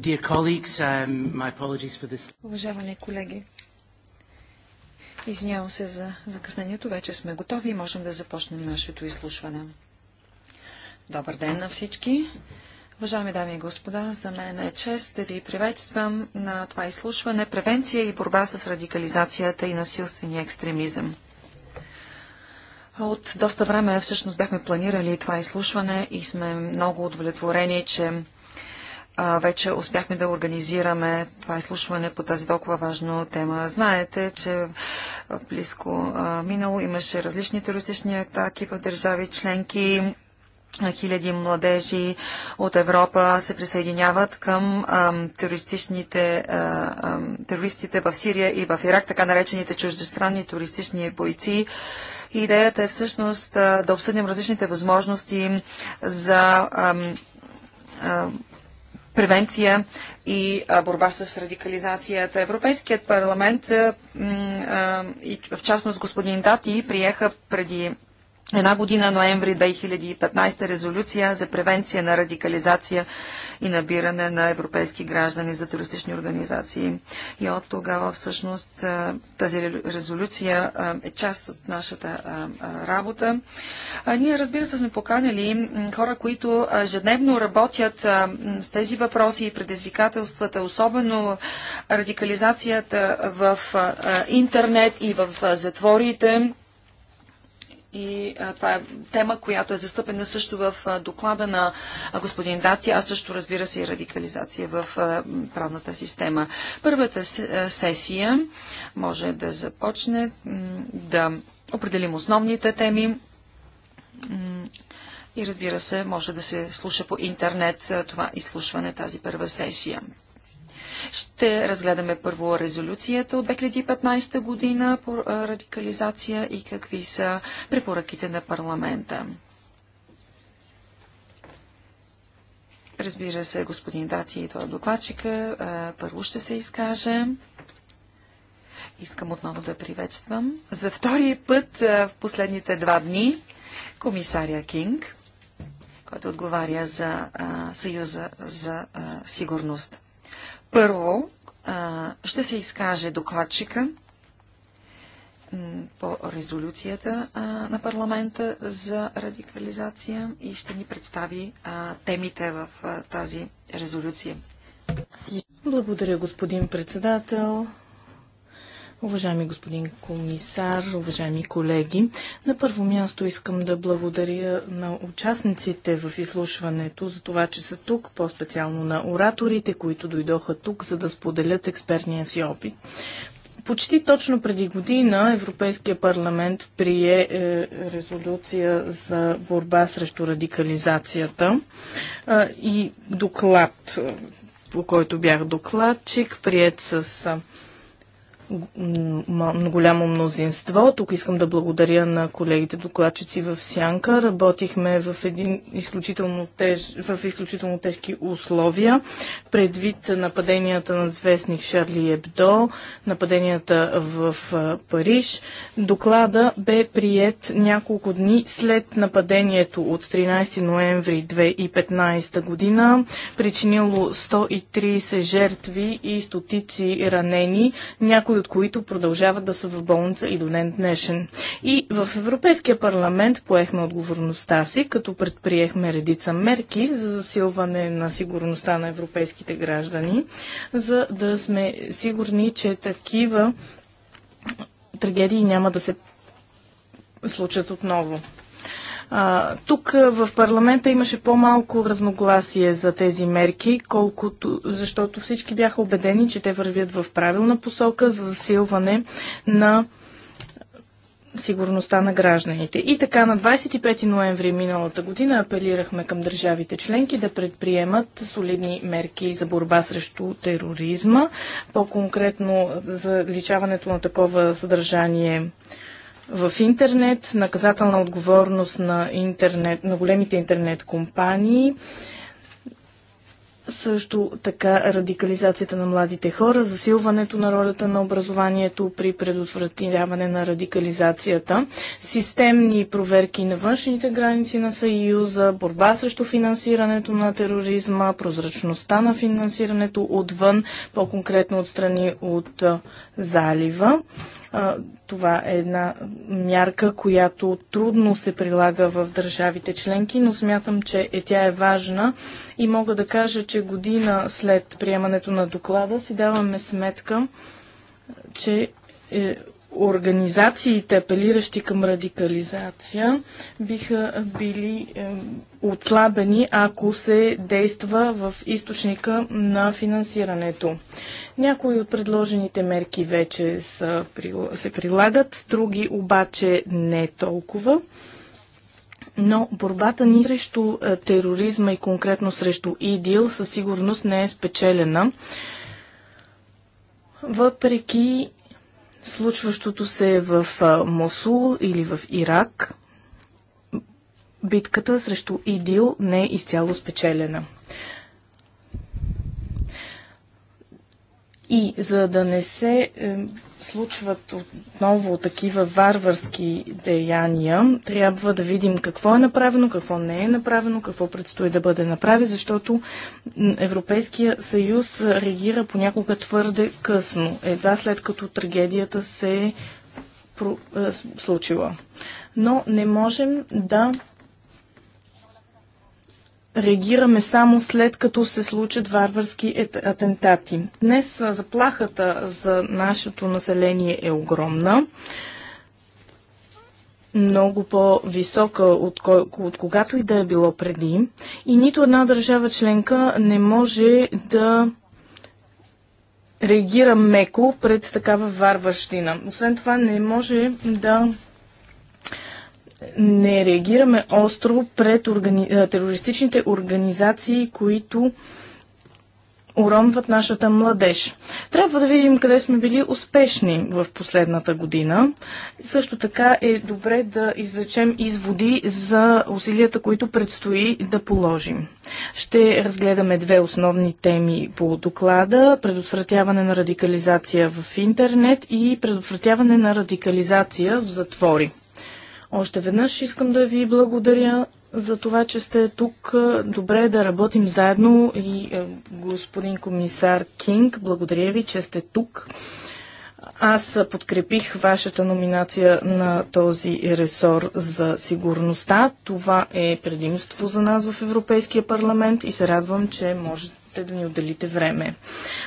Уважаване um, Уважавани колеги, извинявам се за закъснението. Вече сме готови и можем да започнем нашето изслушване. Добър ден на всички. Уважаеми дами и господа, за мен е чест да ви приветствам на това изслушване «Превенция и борба с радикализацията и насилствения екстремизъм». От доста време всъщност бяхме планирали това изслушване и сме много удовлетворени, че вече успяхме да организираме това изслушване по тази толкова важна тема. Знаете, че в близко минало имаше различни терористични атаки в държави членки. Хиляди младежи от Европа се присъединяват към терористичните, терористите в Сирия и в Ирак, така наречените чуждестранни туристични бойци. Идеята е всъщност да обсъдим различните възможности за превенция и борба с радикализацията. Европейският парламент и в частност господин Дати приеха преди една година, ноември 2015, резолюция за превенция на радикализация и набиране на европейски граждани за туристични организации. И от тогава всъщност тази резолюция е част от нашата работа. Ние разбира се сме поканили хора, които ежедневно работят с тези въпроси и предизвикателствата, особено радикализацията в интернет и в затворите и а, това е тема, която е застъпена също в а, доклада на а, господин Дати, а също разбира се и радикализация в а, правната система. Първата сесия може да започне да определим основните теми. И разбира се, може да се слуша по интернет това изслушване, тази първа сесия. Ще разгледаме първо резолюцията от 2015 година по радикализация и какви са препоръките на парламента. Разбира се, господин Дати и той е докладчика. Първо ще се изкаже. Искам отново да приветствам за втори път в последните два дни комисаря Кинг, който отговаря за а, Съюза за а, сигурност. Първо а, ще се изкаже докладчика по резолюцията а, на парламента за радикализация и ще ни представи а, темите в а, тази резолюция. Благодаря, господин председател. Уважаеми господин комисар, уважаеми колеги, на първо място искам да благодаря на участниците в изслушването за това, че са тук, по-специално на ораторите, които дойдоха тук, за да споделят експертния си опит. Почти точно преди година Европейския парламент прие е, резолюция за борба срещу радикализацията е, и доклад, е, по който бях докладчик, прият с е, голямо мнозинство. Тук искам да благодаря на колегите докладчици в Сянка. Работихме в, един изключително теж, в изключително тежки условия, предвид нападенията на звестник Шарли Ебдо, нападенията в Париж. Доклада бе прият няколко дни след нападението от 13 ноември 2015 година, причинило 130 жертви и стотици ранени. Някои от които продължават да са в болница и до ден днешен. И в Европейския парламент поехме отговорността си, като предприехме редица мерки за засилване на сигурността на европейските граждани, за да сме сигурни, че такива трагедии няма да се случат отново. А, тук в парламента имаше по-малко разногласие за тези мерки, колкото, защото всички бяха убедени, че те вървят в правилна посока за засилване на сигурността на гражданите. И така на 25 ноември миналата година апелирахме към държавите членки да предприемат солидни мерки за борба срещу тероризма, по-конкретно за личаването на такова съдържание в интернет, наказателна отговорност на, интернет, на големите интернет компании, също така радикализацията на младите хора, засилването на ролята на образованието при предотвратяване на радикализацията, системни проверки на външните граници на Съюза, борба срещу финансирането на тероризма, прозрачността на финансирането отвън, по-конкретно от страни от залива. Това е една мярка, която трудно се прилага в държавите членки, но смятам, че е, тя е важна и мога да кажа, че година след приемането на доклада си даваме сметка, че е, организациите, апелиращи към радикализация, биха били отслабени, ако се действа в източника на финансирането. Някои от предложените мерки вече са, се прилагат, други обаче не толкова. Но борбата ни срещу е, тероризма и конкретно срещу ИДИЛ със сигурност не е спечелена въпреки случващото се в Мосул или в Ирак, битката срещу ИДИЛ не е изцяло спечелена. И за да не се случват отново такива варварски деяния, трябва да видим какво е направено, какво не е направено, какво предстои да бъде направи, защото Европейския съюз реагира понякога твърде късно, едва след като трагедията се е случила. Но не можем да реагираме само след като се случат варварски атентати. Днес заплахата за нашето население е огромна много по-висока от, от когато и да е било преди. И нито една държава членка не може да реагира меко пред такава варварщина. Освен това не може да не реагираме остро пред органи... терористичните организации, които уронват нашата младеж. Трябва да видим къде сме били успешни в последната година. Също така е добре да извлечем изводи за усилията, които предстои да положим. Ще разгледаме две основни теми по доклада предотвратяване на радикализация в интернет и предотвратяване на радикализация в затвори. Още веднъж искам да ви благодаря за това, че сте тук. Добре е да работим заедно и е, господин комисар Кинг, благодаря ви, че сте тук. Аз подкрепих вашата номинация на този ресор за сигурността. Това е предимство за нас в Европейския парламент и се радвам, че може те да ни отделите време.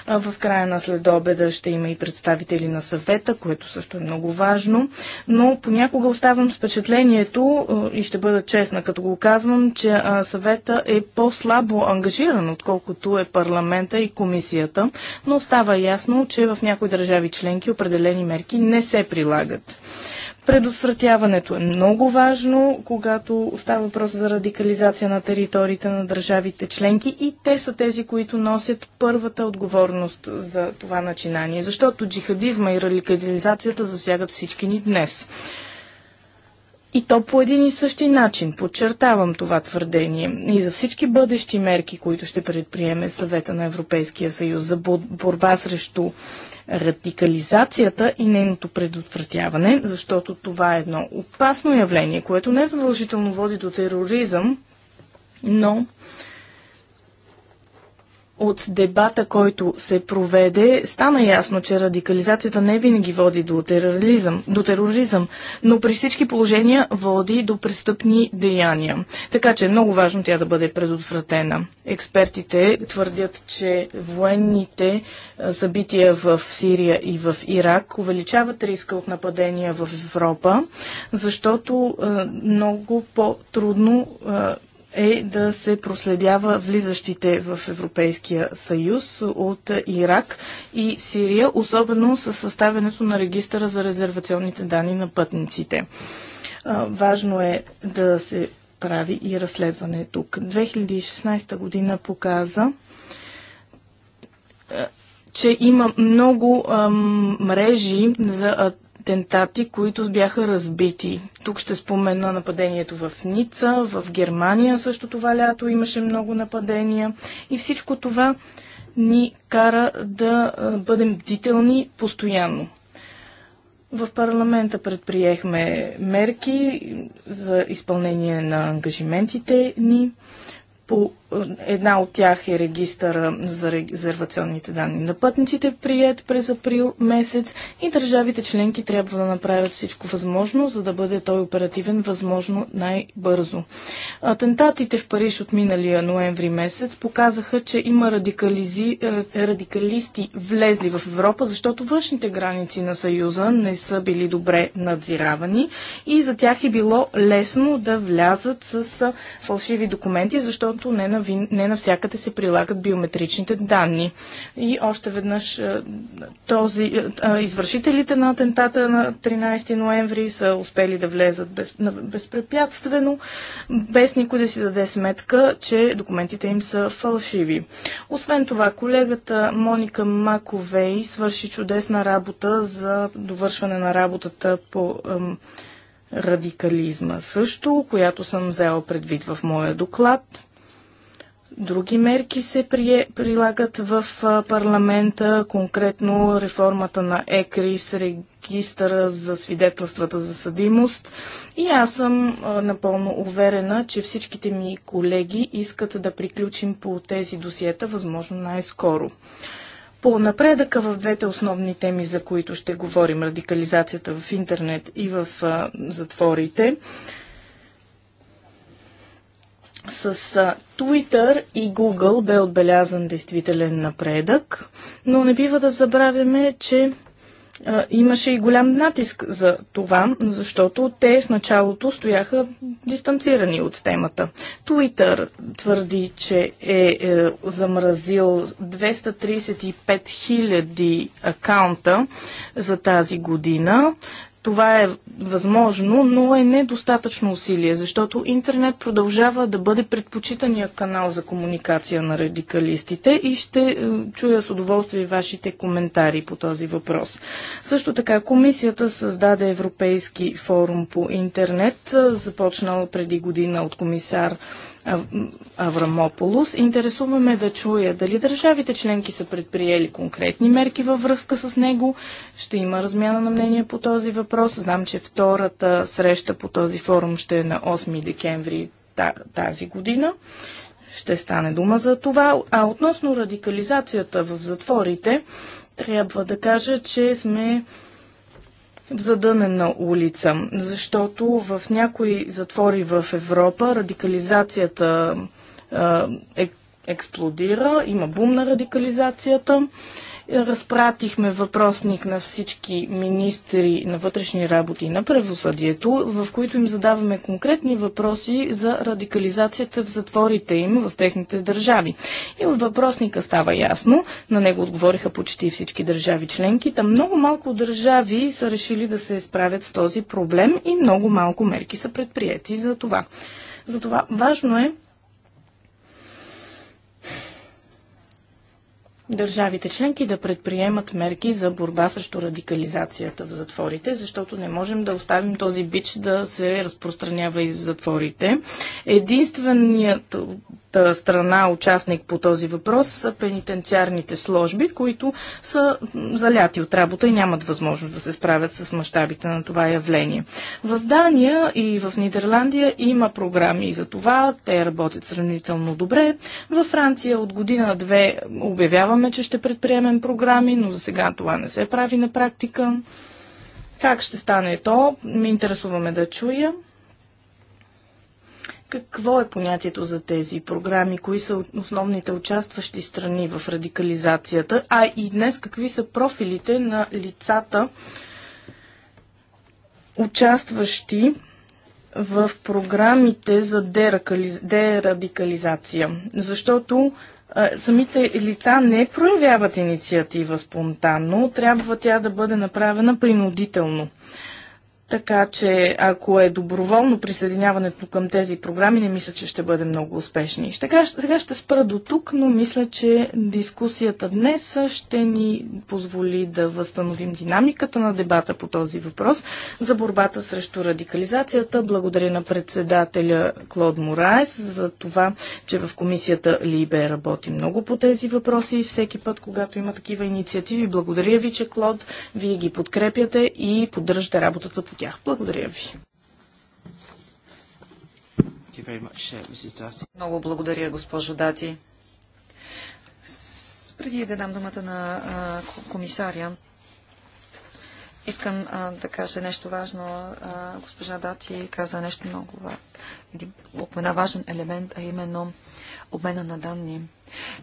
В края на следобеда ще има и представители на съвета, което също е много важно, но понякога оставам с впечатлението и ще бъда честна, като го казвам, че съвета е по-слабо ангажиран, отколкото е парламента и комисията, но става ясно, че в някои държави членки определени мерки не се прилагат. Предотвратяването е много важно, когато става въпрос за радикализация на териториите на държавите членки и те са тези, които носят първата отговорност за това начинание, защото джихадизма и радикализацията засягат всички ни днес. И то по един и същи начин. Подчертавам това твърдение. И за всички бъдещи мерки, които ще предприеме съвета на Европейския съюз за борба срещу радикализацията и нейното предотвратяване, защото това е едно опасно явление, което не задължително води до тероризъм, но от дебата, който се проведе, стана ясно, че радикализацията не винаги води до тероризъм, до тероризъм, но при всички положения води до престъпни деяния. Така че е много важно тя да бъде предотвратена. Експертите твърдят, че военните събития в Сирия и в Ирак увеличават риска от нападения в Европа, защото много по-трудно е да се проследява влизащите в Европейския съюз от Ирак и Сирия, особено с съставянето на регистъра за резервационните данни на пътниците. Важно е да се прави и разследване тук. 2016 година показа, че има много мрежи за атентати, които бяха разбити. Тук ще спомена нападението в Ница, в Германия също това лято имаше много нападения и всичко това ни кара да бъдем бдителни постоянно. В парламента предприехме мерки за изпълнение на ангажиментите ни по Една от тях е регистъра за резервационните данни на пътниците, прият през април месец и държавите членки трябва да направят всичко възможно, за да бъде той оперативен възможно най-бързо. Атентатите в Париж от миналия ноември месец показаха, че има радикализи, е, радикалисти влезли в Европа, защото външните граници на Съюза не са били добре надзиравани и за тях е било лесно да влязат с фалшиви документи, защото не на не навсякъде се прилагат биометричните данни. И още веднъж е, този, е, извършителите на атентата на 13 ноември са успели да влезат без... безпрепятствено, без никой да си даде сметка, че документите им са фалшиви. Освен това, колегата Моника Маковей свърши чудесна работа за довършване на работата по радикализма също, която съм взела предвид в моя доклад. Други мерки се прие, прилагат в парламента, конкретно реформата на ЕКРИС, регистъра за свидетелствата за съдимост. И аз съм напълно уверена, че всичките ми колеги искат да приключим по тези досиета възможно най-скоро. По напредъка в двете основни теми, за които ще говорим, радикализацията в интернет и в затворите, с Twitter и Google бе отбелязан действителен напредък, но не бива да забравяме, че имаше и голям натиск за това, защото те в началото стояха дистанцирани от темата. Twitter твърди, че е, е замразил 235 000 акаунта за тази година. Това е възможно, но е недостатъчно усилие, защото интернет продължава да бъде предпочитания канал за комуникация на радикалистите и ще е, чуя с удоволствие вашите коментари по този въпрос. Също така, комисията създаде Европейски форум по интернет, е, започнал преди година от комисар Аврамополус. Интересуваме да чуя дали държавите членки са предприели конкретни мерки във връзка с него. Ще има размяна на мнение по този въпрос. Знам, че втората среща по този форум ще е на 8 декември тази година. Ще стане дума за това. А относно радикализацията в затворите, трябва да кажа, че сме в задънена улица, защото в някои затвори в Европа радикализацията е, експлодира, има бум на радикализацията Разпратихме въпросник на всички министри на вътрешни работи на правосъдието, в които им задаваме конкретни въпроси за радикализацията в затворите им в техните държави. И от въпросника става ясно, на него отговориха почти всички държави членки, там много малко държави са решили да се справят с този проблем и много малко мерки са предприяти за това. Затова важно е държавите членки да предприемат мерки за борба срещу радикализацията в затворите, защото не можем да оставим този бич да се разпространява и в затворите. Единственият страна участник по този въпрос са пенитенциарните служби, които са заляти от работа и нямат възможност да се справят с мащабите на това явление. В Дания и в Нидерландия има програми за това. Те работят сравнително добре. Във Франция от година-две обявяваме Казваме, че ще предприемем програми, но за сега това не се прави на практика. Как ще стане то? Ми интересуваме да чуя. Какво е понятието за тези програми? Кои са основните участващи страни в радикализацията? А и днес какви са профилите на лицата, участващи в програмите за дерадикализация? Защото самите лица не проявяват инициатива спонтанно, трябва тя да бъде направена принудително. Така че ако е доброволно присъединяването към тези програми, не мисля, че ще бъде много успешни. Сега, сега ще спра до тук, но мисля, че дискусията днес ще ни позволи да възстановим динамиката на дебата по този въпрос за борбата срещу радикализацията. Благодаря на председателя Клод Мораес за това, че в комисията Либе работи много по тези въпроси и всеки път, когато има такива инициативи. Благодаря ви, че Клод, вие ги подкрепяте и поддържате работата по тях. Благодаря ви. Uh, много благодаря, госпожо Дати. преди да дам думата на а, комисаря, искам а, да кажа нещо важно. А, госпожа Дати каза нещо много важно. Един, важен елемент, а именно обмена на данни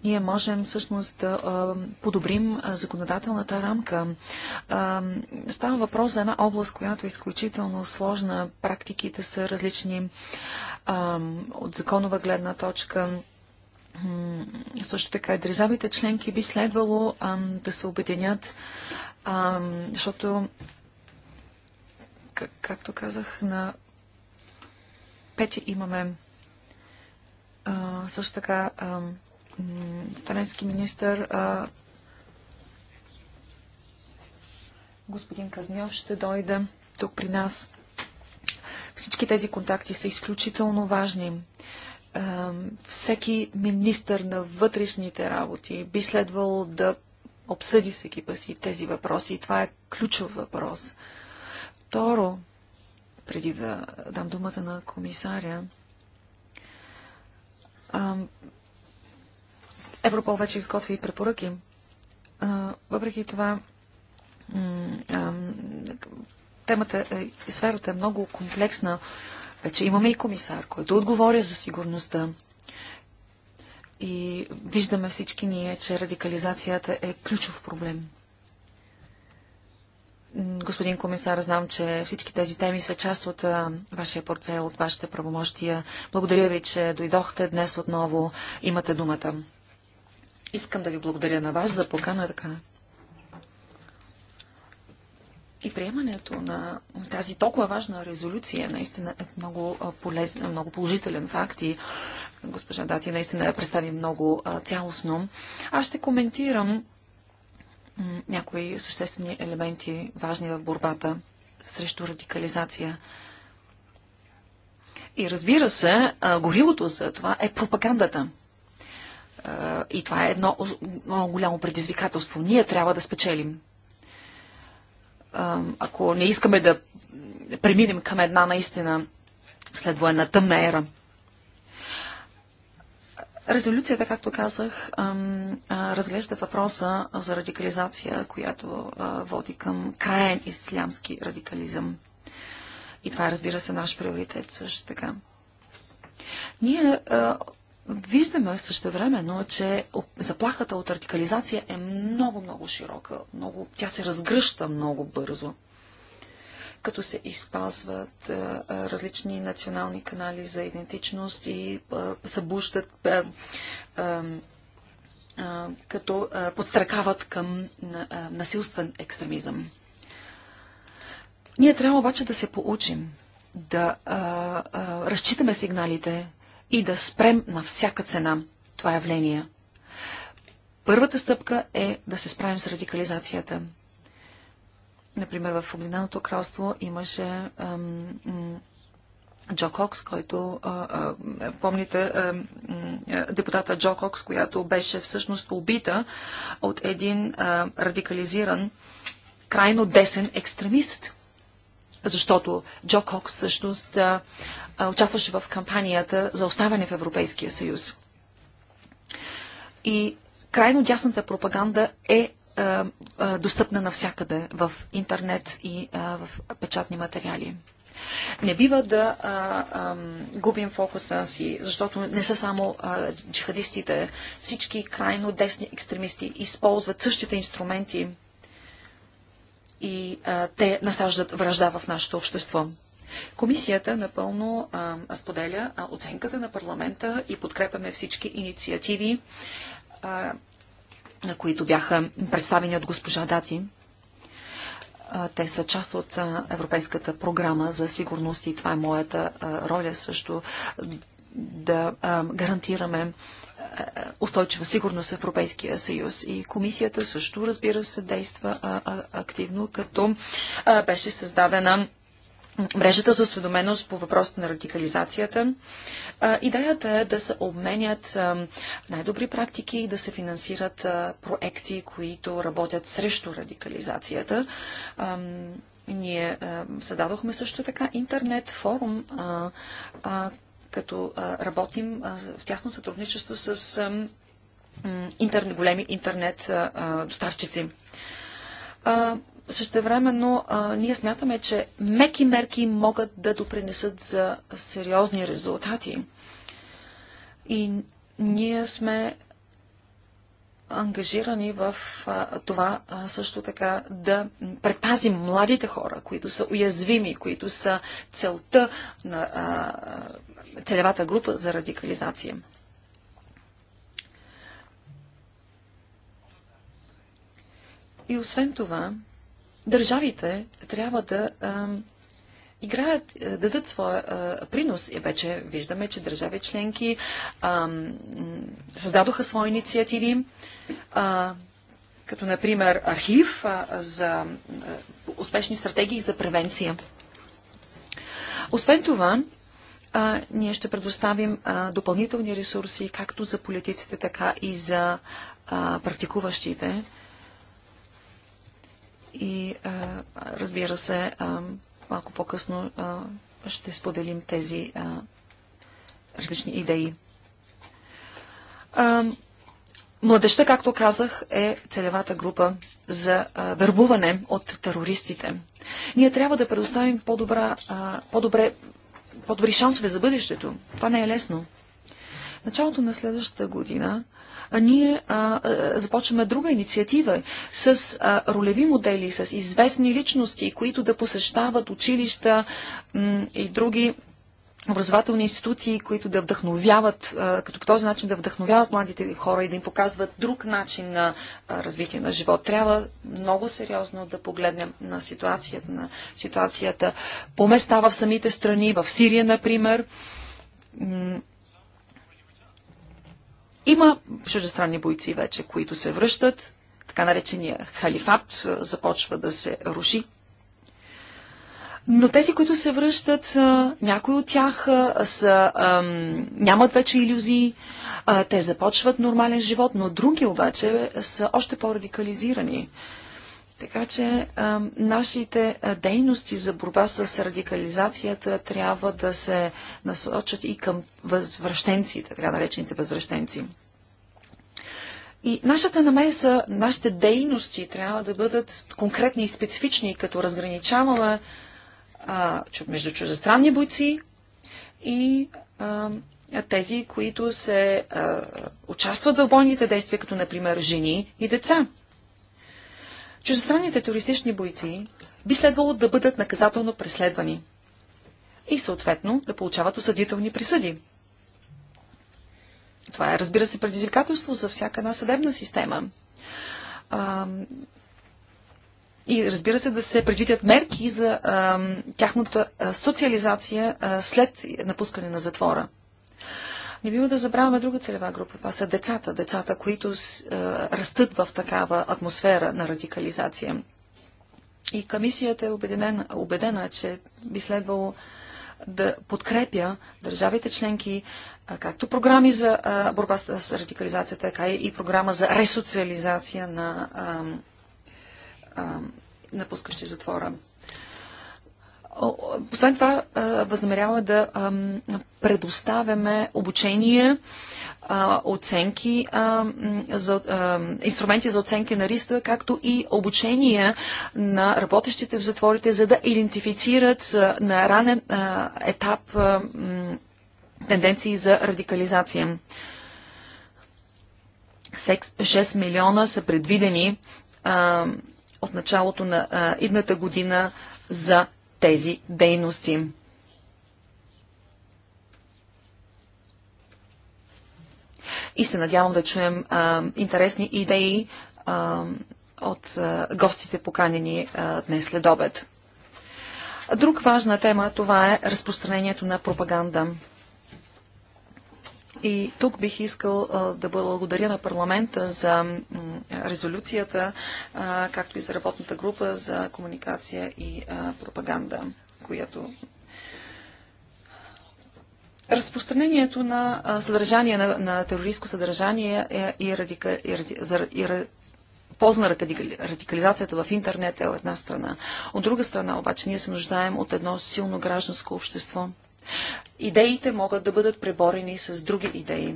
ние можем всъщност да подобрим законодателната рамка. Става въпрос за една област, която е изключително сложна. Практиките са различни от законова гледна точка също така и държавите членки би следвало да се обединят, защото, както казах, на пети имаме също така френски министр господин Казньов ще дойде тук при нас. Всички тези контакти са изключително важни. Всеки министр на вътрешните работи би следвал да обсъди с екипа си тези въпроси. това е ключов въпрос. Второ, преди да дам думата на комисаря, Европол вече изготви и препоръки. Въпреки това, темата, е, сферата е много комплексна. Вече имаме и комисар, който отговоря за сигурността. И виждаме всички ние, че радикализацията е ключов проблем. Господин комисар, знам, че всички тези теми са част от вашия портфел, от вашите правомощия. Благодаря ви, че дойдохте днес отново. Имате думата. Искам да ви благодаря на вас за поканата и приемането на тази толкова важна резолюция наистина е много полезен, много положителен факт и госпожа Дати наистина я представи много а, цялостно. Аз ще коментирам някои съществени елементи, важни в борбата срещу радикализация. И разбира се, а, горивото за това е пропагандата. И това е едно голямо предизвикателство. Ние трябва да спечелим. Ако не искаме да преминем към една наистина след военна тъмна ера. Резолюцията, както казах, разглежда въпроса за радикализация, която води към краен ислямски радикализъм. И това е, разбира се, наш приоритет също така. Ние Виждаме също времено, че заплахата от радикализация е много-много широка. Много, тя се разгръща много бързо като се изпазват а, различни национални канали за идентичност и а, събуждат, а, като подстракават към на, насилствен екстремизъм. Ние трябва обаче да се поучим, да разчитаме сигналите, и да спрем на всяка цена това явление. Първата стъпка е да се справим с радикализацията. Например, в Обединеното кралство имаше ам, Джо Кокс, който, а, а, помните, а, депутата Джо Кокс, която беше всъщност убита от един радикализиран, крайно десен екстремист. Защото Джо Кокс всъщност участваше в кампанията за оставане в Европейския съюз. И крайно дясната пропаганда е достъпна навсякъде в интернет и в печатни материали. Не бива да а, а, губим фокуса си, защото не са само а, джихадистите. Всички крайно десни екстремисти използват същите инструменти и а, те насаждат връжда в нашето общество. Комисията напълно а, споделя а, оценката на парламента и подкрепяме всички инициативи, а, които бяха представени от госпожа Дати. Те са част от Европейската програма за сигурност и това е моята роля също да гарантираме устойчива сигурност в Европейския съюз. И комисията също, разбира се, действа активно, като беше създадена мрежата за осведоменост по въпросите на радикализацията. Идеята е да се обменят най-добри практики и да се финансират проекти, които работят срещу радикализацията. Ние създадохме също така интернет форум, като работим в тясно сътрудничество с интернет, големи интернет доставчици. Същевременно а, ние смятаме, че меки мерки могат да допринесат за сериозни резултати. И ние сме ангажирани в а, това а, също така да предпазим младите хора, които са уязвими, които са целта на а, целевата група за радикализация. И освен това, държавите трябва да а, играят, да е, дадат своя а, е, принос. И вече виждаме, че държави членки а, създадоха свои инициативи, а, като например архив а, за а, е, успешни стратегии за превенция. Освен това, а, ние ще предоставим а, допълнителни ресурси както за политиците, така и за а, практикуващите и а, разбира се, а, малко по-късно ще споделим тези а, различни идеи. А, младеща, както казах, е целевата група за а, върбуване от терористите. Ние трябва да предоставим по-добра, по-добре, по-добри шансове за бъдещето. Това не е лесно. Началото на следващата година ние а, а, започваме друга инициатива с а, ролеви модели, с известни личности, които да посещават училища и други образователни институции, които да вдъхновяват, като по този начин да вдъхновяват младите хора и да им показват друг начин на развитие на живот. Трябва много сериозно да погледнем на ситуацията, на ситуацията по места в самите страни, в Сирия, например. Има чужестранни бойци вече, които се връщат. Така наречения халифат започва да се руши. Но тези, които се връщат, някои от тях са, ам, нямат вече иллюзии, а, те започват нормален живот, но други обаче са още по-радикализирани. Така че а, нашите дейности за борба с радикализацията трябва да се насочат и към възвръщенците, така наречените възвръщенци. И нашата намеса, нашите дейности трябва да бъдат конкретни и специфични, като разграничаваме между чужестранни бойци и а, тези, които се а, участват в бойните действия, като например жени и деца чуждестранните туристични бойци би следвало да бъдат наказателно преследвани и съответно да получават осъдителни присъди. Това е, разбира се, предизвикателство за всяка една съдебна система. А, и разбира се, да се предвидят мерки за а, тяхната социализация а, след напускане на затвора. Не бива да забравяме друга целева група. Това са децата. Децата, които е, растат в такава атмосфера на радикализация. И комисията е убедена, убедена че би следвало да подкрепя държавите членки, е, както програми за е, борба с радикализацията, така и програма за ресоциализация на е, напускащи затвора. Освен това, възнамерява да предоставяме обучение, оценки, за, инструменти за оценки на риска, както и обучение на работещите в затворите, за да идентифицират на ранен етап тенденции за радикализация. 6 милиона са предвидени от началото на идната година за тези дейности. И се надявам да чуем а, интересни идеи а, от а, гостите поканени а, днес след обед. Друг важна тема това е разпространението на пропаганда. И тук бих искал да благодаря на парламента за резолюцията, както и за работната група за комуникация и пропаганда, която. Разпространението на съдържание, на, на терористско съдържание е, и, радика, и, ради, за, и позна радикализацията в интернет е от една страна. От друга страна обаче ние се нуждаем от едно силно гражданско общество – Идеите могат да бъдат преборени с други идеи,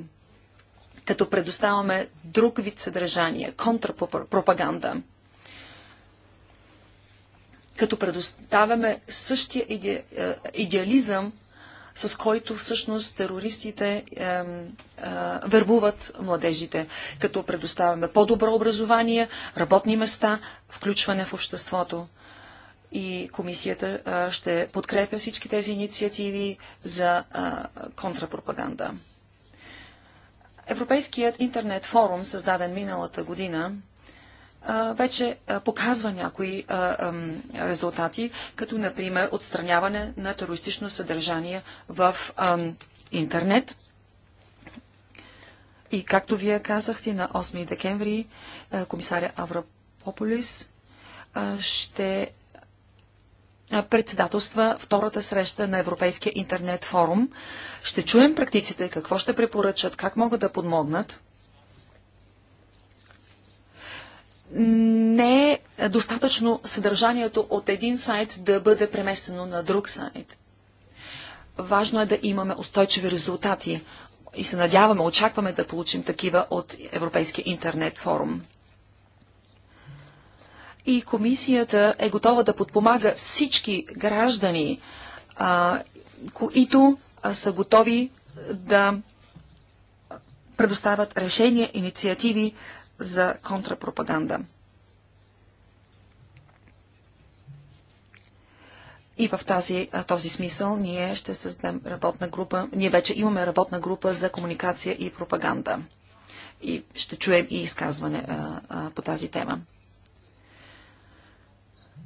като предоставяме друг вид съдържание, контрапропаганда, като предоставяме същия иде, е, идеализъм, с който всъщност терористите е, е, вербуват младежите, като предоставяме по-добро образование, работни места, включване в обществото и комисията ще подкрепя всички тези инициативи за контрапропаганда. Европейският интернет форум, създаден миналата година, вече показва някои резултати, като например отстраняване на терористично съдържание в интернет. И както вие казахте, на 8 декември комисаря Авропополис ще председателства втората среща на Европейския интернет форум. Ще чуем практиците, какво ще препоръчат, как могат да подмогнат. Не е достатъчно съдържанието от един сайт да бъде преместено на друг сайт. Важно е да имаме устойчиви резултати и се надяваме, очакваме да получим такива от Европейския интернет форум и комисията е готова да подпомага всички граждани, а, които а, са готови да предоставят решения, инициативи за контрапропаганда. И в тази, този смисъл ние ще създадем работна група. Ние вече имаме работна група за комуникация и пропаганда. И ще чуем и изказване а, а, по тази тема.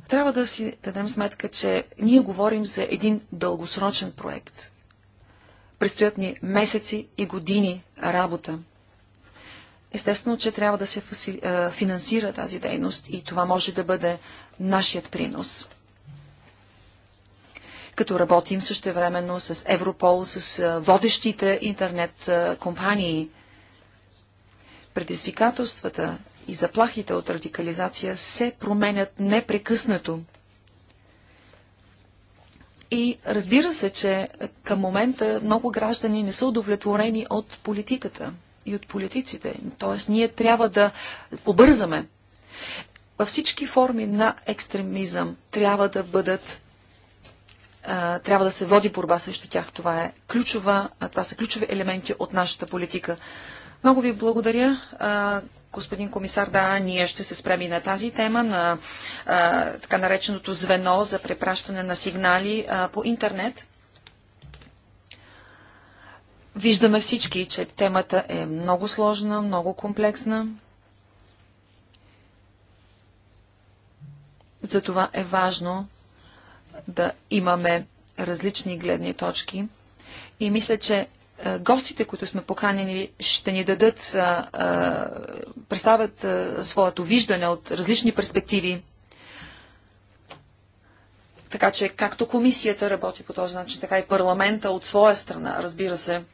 Трябва да си дадем сметка, че ние говорим за един дългосрочен проект. Престоят ни месеци и години работа. Естествено, че трябва да се финансира тази дейност и това може да бъде нашият принос. Като работим същевременно с Европол, с водещите интернет компании, предизвикателствата и заплахите от радикализация се променят непрекъснато. И разбира се, че към момента много граждани не са удовлетворени от политиката и от политиците. Тоест, ние трябва да побързаме. Във всички форми на екстремизъм трябва да бъдат трябва да се води борба срещу тях. Това, е ключова, това са ключови елементи от нашата политика. Много ви благодаря, господин комисар, да, ние ще се спреми на тази тема, на а, така нареченото звено за препращане на сигнали а, по интернет. Виждаме всички, че темата е много сложна, много комплексна. Затова е важно да имаме различни гледни точки. И мисля, че е, гостите, които сме поканени, ще ни дадат, е, е, представят своето виждане от различни перспективи. Така че, както комисията работи по този начин, така и парламента от своя страна, разбира се,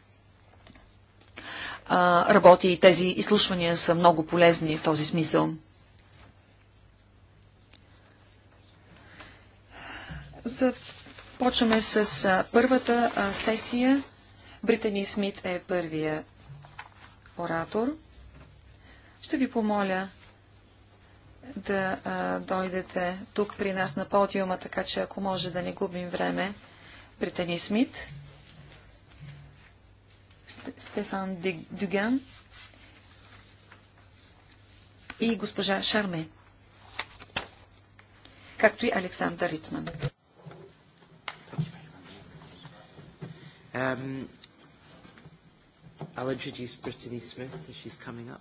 работи и тези изслушвания са много полезни в този смисъл. Започваме с първата сесия. Британи Смит е първия оратор. Ще ви помоля да а, дойдете тук при нас на подиума, така че ако може да не губим време, Британи Смит, Стефан Дюган и госпожа Шарме, както и Александър Рицман. I'll introduce Brittany Smith as she's coming up.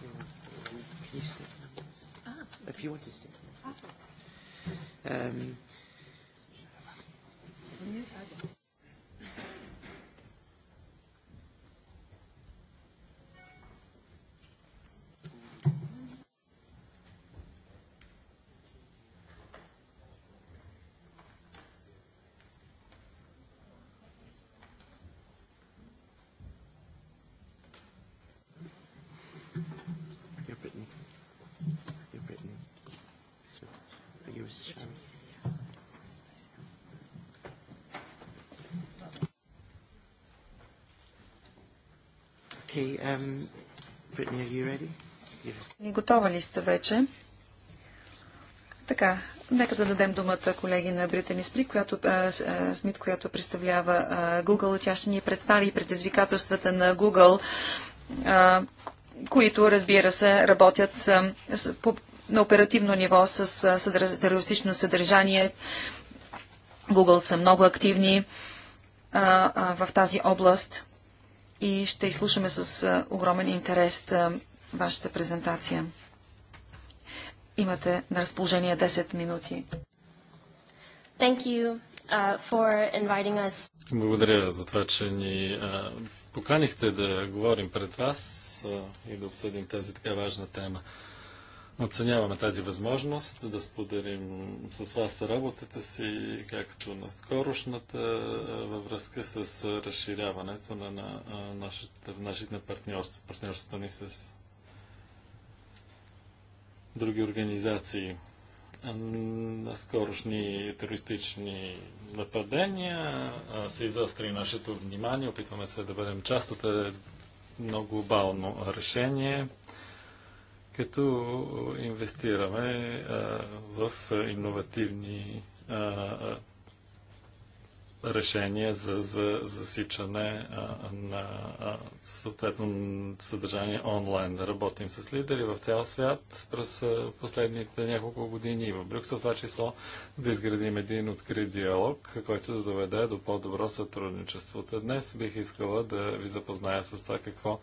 Can you If you want to sit. Um, Ни um, Готова ли сте вече? Така, нека да дадем думата колеги на Британи която, а, Смит, която представлява а, Google. Тя ще ни представи предизвикателствата на Google, а, които, разбира се, работят а, по, на оперативно ниво с терористично съдържание. Google са много активни а, а, в тази област и ще изслушаме с огромен интерес вашата презентация. Имате на разположение 10 минути. Thank you, uh, for inviting us. Благодаря за това, че ни uh, поканихте да говорим пред вас uh, и да обсъдим тази така важна тема. Uh, Оценяваме тази възможност да споделим с вас работата си, както на скорошната, във връзка с разширяването на, на, на нашите, на партньорства, партньорството ни с други организации на скорошни терористични нападения се изостри нашето внимание. Опитваме се да бъдем част от много глобално решение като инвестираме в иновативни решения за, за засичане на съответно съдържание онлайн. Работим с лидери в цял свят през последните няколко години и в Брюксел това число да изградим един открит диалог, който да доведе до по-добро сътрудничество. Днес бих искала да ви запозная с това какво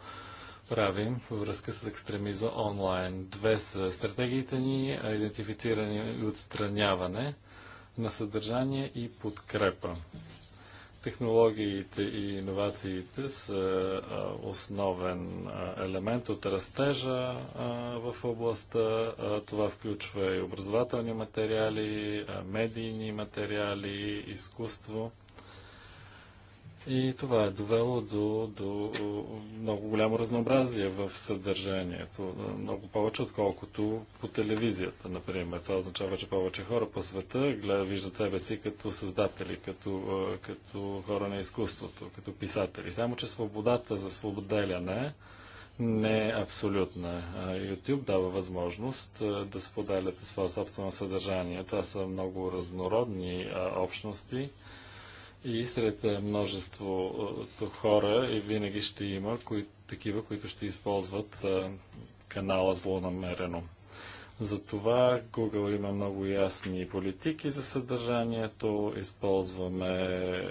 правим във връзка с екстремизма онлайн. Две са стратегиите ни, идентифициране и отстраняване на съдържание и подкрепа. Технологиите и иновациите са основен елемент от растежа в областта. Това включва и образователни материали, медийни материали, изкуство и това е довело до, до много голямо разнообразие в съдържанието. Много повече, отколкото по телевизията, например. Това означава, че повече хора по света гледа, виждат себе си като създатели, като, като хора на изкуството, като писатели. Само, че свободата за свободеляне не е абсолютна. YouTube дава възможност да споделяте свое собствено съдържание. Това са много разнородни общности и сред е, множеството е, хора и винаги ще има кои, такива, които ще използват е, канала злонамерено. Затова Google има много ясни политики за съдържанието. Използваме е,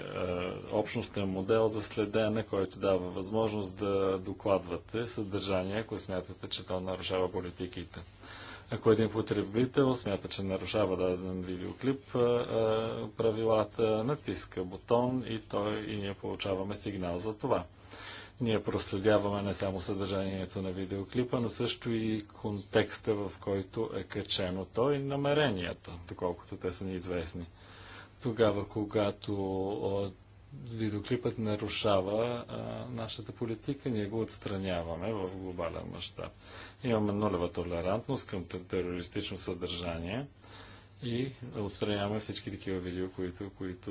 общностен модел за следене, който дава възможност да докладвате съдържание, ако смятате, че то нарушава политиките. Ако един потребител смята, че нарушава даден видеоклип, правилата натиска бутон и той и ние получаваме сигнал за това. Ние проследяваме не само съдържанието на видеоклипа, но също и контекста, в който е качено то и намеренията, доколкото те са неизвестни. Тогава, когато видеоклипът нарушава а, нашата политика, ние го отстраняваме в глобален мащаб. Имаме нулева толерантност към терористично съдържание и отстраняваме всички такива видео, които, които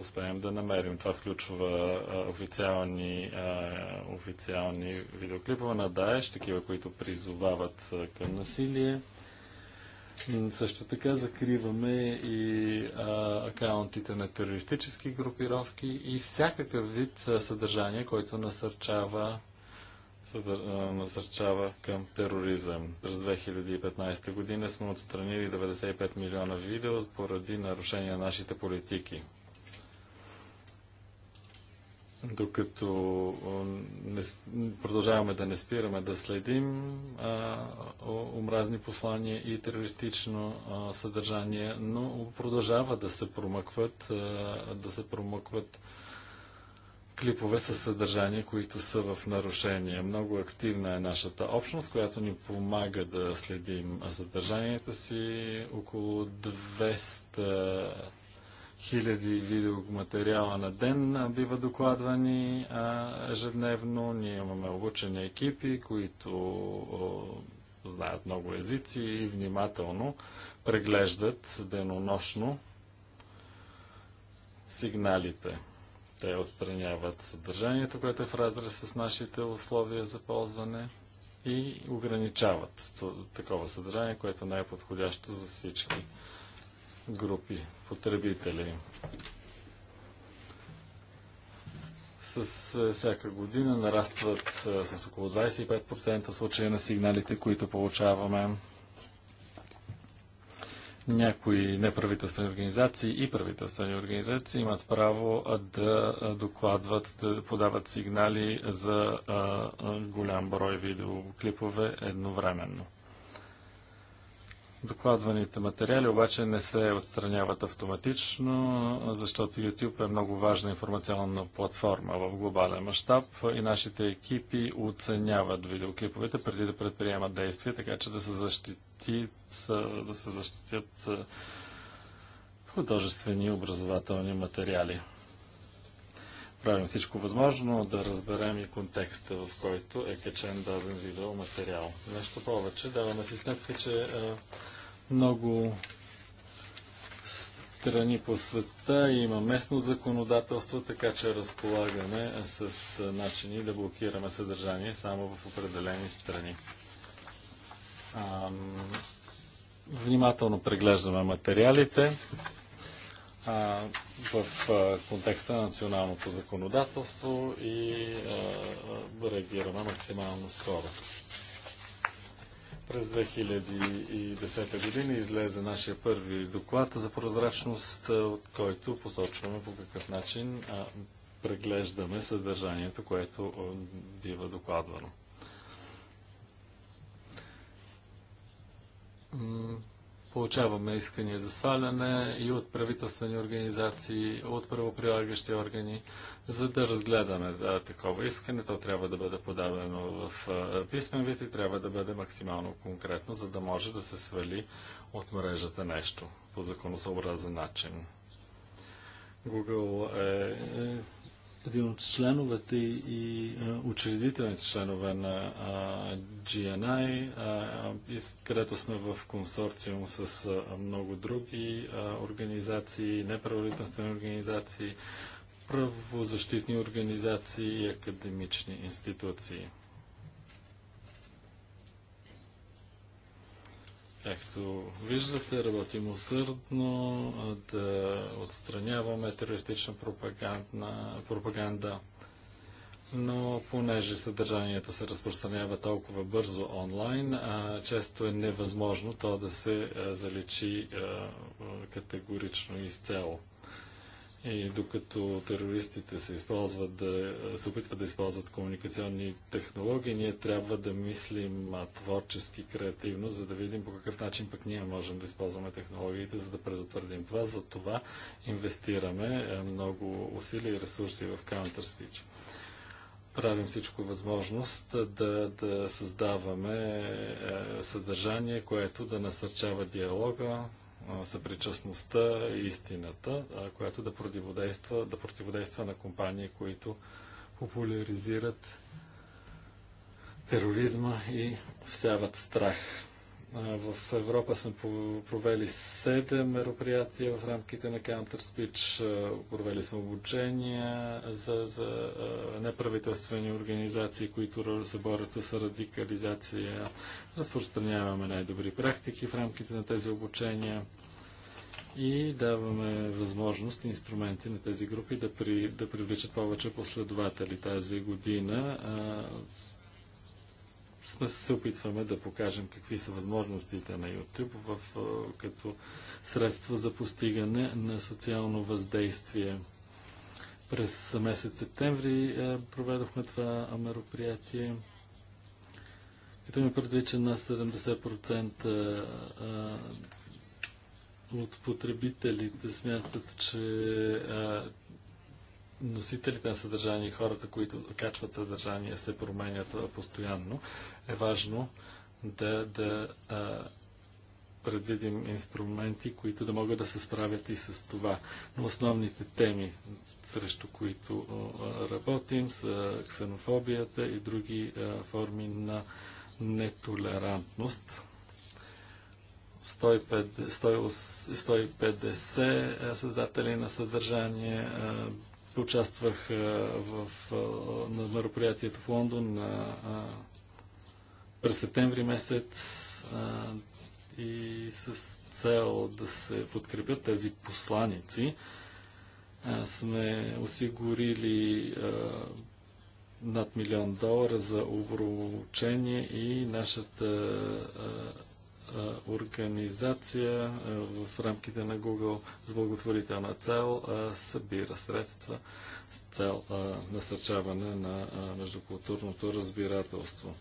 успеем да намерим. Това включва а, официални, а, официални видеоклипове на Даеш, такива, които призовават а, към насилие също така закриваме и а, акаунтите на терористически групировки и всякакъв вид съдържание, който насърчава, съдър... насърчава към тероризъм. През 2015 година сме отстранили 95 милиона видео поради нарушение на нашите политики докато не, продължаваме да не спираме да следим а, омразни послания и терористично а, съдържание, но продължава да се промъкват, а, да се промъкват клипове със съдържание, които са в нарушение. Много активна е нашата общност, която ни помага да следим съдържанието си. Около 200 хиляди видеоматериала на ден бива докладвани ежедневно. Ние имаме обучени екипи, които знаят много езици и внимателно преглеждат денонощно сигналите. Те отстраняват съдържанието, което е в разрез с нашите условия за ползване и ограничават такова съдържание, което не е подходящо за всички групи потребители. С е, всяка година нарастват е, с около 25% случаи на сигналите, които получаваме. Някои неправителствени организации и правителствени организации имат право е, да докладват, да подават сигнали за голям брой видеоклипове едновременно. Докладваните материали обаче не се отстраняват автоматично, защото YouTube е много важна информационна платформа в глобален мащаб и нашите екипи оценяват видеоклиповете преди да предприемат действия, така че да се защитят, да се защитят е, художествени образователни материали правим всичко възможно да разберем и контекста, в който е качен даден видеоматериал. Нещо повече, даваме си сметка, че е, много страни по света има местно законодателство, така че разполагаме с начини да блокираме съдържание само в определени страни. Ам, внимателно преглеждаме материалите а, в а, контекста на националното законодателство и а, реагираме максимално скоро. През 2010 година излезе нашия първи доклад за прозрачност, от който посочваме по какъв начин а, преглеждаме съдържанието, което а, бива докладвано. Получаваме искания за сваляне и от правителствени организации, от правоприлагащи органи. За да разгледаме да, такова искане, то трябва да бъде подадено в писмен вид и трябва да бъде максимално конкретно, за да може да се свали от мрежата нещо по законосъобразен начин. Google е, е един от членовете и е, учредителните членове на GNI, където сме в консорциум с много други организации, неправителствени организации, правозащитни организации и академични институции. Както виждате, работим усърдно да отстраняваме терористична пропаганда, пропаганда. Но понеже съдържанието се разпространява толкова бързо онлайн, а, често е невъзможно то да се а, заличи а, категорично изцяло. И докато терористите се използват да, се опитват да използват комуникационни технологии, ние трябва да мислим творчески, креативно, за да видим по какъв начин пък ние можем да използваме технологиите, за да предотвърдим това. За това инвестираме е, много усилия и ресурси в Counter-Speech. Правим всичко възможност е, да, да създаваме е, съдържание, което да насърчава диалога, съпричастността и истината, която да противодейства, да противодейства на компании, които популяризират тероризма и всяват страх. В Европа сме провели 7 мероприятия в рамките на Counter Speech. Провели сме обучения за, за неправителствени организации, които се борят с радикализация. Разпространяваме най-добри практики в рамките на тези обучения и даваме възможност, инструменти на тези групи да, при, да привличат повече последователи тази година. А, сме се опитваме да покажем какви са възможностите на YouTube в, като средства за постигане на социално въздействие. През месец септември проведохме това мероприятие. Като ми предвид, че на 70% от потребителите смятат, че носителите на съдържание и хората, които качват съдържание, се променят постоянно, е важно да, да а, предвидим инструменти, които да могат да се справят и с това. Но основните теми, срещу които работим, са ксенофобията и други а, форми на нетолерантност. 150, 150 създатели на съдържание а, Участвах в, на мероприятието в Лондон през септември месец и с цел да се подкрепят тези посланици сме осигурили над милион долара за обручение и нашата организация в рамките на Google с благотворителна цел събира средства с цел насърчаване на междукултурното разбирателство.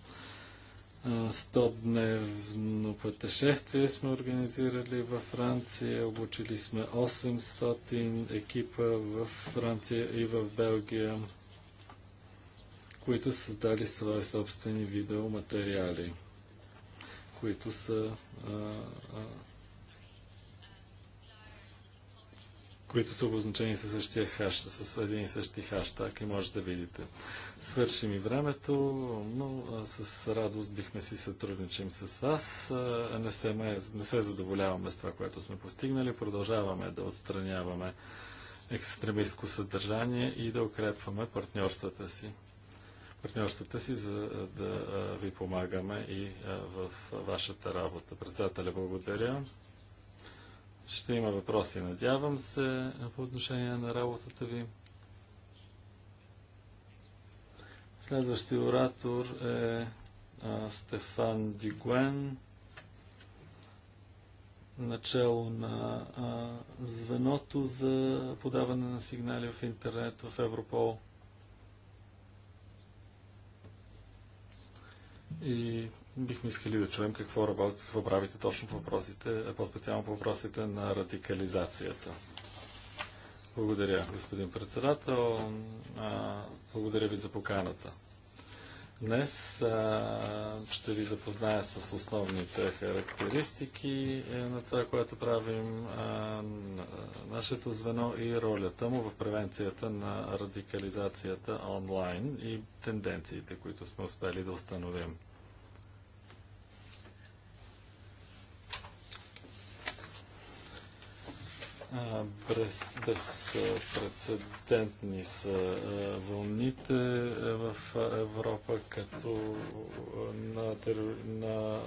100-дневно пътешествие сме организирали във Франция. Обучили сме 800 екипа в Франция и в Белгия, които създали свои собствени видеоматериали които са които са обозначени със същия хаш, с един и същи хаштаг и може да видите. Свърши ми времето, но с радост бихме си сътрудничим с вас. Не се, не се задоволяваме с това, което сме постигнали. Продължаваме да отстраняваме екстремистско съдържание и да укрепваме партньорствата си партньорствата си, за да ви помагаме и в вашата работа. Председателя, благодаря. Ще има въпроси, надявам се, по отношение на работата ви. Следващия оратор е Стефан Дигуен, начало на звеното за подаване на сигнали в интернет в Европол. и бихме искали да чуем какво, работи, какво правите точно по въпросите, по-специално по въпросите на радикализацията. Благодаря, господин председател. А, благодаря ви за поканата. Днес а, ще ви запозная с основните характеристики е, на това, което правим, а, на нашето звено и ролята му в превенцията на радикализацията онлайн и тенденциите, които сме успели да установим. без, безпредседентни са вълните в Европа, като на, на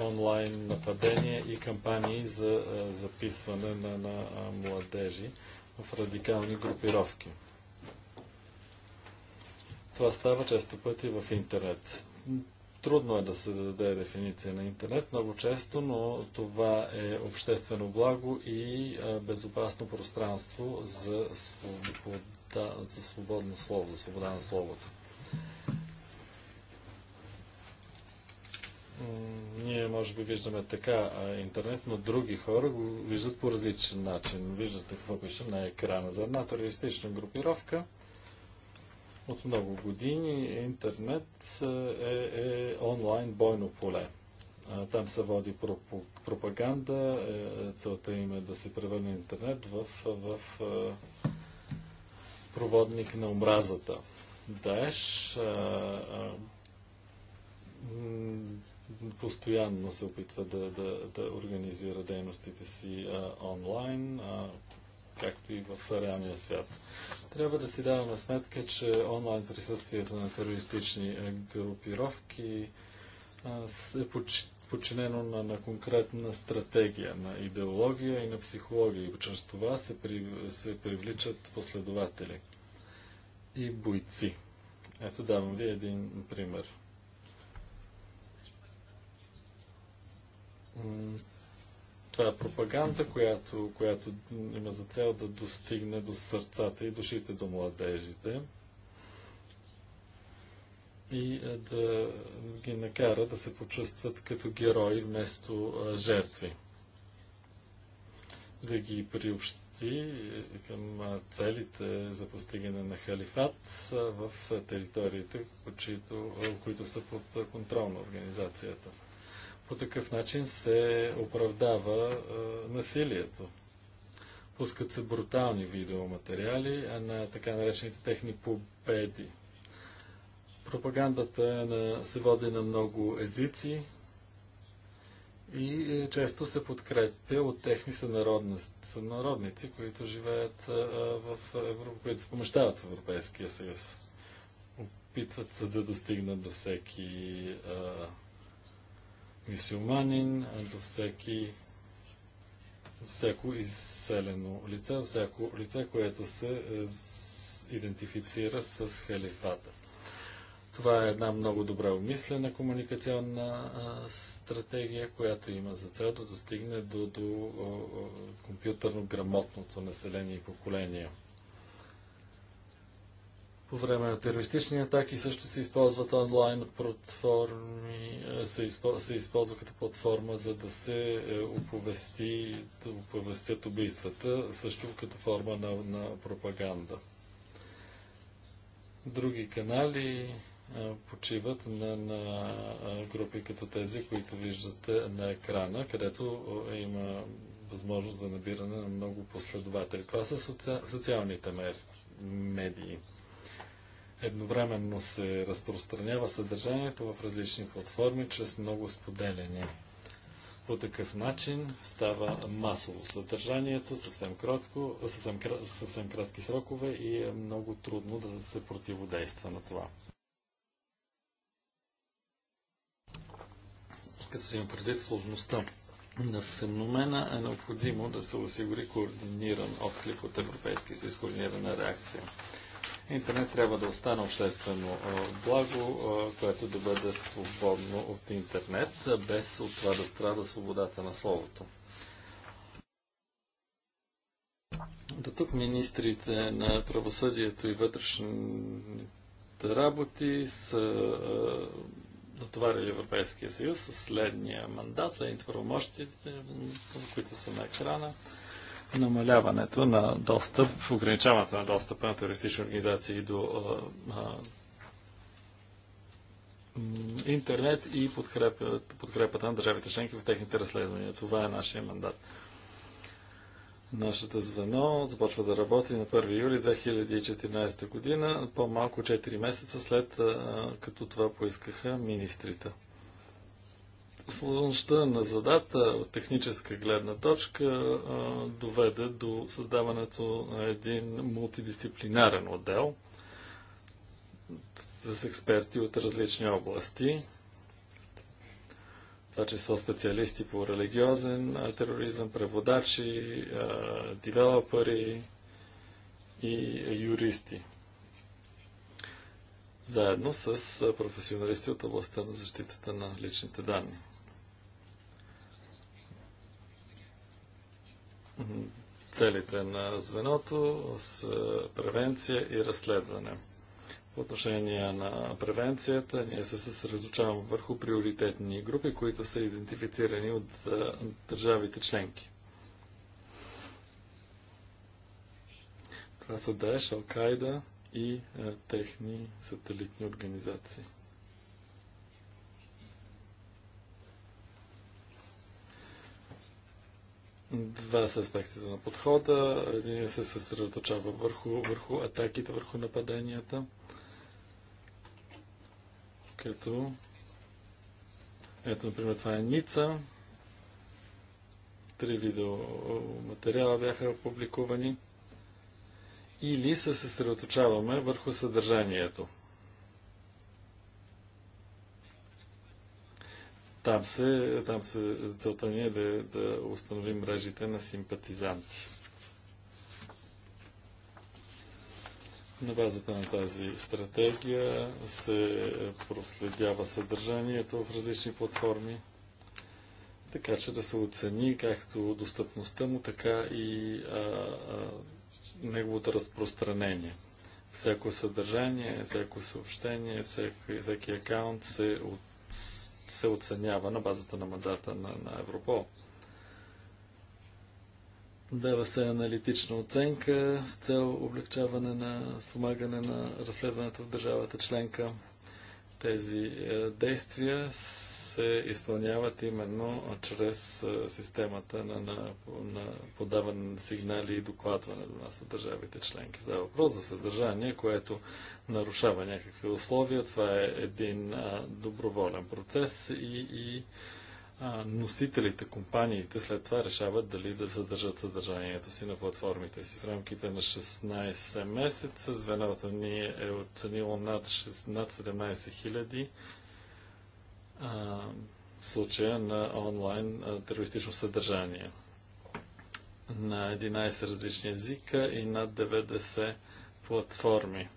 онлайн нападения и кампании за записване на, на младежи в радикални групировки. Това става често пъти в интернет. Трудно е да се даде дефиниция на интернет много често, но това е обществено благо и безопасно пространство за, свобода, за свободно слово, за свобода на словото. ние може би виждаме така интернет, но други хора го виждат по различен начин. Виждате какво пише на екрана. За една терористична групировка от много години интернет е, е, е онлайн бойно поле. Там се води пропаганда. Е, целта им е да се превърне интернет в, в е, проводник на омразата. Даеш постоянно се опитва да, да, да организира дейностите си онлайн както и в реалния свят. Трябва да си даваме сметка, че онлайн присъствието на терористични е, групировки е подчинено на, на конкретна стратегия, на идеология и на психология. И чрез това се, при, се привличат последователи и бойци. Ето давам ви един пример това е пропаганда, която, която има за цел да достигне до сърцата и душите до младежите и е, да ги накара да се почувстват като герои вместо е, жертви. Да ги приобщи е, към целите за постигане на халифат в териториите, които са под контрол на организацията. По такъв начин се оправдава а, насилието. Пускат се брутални видеоматериали а на така наречените техни победи. Пропагандата на, се води на много езици, и е, често се подкрепя от техни сънародници, които живеят в Европа, които се помещават в Европейския съюз. Опитват се да достигнат до всеки а, мюсюлманин, до всеки до всяко изселено лице, до всяко лице, което се е, идентифицира с халифата. Това е една много добре умислена комуникационна стратегия, която има за цел да достигне до, до до компютърно грамотното население и поколение. По време на терористични атаки също се използват онлайн платформи, е, се, използва, се използва като платформа, за да се е, оповести, да оповестят убийствата, също като форма на, на пропаганда. Други канали е, почиват на, на групи като тези, които виждате на екрана, където има възможност за набиране на много последователи. Това са социалните мер... медии едновременно се разпространява съдържанието в различни платформи чрез много споделяне. По такъв начин става масово съдържанието, съвсем, кротко, съвсем, съвсем кратки срокове и е много трудно да се противодейства на това. Като се има предвид сложността на феномена, е необходимо да се осигури координиран отклик от Европейския съюз, координирана реакция. Интернет трябва да остане обществено благо, което да бъде свободно от интернет, без от това да страда свободата на словото. До тук министрите на правосъдието и вътрешните работи са натоварили Европейския съюз със следния мандат, следните правомощите, които са на екрана намаляването на достъп, ограничаването на достъпа на терористични организации до а, а, интернет и подкрепата, подкрепата на държавите членки в техните разследвания. Това е нашия мандат. Нашата звено започва да работи на 1 юли 2014 година, по-малко 4 месеца след като това поискаха министрите сложността на задата от техническа гледна точка доведе до създаването на един мултидисциплинарен отдел с експерти от различни области, това число специалисти по религиозен тероризъм, преводачи, девелопери и юристи заедно с професионалисти от областта на защитата на личните данни. Целите на звеното с превенция и разследване. По отношение на превенцията, ние се съсредоточаваме върху приоритетни групи, които са идентифицирани от държавите членки. Това са Даеш, Алкайда и техни сателитни организации. Два са аспектите на подхода. Един се съсредоточава върху, върху атаките, върху нападенията, като ето, например, това е Ница. Три видеоматериала бяха публикувани. Или се съсредоточаваме върху съдържанието. Там се, там се целта ни е да, да установим мрежите на симпатизанти. На базата на тази стратегия се проследява съдържанието в различни платформи, така че да се оцени както достъпността му, така и а, а, неговото разпространение. Всяко съдържание, всяко съобщение, всеки, всеки акаунт се от се оценява на базата на мандата на, на Европол. Дава се аналитична оценка с цел облегчаване на спомагане на разследването в държавата членка. Тези е, действия се изпълняват именно чрез системата на, на, на подаване на сигнали и докладване до нас от държавите членки. Става въпрос за съдържание, което нарушава някакви условия. Това е един а, доброволен процес и, и а, носителите, компаниите след това решават дали да задържат съдържанието си на платформите си. В рамките на 16 месеца звеното ни е оценило над, 6, над 17 000 а, случая на онлайн а, терористично съдържание на 11 различни езика и над 90 платформи.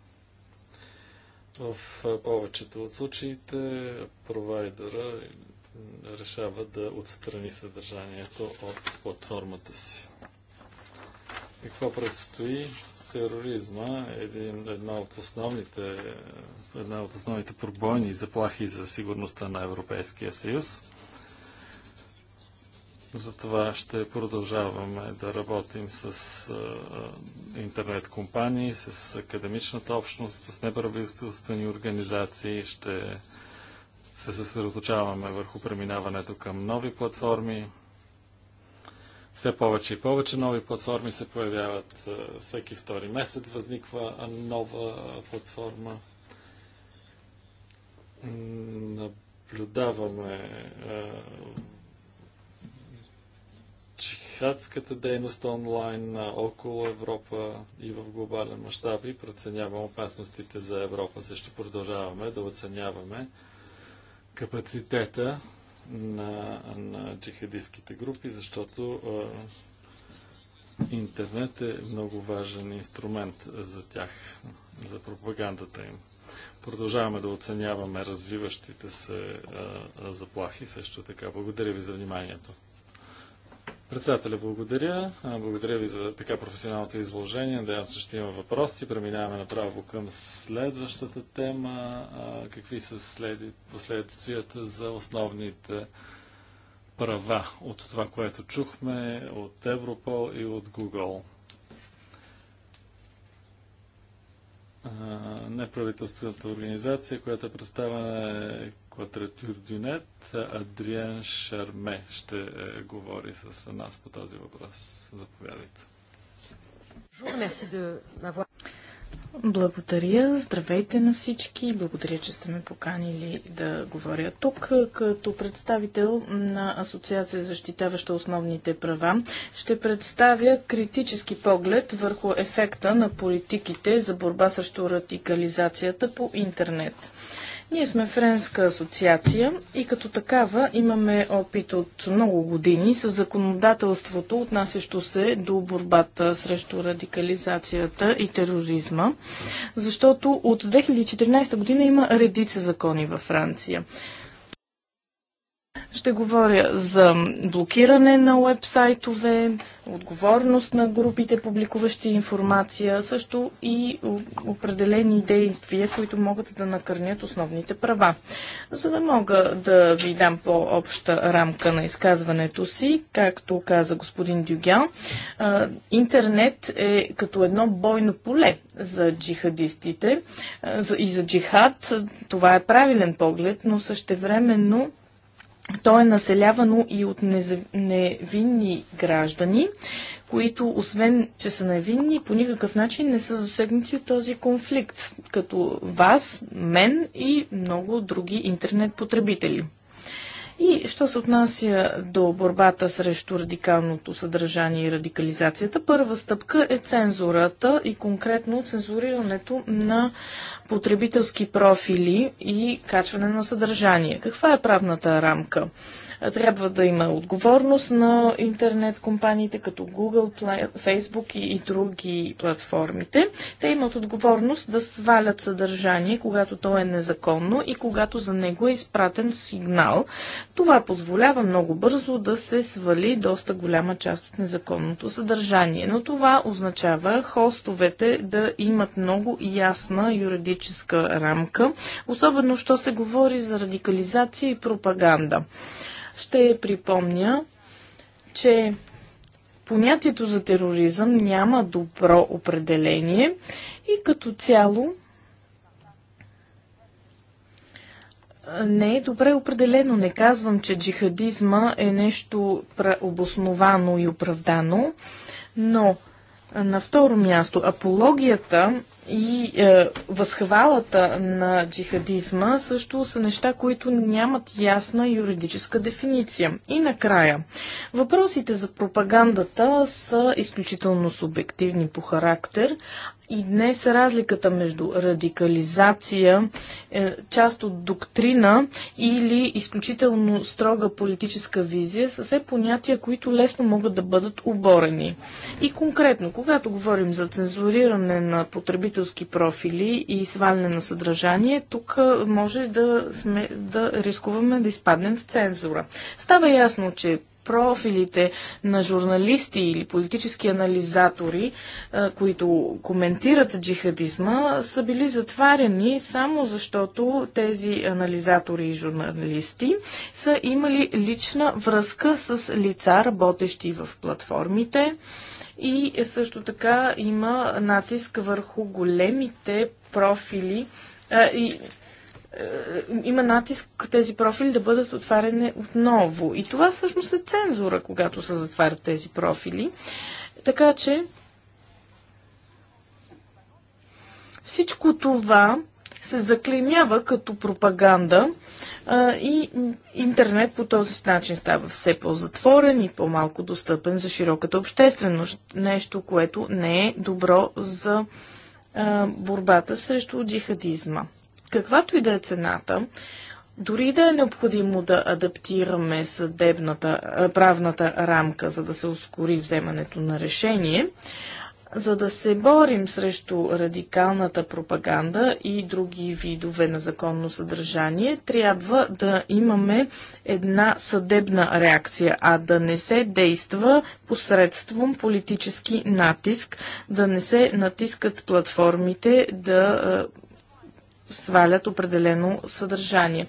В повечето от случаите провайдера решава да отстрани съдържанието от платформата си. Какво предстои? тероризма, е една, от основните, една от основните пробойни заплахи за сигурността на Европейския съюз. Затова ще продължаваме да работим с интернет компании, с академичната общност, с неправителствени организации. Ще се съсредоточаваме върху преминаването към нови платформи. Все повече и повече нови платформи се появяват. Е, всеки втори месец възниква нова платформа. Наблюдаваме джихадската е, дейност онлайн около Европа и в глобален мащаб и преценяваме опасностите за Европа. Също продължаваме да оценяваме капацитета на, на джихадистските групи, защото а, интернет е много важен инструмент за тях, за пропагандата им. Продължаваме да оценяваме развиващите се а, заплахи също така. Благодаря ви за вниманието. Председателя, благодаря. Благодаря ви за така професионалното изложение. Надявам се, ще има въпроси. Преминаваме направо към следващата тема. Какви са следи, последствията за основните права от това, което чухме от Европол и от Google? неправителствената организация, която е представена е Квадратюр Дюнет, Адриан Шарме ще е, говори с нас по този въпрос. Заповядайте. Благодаря, здравейте на всички, благодаря, че сте ме поканили да говоря тук. Е, като представител на Асоциация защитаваща основните права, ще представя критически поглед върху ефекта на политиките за борба срещу радикализацията по интернет. Ние сме френска асоциация и като такава имаме опит от много години с законодателството, отнасящо се до борбата срещу радикализацията и тероризма, защото от 2014 година има редица закони във Франция. Ще говоря за блокиране на уебсайтове, отговорност на групите, публикуващи информация, също и определени действия, които могат да накърнят основните права. За да мога да ви дам по-обща рамка на изказването си, както каза господин Дюгян, интернет е като едно бойно поле за джихадистите и за джихад. Това е правилен поглед, но същевременно то е населявано и от невинни граждани, които, освен че са невинни, по никакъв начин не са засегнати от този конфликт, като вас, мен и много други интернет потребители. И що се отнася до борбата срещу радикалното съдържание и радикализацията, първа стъпка е цензурата и конкретно цензурирането на потребителски профили и качване на съдържание. Каква е правната рамка? Трябва да има отговорност на интернет компаниите като Google, Facebook и други платформите. Те имат отговорност да свалят съдържание, когато то е незаконно и когато за него е изпратен сигнал. Това позволява много бързо да се свали доста голяма част от незаконното съдържание. Но това означава хостовете да имат много ясна юридическа рамка, особено що се говори за радикализация и пропаганда ще припомня, че понятието за тероризъм няма добро определение и като цяло не е добре определено. Не казвам, че джихадизма е нещо обосновано и оправдано, но на второ място, апологията и е, възхвалата на джихадизма също са неща, които нямат ясна юридическа дефиниция. И накрая, въпросите за пропагандата са изключително субективни по характер, и днес разликата между радикализация, е, част от доктрина или изключително строга политическа визия са все понятия, които лесно могат да бъдат оборени. И конкретно, когато говорим за цензуриране на потребителски профили и сваляне на съдържание, тук е, може да, сме, да рискуваме да изпаднем в цензура. Става ясно, че профилите на журналисти или политически анализатори, които коментират джихадизма, са били затваряни само защото тези анализатори и журналисти са имали лична връзка с лица, работещи в платформите. И също така има натиск върху големите профили и е, има натиск тези профили да бъдат отваряне отново. И това всъщност е цензура, когато се затварят тези профили. Така че всичко това се заклеймява като пропаганда а, и интернет по този начин става все по-затворен и по-малко достъпен за широката общественост. Нещо, което не е добро за а, борбата срещу джихадизма каквато и да е цената, дори да е необходимо да адаптираме съдебната, правната рамка, за да се ускори вземането на решение, за да се борим срещу радикалната пропаганда и други видове на законно съдържание, трябва да имаме една съдебна реакция, а да не се действа посредством политически натиск, да не се натискат платформите да свалят определено съдържание.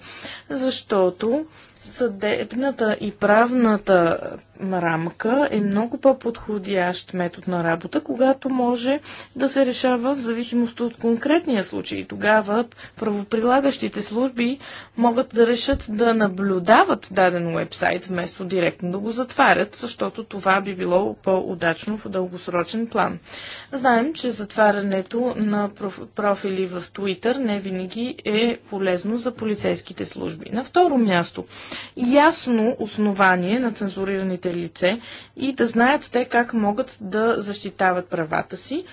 Защото съдебната и правната рамка е много по-подходящ метод на работа, когато може да се решава в зависимост от конкретния случай. Тогава правоприлагащите служби могат да решат да наблюдават даден вебсайт, вместо директно да го затварят, защото това би било по-удачно в дългосрочен план. Знаем, че затварянето на профили в Twitter не винаги е полезно за полицейските служби. На второ място, ясно основание на цензурираните засегнатите лице и да знаят те как могат да защитават правата си.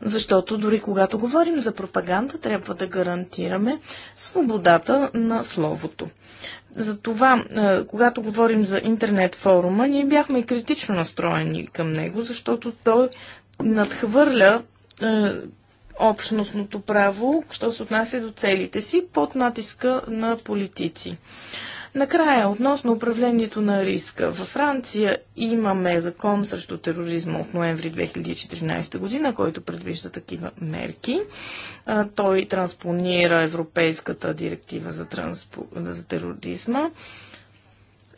Защото дори когато говорим за пропаганда, трябва да гарантираме свободата на словото. Затова, е, когато говорим за интернет форума, ние бяхме критично настроени към него, защото той надхвърля е, общностното право, що се отнася до целите си, под натиска на политици. Накрая, относно управлението на риска. Във Франция имаме закон срещу тероризма от ноември 2014 година, който предвижда такива мерки. Той транспонира Европейската директива за, транспо... за тероризма.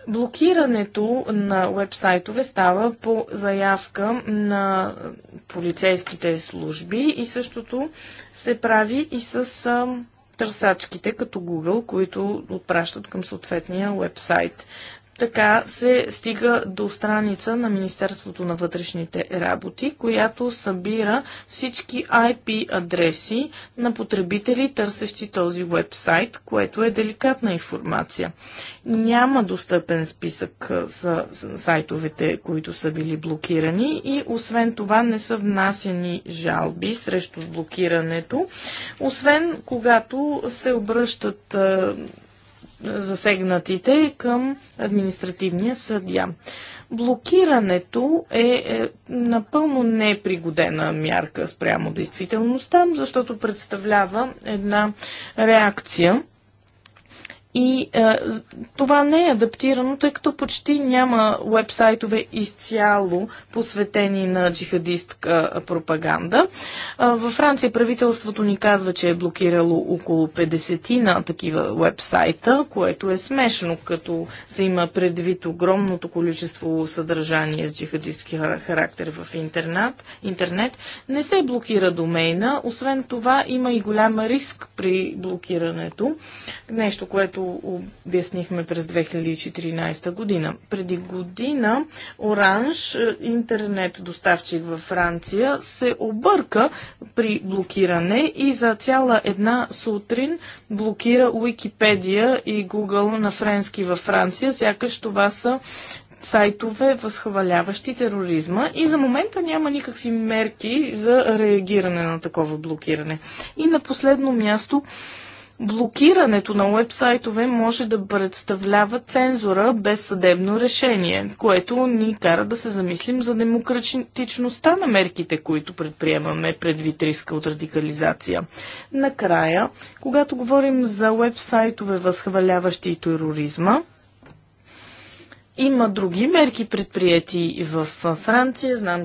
Блокирането на вебсайтове става по заявка на полицейските служби и същото се прави и с търсачките като Google, които отпращат към съответния вебсайт. Така се стига до страница на Министерството на вътрешните работи, която събира всички IP адреси на потребители, търсещи този вебсайт, което е деликатна информация. Няма достъпен списък с сайтовете, които са били блокирани и освен това не са внасени жалби срещу блокирането, освен когато се обръщат засегнатите към административния съдия. Блокирането е, е напълно непригодена мярка спрямо действителността, защото представлява една реакция и е, това не е адаптирано, тъй като почти няма вебсайтове изцяло посветени на джихадистка пропаганда. Е, във Франция правителството ни казва, че е блокирало около 50 на такива вебсайта, което е смешно, като се има предвид огромното количество съдържание с джихадистки характер в интернет. интернет. Не се блокира домейна, освен това има и голям риск при блокирането. Нещо, което както обяснихме през 2014 година. Преди година Оранж, е, интернет доставчик във Франция, се обърка при блокиране и за цяла една сутрин блокира Уикипедия и Google на френски във Франция, сякаш това са сайтове, възхваляващи тероризма и за момента няма никакви мерки за реагиране на такова блокиране. И на последно място блокирането на уебсайтове може да представлява цензура без съдебно решение, което ни кара да се замислим за демократичността на мерките, които предприемаме предвид риска от радикализация. Накрая, когато говорим за уебсайтове, възхваляващи и тероризма, има други мерки предприяти в Франция. Знам,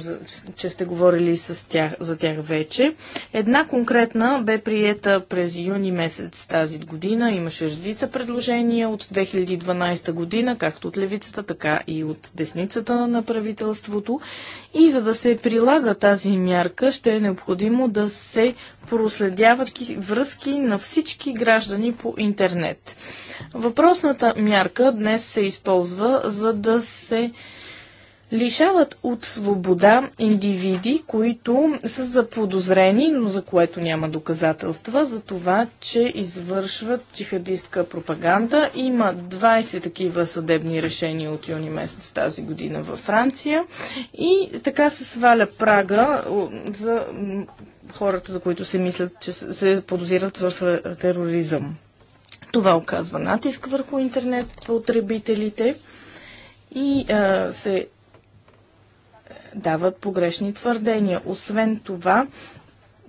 че сте говорили с тях, за тях вече. Една конкретна бе приета през юни месец тази година. Имаше редица предложения от 2012 година, както от левицата, така и от десницата на правителството. И за да се прилага тази мярка, ще е необходимо да се проследяват връзки на всички граждани по интернет. Въпросната мярка днес се използва за да се лишават от свобода индивиди, които са заподозрени, но за което няма доказателства, за това, че извършват джихадистка пропаганда. Има 20 такива съдебни решения от юни месец тази година във Франция и така се сваля прага за хората, за които се мислят, че се подозират в тероризъм. Това оказва натиск върху интернет потребителите и а, се дават погрешни твърдения. Освен това,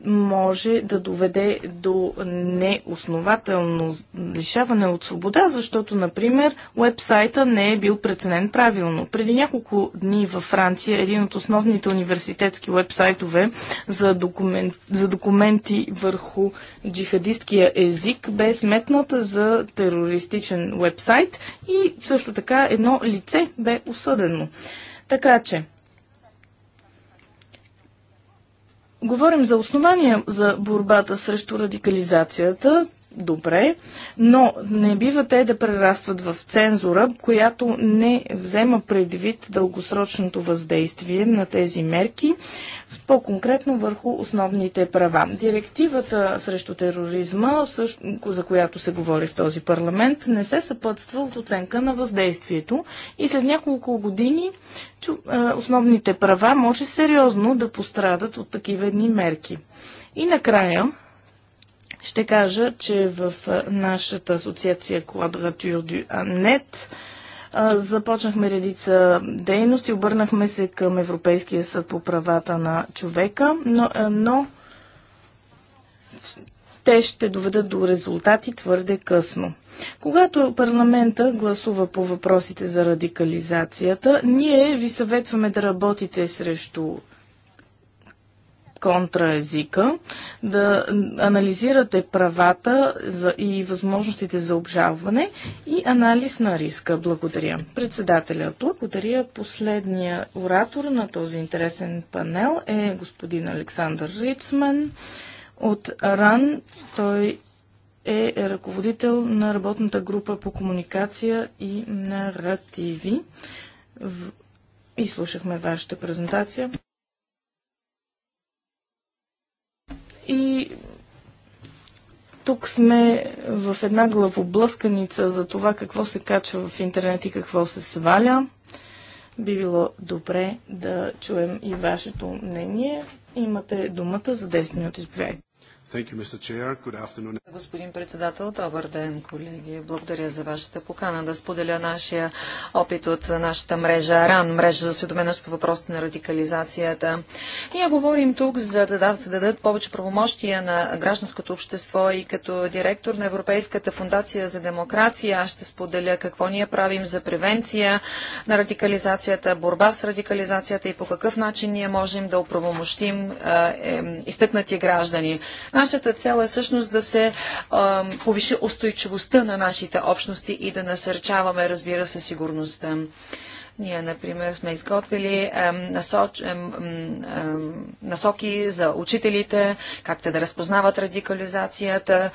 може да доведе до неоснователно лишаване от свобода, защото, например, уебсайта не е бил преценен правилно. Преди няколко дни във Франция един от основните университетски уебсайтове за, документ, за документи върху джихадисткия език бе сметнат за терористичен уебсайт и също така едно лице бе осъдено. Така че, Говорим за основания за борбата срещу радикализацията добре, но не бива те да прерастват в цензура, която не взема предвид дългосрочното въздействие на тези мерки, по-конкретно върху основните права. Директивата срещу тероризма, за която се говори в този парламент, не се съпътства от оценка на въздействието и след няколко години основните права може сериозно да пострадат от такива едни мерки. И накрая, ще кажа, че в нашата асоциация Quadrature du Annet започнахме редица дейности, обърнахме се към Европейския съд по правата на човека, но, но те ще доведат до резултати твърде късно. Когато парламента гласува по въпросите за радикализацията, ние ви съветваме да работите срещу контраезика, да анализирате правата за, и възможностите за обжалване и анализ на риска. Благодаря. Председателя, благодаря. Последния оратор на този интересен панел е господин Александър Рицман от РАН. Той е ръководител на работната група по комуникация и наративи. И слушахме вашата презентация. И тук сме в една главоблъсканица за това какво се качва в интернет и какво се сваля. Би било добре да чуем и вашето мнение. Имате думата за 10 минути. Заповядайте. Господин председател, добър ден, колеги. Благодаря за вашата покана да споделя нашия опит от нашата мрежа РАН, мрежа за осведоменост по въпросите на радикализацията. Ние говорим тук за да, да се дадат повече правомощия на гражданското общество и като директор на Европейската фундация за демокрация аз ще споделя какво ние правим за превенция на радикализацията, борба с радикализацията и по какъв начин ние можем да оправомощим е, изтъкнати граждани. Нашата цел е всъщност да се а, повиши устойчивостта на нашите общности и да насърчаваме, разбира се, сигурността. Ние, например, сме изготвили насоки за учителите, как те да разпознават радикализацията,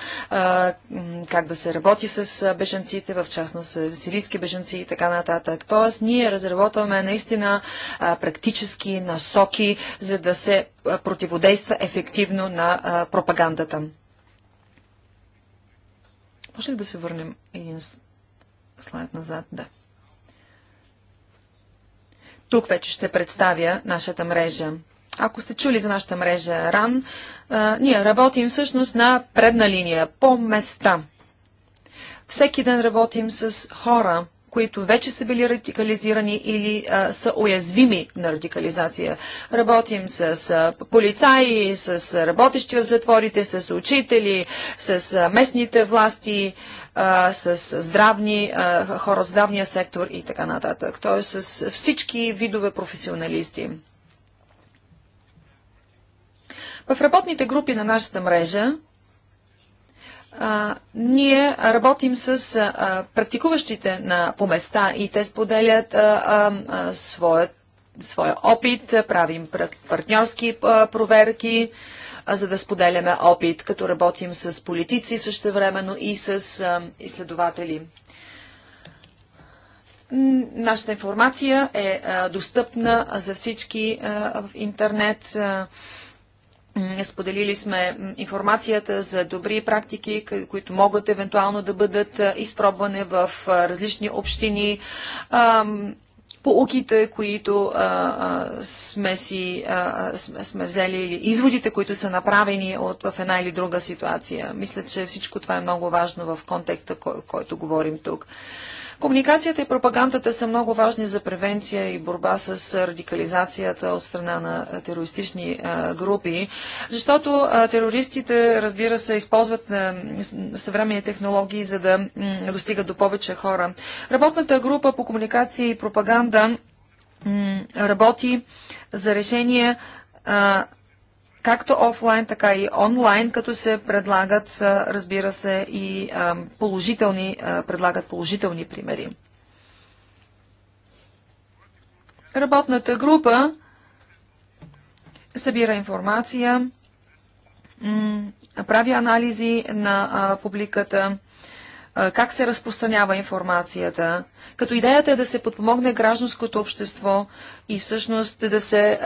как да се работи с беженците, в частност е, сирийски беженци и така нататък. Тоест, ние разработваме наистина практически насоки, за да се противодейства ефективно на пропагандата. Може ли да се върнем един слайд назад? Да. Тук вече ще представя нашата мрежа. Ако сте чули за нашата мрежа РАН, ние работим всъщност на предна линия, по места. Всеки ден работим с хора, които вече са били радикализирани или а, са уязвими на радикализация. Работим с а, полицаи, с работещи в затворите, с учители, с а, местните власти, а, с здравни, а, хора от здравния сектор и така нататък. Тоест с всички видове професионалисти. В работните групи на нашата мрежа а, ние работим с а, практикуващите на, по места и те споделят а, а, своят, своя опит, правим партньорски а, проверки, за да споделяме опит, като работим с политици също времено и с изследователи. Нашата информация е достъпна за всички в интернет. Споделили сме информацията за добри практики, които могат евентуално да бъдат изпробвани в различни общини поуките, които а, а, сме, си, а, сме, сме взели, или изводите, които са направени от, в една или друга ситуация. Мисля, че всичко това е много важно в контекста, кой, който говорим тук. Комуникацията и пропагандата са много важни за превенция и борба с радикализацията от страна на терористични групи, защото терористите, разбира се, използват съвременни технологии, за да достигат до повече хора. Работната група по комуникация и пропаганда работи за решение както офлайн, така и онлайн, като се предлагат, разбира се, и положителни, предлагат положителни примери. Работната група събира информация, прави анализи на публиката, как се разпространява информацията, като идеята е да се подпомогне гражданското общество и всъщност да се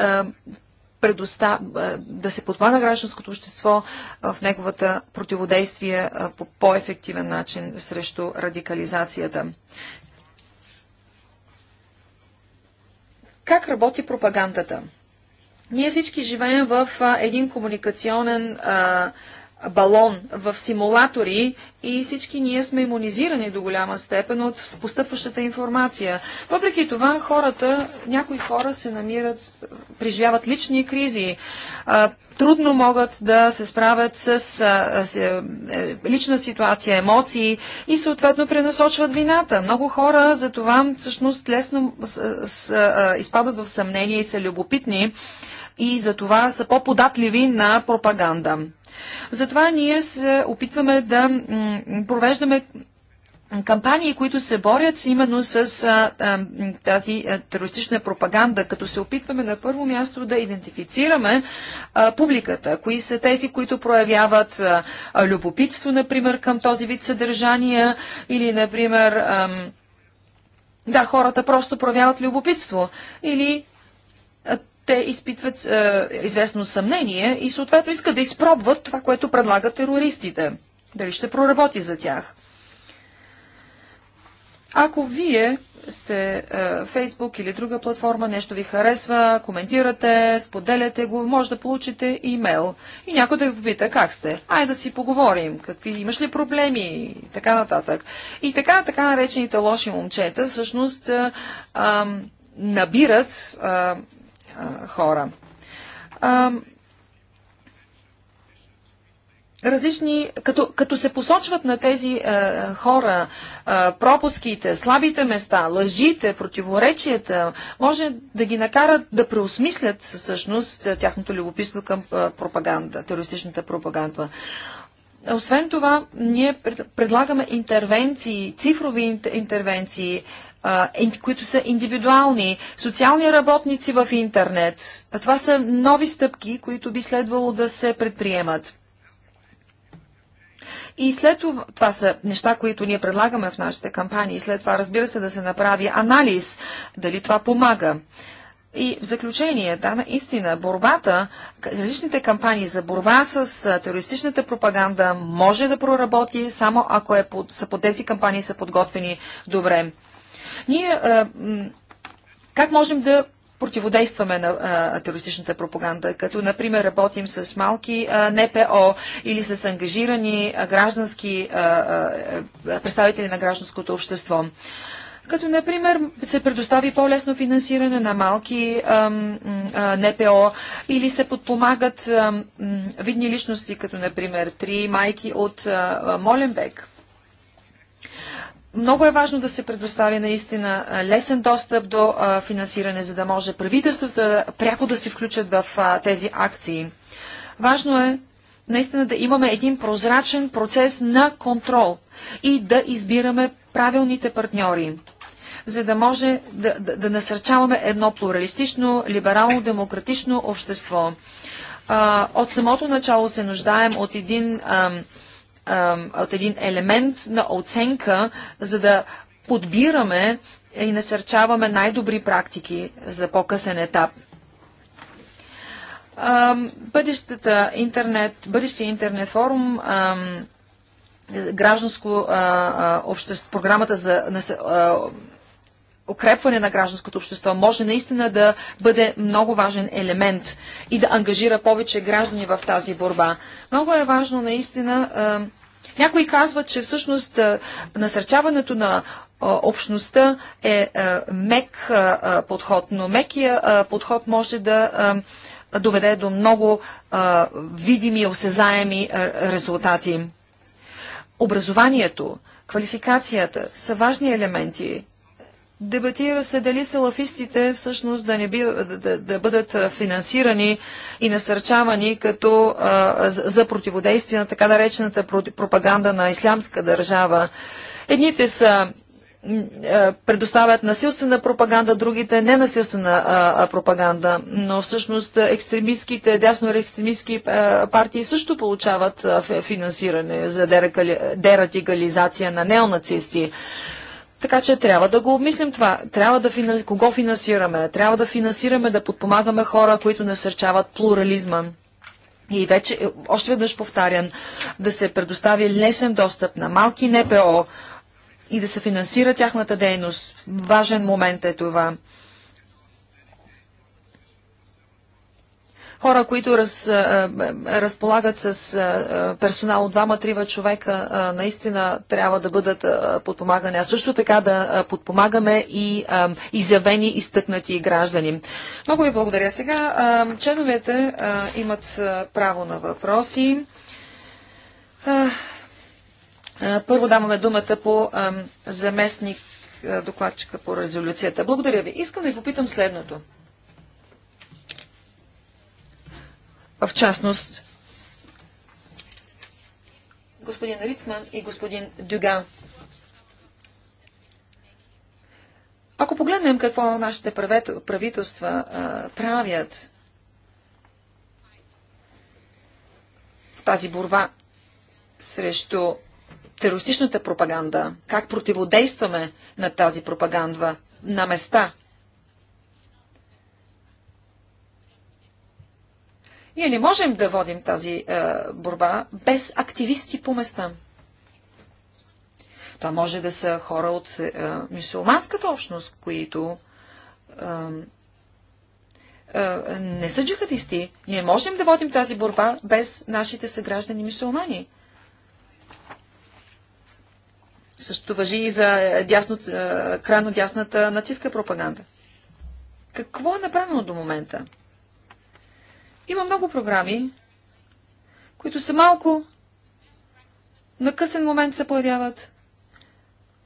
предоста... да се подпомага гражданското общество в неговата противодействие по по-ефективен начин срещу радикализацията. Как работи пропагандата? Ние всички живеем в един комуникационен а, балон в симулатори и всички ние сме иммунизирани до голяма степен от постъпващата информация. Въпреки това, хората, някои хора се намират, преживяват лични кризи, трудно могат да се справят с, с е, е, лична ситуация, емоции и съответно пренасочват вината. Много хора за това всъщност лесно с, с, изпадат в съмнение и са любопитни и за това са по-податливи на пропаганда. Затова ние се опитваме да провеждаме кампании, които се борят именно с а, а, тази а, терористична пропаганда, като се опитваме на първо място да идентифицираме а, публиката, кои са тези, които проявяват а, любопитство, например, към този вид съдържания или, например, а, да, хората просто проявяват любопитство или те изпитват е, известно съмнение и съответно искат да изпробват това, което предлагат терористите. Дали ще проработи за тях. Ако вие сте е, Фейсбук или друга платформа, нещо ви харесва, коментирате, споделяте го, може да получите имейл. И някой да ви попита как сте. Айде да си поговорим, какви имаш ли проблеми и така нататък. И така, така наречените лоши момчета всъщност е, е, набират хора. А, различни, като, като се посочват на тези а, хора а, пропуските, слабите места, лъжите, противоречията, може да ги накарат да преосмислят всъщност тяхното любопитство към пропаганда, терористичната пропаганда. Освен това, ние предлагаме интервенции, цифрови интервенции, които са индивидуални, социални работници в интернет. Това са нови стъпки, които би следвало да се предприемат. И след това, това са неща, които ние предлагаме в нашите кампании. След това, разбира се, да се направи анализ, дали това помага. И в заключение, да, наистина, борбата, различните кампании за борба с терористичната пропаганда може да проработи, само ако е под, са под тези кампании са подготвени добре. Ние как можем да противодействаме на а, терористичната пропаганда, като, например, работим с малки а, НПО или с ангажирани а, граждански а, а, представители на гражданското общество. Като, например, се предостави по-лесно финансиране на малки а, а, НПО или се подпомагат а, видни личности, като, например, три майки от а, Моленбек – много е важно да се предостави наистина лесен достъп до финансиране, за да може правителствата пряко да се включат в тези акции. Важно е наистина да имаме един прозрачен процес на контрол и да избираме правилните партньори, за да може да, да, да насърчаваме едно плуралистично, либерално-демократично общество. от самото начало се нуждаем от един от един елемент на оценка, за да подбираме и насърчаваме най-добри практики за по-късен етап. Бъдещата интернет, бъдещия интернет форум гражданско общество, програмата за укрепване на гражданското общество може наистина да бъде много важен елемент и да ангажира повече граждани в тази борба. Много е важно наистина. някои казват, че всъщност насърчаването на общността е мек подход, но мекия подход може да доведе до много видими, осезаеми резултати. Образованието, квалификацията са важни елементи Дебатира се дали салафистите всъщност да, не би, да, да бъдат финансирани и насърчавани като а, за противодействие на така наречената пропаганда на ислямска държава. Едните са предоставят насилствена пропаганда, другите ненасилствена а, пропаганда. Но всъщност екстремистските, дясно екстремистски партии също получават а, финансиране за дерадикализация на неонацисти. Така че трябва да го обмислим това. Трябва да финанс... кого финансираме. Трябва да финансираме, да подпомагаме хора, които насърчават плурализма. И вече, е, още веднъж повтарям, да се предостави лесен достъп на малки НПО и да се финансира тяхната дейност. Важен момент е това. хора, които раз, разполагат с персонал от двама-трива човека, наистина трябва да бъдат подпомагани, а също така да подпомагаме и изявени, и стъкнати граждани. Много ви благодаря. Сега членовете имат право на въпроси. Първо даваме думата по заместник докладчика по резолюцията. Благодаря ви. Искам да ви попитам следното. в частност господин Рицман и господин Дюган. Ако погледнем какво нашите правителства а, правят в тази борба срещу терористичната пропаганда, как противодействаме на тази пропаганда на места – Ние не можем да водим тази е, борба без активисти по места. Това може да са хора от е, мусулманската общност, които е, е, не са джихадисти. Ние можем да водим тази борба без нашите съграждани мусулмани. Също въжи и за дясно, е, крайно дясната нацистска пропаганда. Какво е направено до момента? Има много програми, които са малко на късен момент се появяват.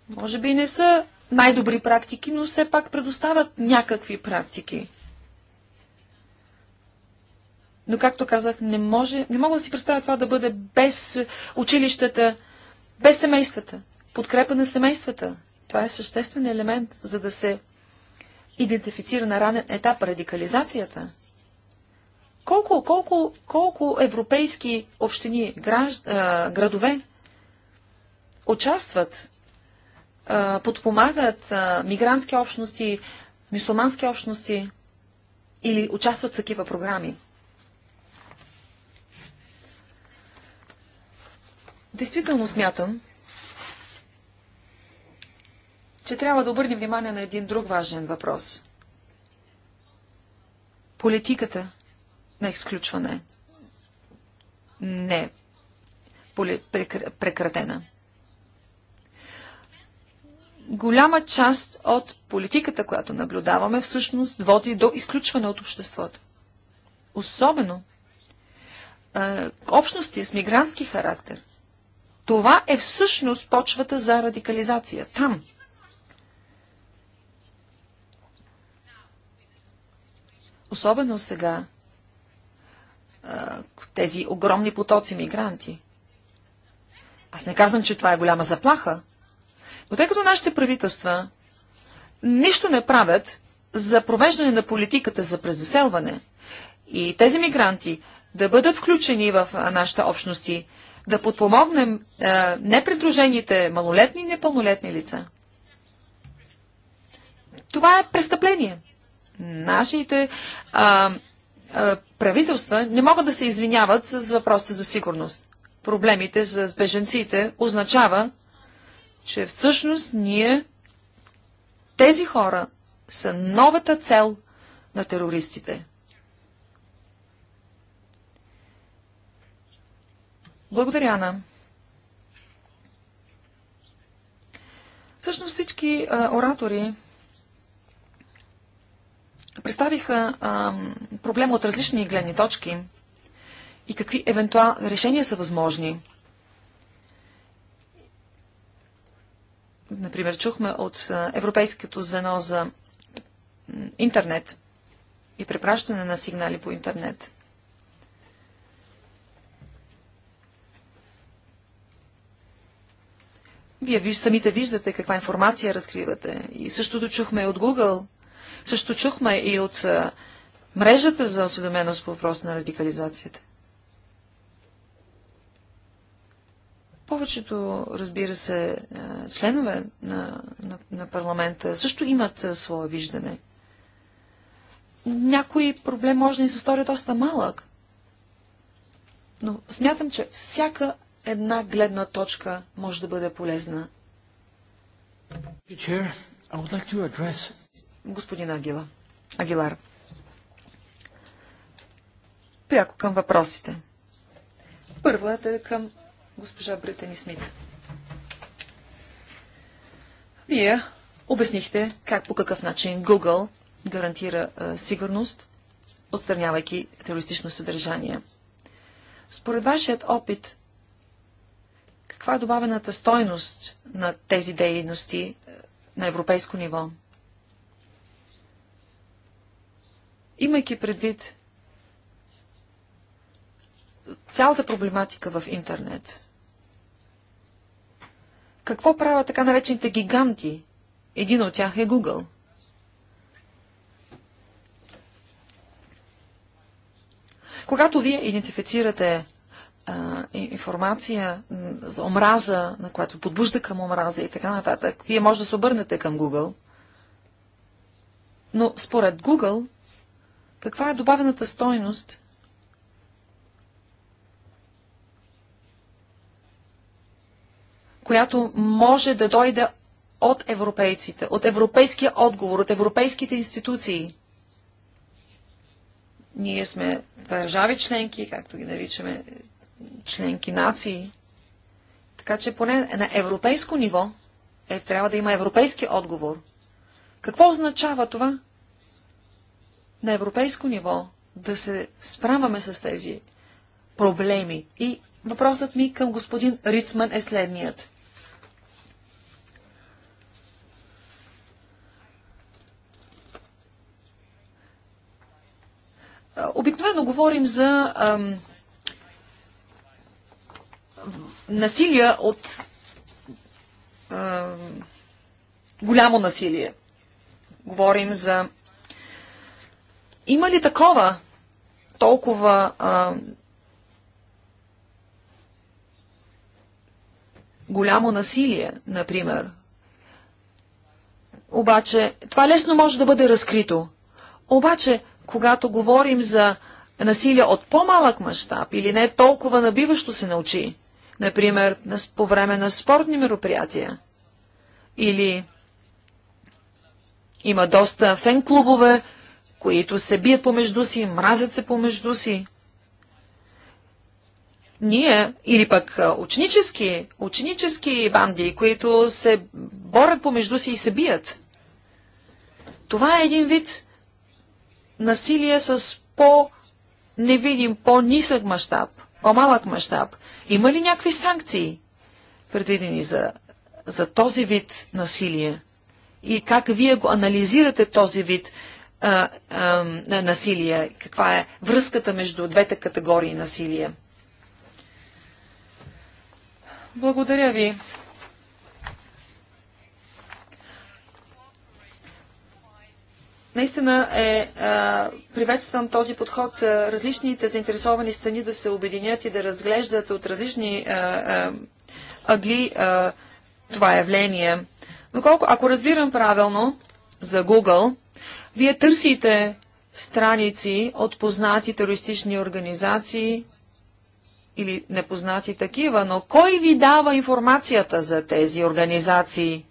Може би не са най-добри практики, но все пак предоставят някакви практики. Но, както казах, не, може, не мога да си представя това да бъде без училищата, без семействата. Подкрепа на семействата. Това е съществен елемент, за да се идентифицира на ранен етап радикализацията. Колко, колко, колко европейски общини, гражд... градове участват, подпомагат мигрантски общности, мусулмански общности или участват в такива програми? Действително смятам, че трябва да обърнем внимание на един друг важен въпрос. Политиката на изключване не прекратена. Голяма част от политиката, която наблюдаваме, всъщност води до изключване от обществото. Особено е, общности с мигрантски характер. Това е всъщност почвата за радикализация. Там. Особено сега, тези огромни потоци мигранти. Аз не казвам, че това е голяма заплаха, но тъй като нашите правителства нищо не правят за провеждане на политиката за презаселване и тези мигранти да бъдат включени в нашите общности, да подпомогнем е, непридружените малолетни и непълнолетни лица. Това е престъпление. Нашите а, правителства не могат да се извиняват с въпросите за сигурност. Проблемите с беженците означава, че всъщност ние, тези хора, са новата цел на терористите. Благодаря, Ана. Всъщност всички а, оратори представиха а, проблема от различни гледни точки и какви евентуални решения са възможни. Например, чухме от Европейското звено за интернет и препращане на сигнали по интернет. Вие самите виждате каква информация разкривате. И същото чухме от Google – също чухме и от мрежата за осведоменост по въпрос на радикализацията. Повечето, разбира се, членове на, на, на парламента също имат свое виждане. Някой проблем може да ни се стори доста малък. Но смятам, че всяка една гледна точка може да бъде полезна господин Агила. Агилар. Пряко към въпросите. Първата е към госпожа Британи Смит. Вие обяснихте как по какъв начин Google гарантира а, сигурност, отстранявайки терористично съдържание. Според вашият опит, каква е добавената стойност на тези дейности на европейско ниво? Имайки предвид цялата проблематика в интернет, какво правят така наречените гиганти? Един от тях е Google. Когато вие идентифицирате а, информация за омраза, на която подбужда към омраза и така нататък, вие може да се обърнете към Google. Но според Google, каква е добавената стойност? която може да дойде от европейците, от европейския отговор, от европейските институции. Ние сме държави членки, както ги наричаме, членки нации. Така че поне на европейско ниво е, трябва да има европейски отговор. Какво означава това? на европейско ниво да се справяме с тези проблеми. И въпросът ми към господин Рицман е следният. Обикновено говорим за ам, насилие от ам, голямо насилие. Говорим за има ли такова толкова а, голямо насилие, например? Обаче, това лесно може да бъде разкрито. Обаче, когато говорим за насилие от по-малък мащаб или не толкова набиващо се научи, например, по време на спортни мероприятия, или има доста фен-клубове, които се бият помежду си, мразят се помежду си. Ние, или пък ученически, ученически банди, които се борят помежду си и се бият. Това е един вид насилие с по-невидим, по-нисък мащаб, по-малък мащаб. Има ли някакви санкции, предвидени за, за този вид насилие? И как вие го анализирате този вид а, а, насилие, каква е връзката между двете категории насилие. Благодаря ви. Наистина е, а, приветствам този подход, различните заинтересовани страни да се обединят и да разглеждат от различни агли това явление. Но колко, ако разбирам правилно за Google, вие търсите страници от познати терористични организации или непознати такива, но кой ви дава информацията за тези организации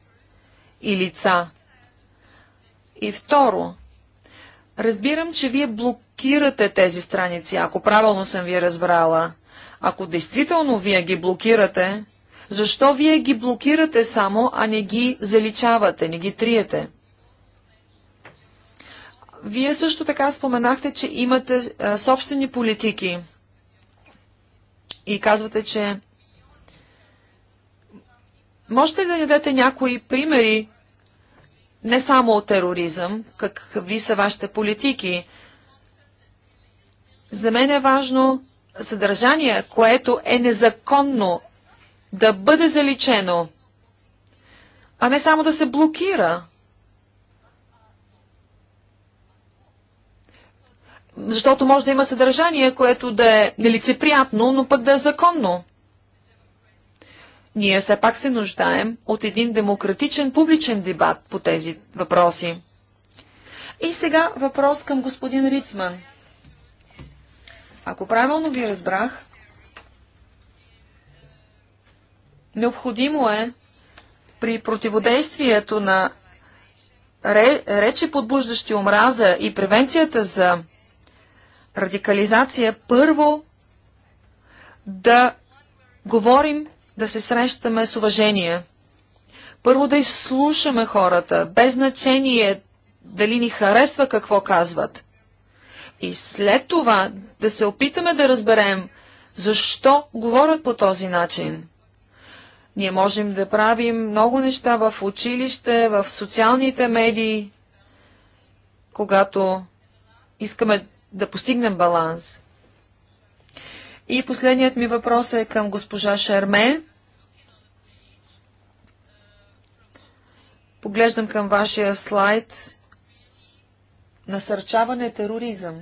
и лица? И второ, разбирам, че вие блокирате тези страници, ако правилно съм ви разбрала. Ако действително вие ги блокирате, защо вие ги блокирате само, а не ги заличавате, не ги триете? Вие също така споменахте, че имате а, собствени политики и казвате, че можете ли да ни дадете някои примери не само от тероризъм, какви са вашите политики? За мен е важно съдържание, което е незаконно, да бъде заличено, а не само да се блокира – защото може да има съдържание, което да е нелицеприятно, но пък да е законно. Ние все пак се нуждаем от един демократичен публичен дебат по тези въпроси. И сега въпрос към господин Рицман. Ако правилно ви разбрах, необходимо е при противодействието на речи подбуждащи омраза и превенцията за радикализация, първо да говорим, да се срещаме с уважение. Първо да изслушаме хората, без значение дали ни харесва какво казват. И след това да се опитаме да разберем, защо говорят по този начин. Ние можем да правим много неща в училище, в социалните медии, когато искаме да постигнем баланс. И последният ми въпрос е към госпожа Шерме. Поглеждам към вашия слайд. Насърчаване тероризъм.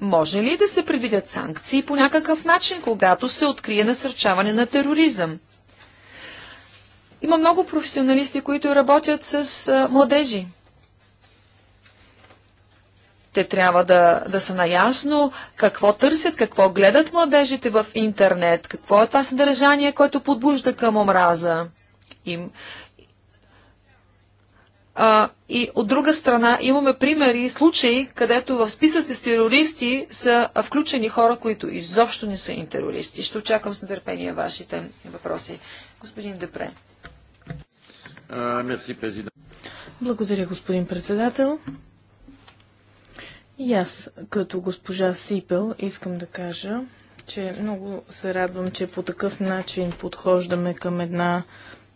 Може ли да се предвидят санкции по някакъв начин, когато се открие насърчаване на тероризъм? Има много професионалисти, които работят с младежи. Те трябва да, да са наясно какво търсят, какво гледат младежите в интернет, какво е това съдържание, което подбужда към омраза им. А, и от друга страна имаме примери и случаи, където в списъци с терористи са включени хора, които изобщо не са им терористи. Ще очаквам с нетърпение вашите въпроси. Господин Депре. Благодаря, господин председател. И аз, като госпожа Сипел, искам да кажа, че много се радвам, че по такъв начин подхождаме към една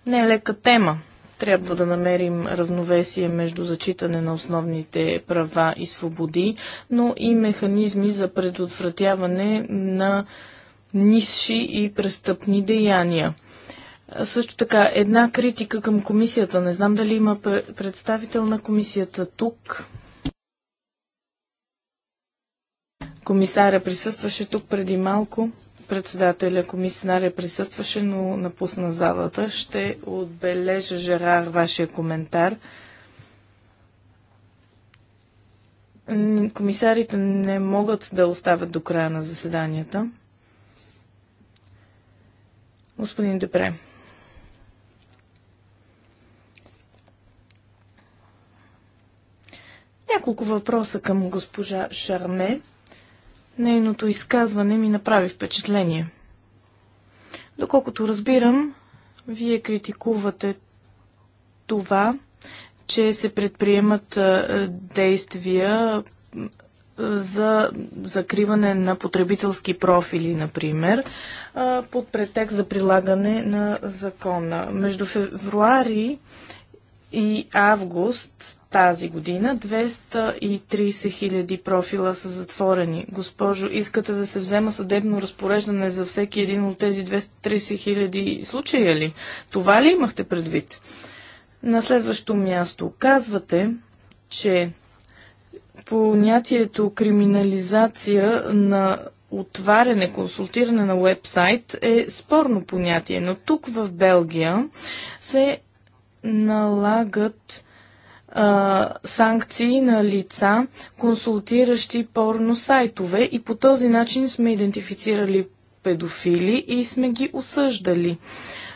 нелека тема. Трябва да намерим равновесие между зачитане на основните права и свободи, но и механизми за предотвратяване на нисши и престъпни деяния. Също така, една критика към комисията. Не знам дали има представител на комисията тук. Комисаря присъстваше тук преди малко. Председателя комисаря присъстваше, но напусна залата. Ще отбележа, Жерар, вашия коментар. Комисарите не могат да остават до края на заседанията. Господин Депре. Няколко въпроса към госпожа Шарме. Нейното изказване ми направи впечатление. Доколкото разбирам, вие критикувате това, че се предприемат действия за закриване на потребителски профили, например, под претекст за прилагане на закона. Между февруари и август тази година 230 000 профила са затворени. Госпожо, искате да се взема съдебно разпореждане за всеки един от тези 230 000 случая ли? Това ли имахте предвид? На следващо място казвате, че понятието криминализация на отваряне, консултиране на уебсайт е спорно понятие, но тук в Белгия се налагат а, санкции на лица, консултиращи порно сайтове и по този начин сме идентифицирали педофили и сме ги осъждали.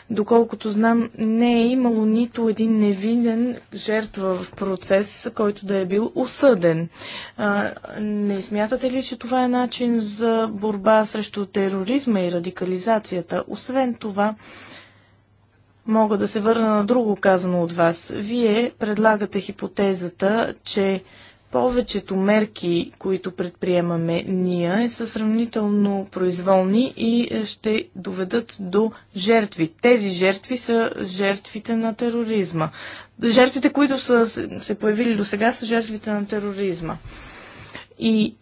Доколкото знам, не е имало нито един невинен жертва в процес, който да е бил осъден. А, не смятате ли, че това е начин за борба срещу тероризма и радикализацията? Освен това, мога да се върна на друго казано от вас. Вие предлагате хипотезата, че повечето мерки, които предприемаме ние, са сравнително произволни и е, ще доведат до жертви. Тези жертви са жертвите на тероризма. Жертвите, които са се появили до сега, са жертвите на тероризма. И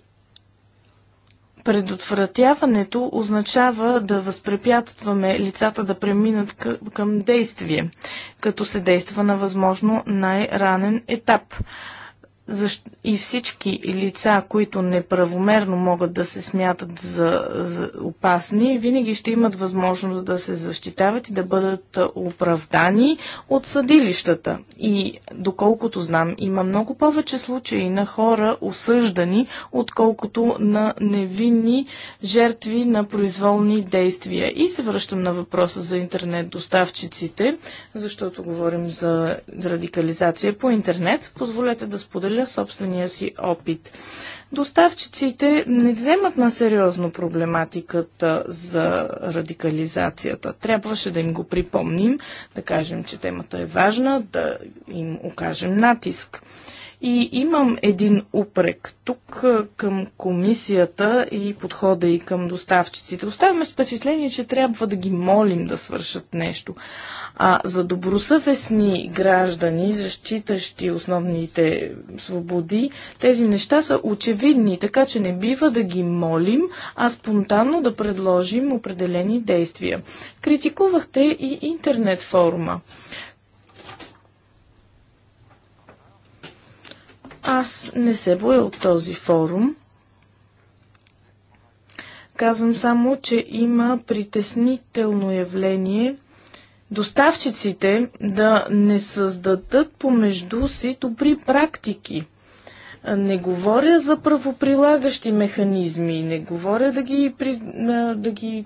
Предотвратяването означава да възпрепятстваме лицата да преминат към действие, като се действа на възможно най-ранен етап и всички лица, които неправомерно могат да се смятат за, за опасни, винаги ще имат възможност да се защитават и да бъдат оправдани от съдилищата. И доколкото знам, има много повече случаи на хора осъждани, отколкото на невинни жертви на произволни действия. И се връщам на въпроса за интернет доставчиците, защото говорим за радикализация по интернет. Позволете да споделя споделя собствения си опит. Доставчиците не вземат на сериозно проблематиката за радикализацията. Трябваше да им го припомним, да кажем, че темата е важна, да им окажем натиск. И имам един упрек тук към комисията и подхода и към доставчиците. Оставяме с впечатление, че трябва да ги молим да свършат нещо. А за добросъвестни граждани, защитащи основните свободи, тези неща са очевидни, така че не бива да ги молим, а спонтанно да предложим определени действия. Критикувахте и интернет форума. Аз не се боя от този форум. Казвам само, че има притеснително явление доставчиците да не създадат помежду си добри практики. Не говоря за правоприлагащи механизми, не говоря да ги, да ги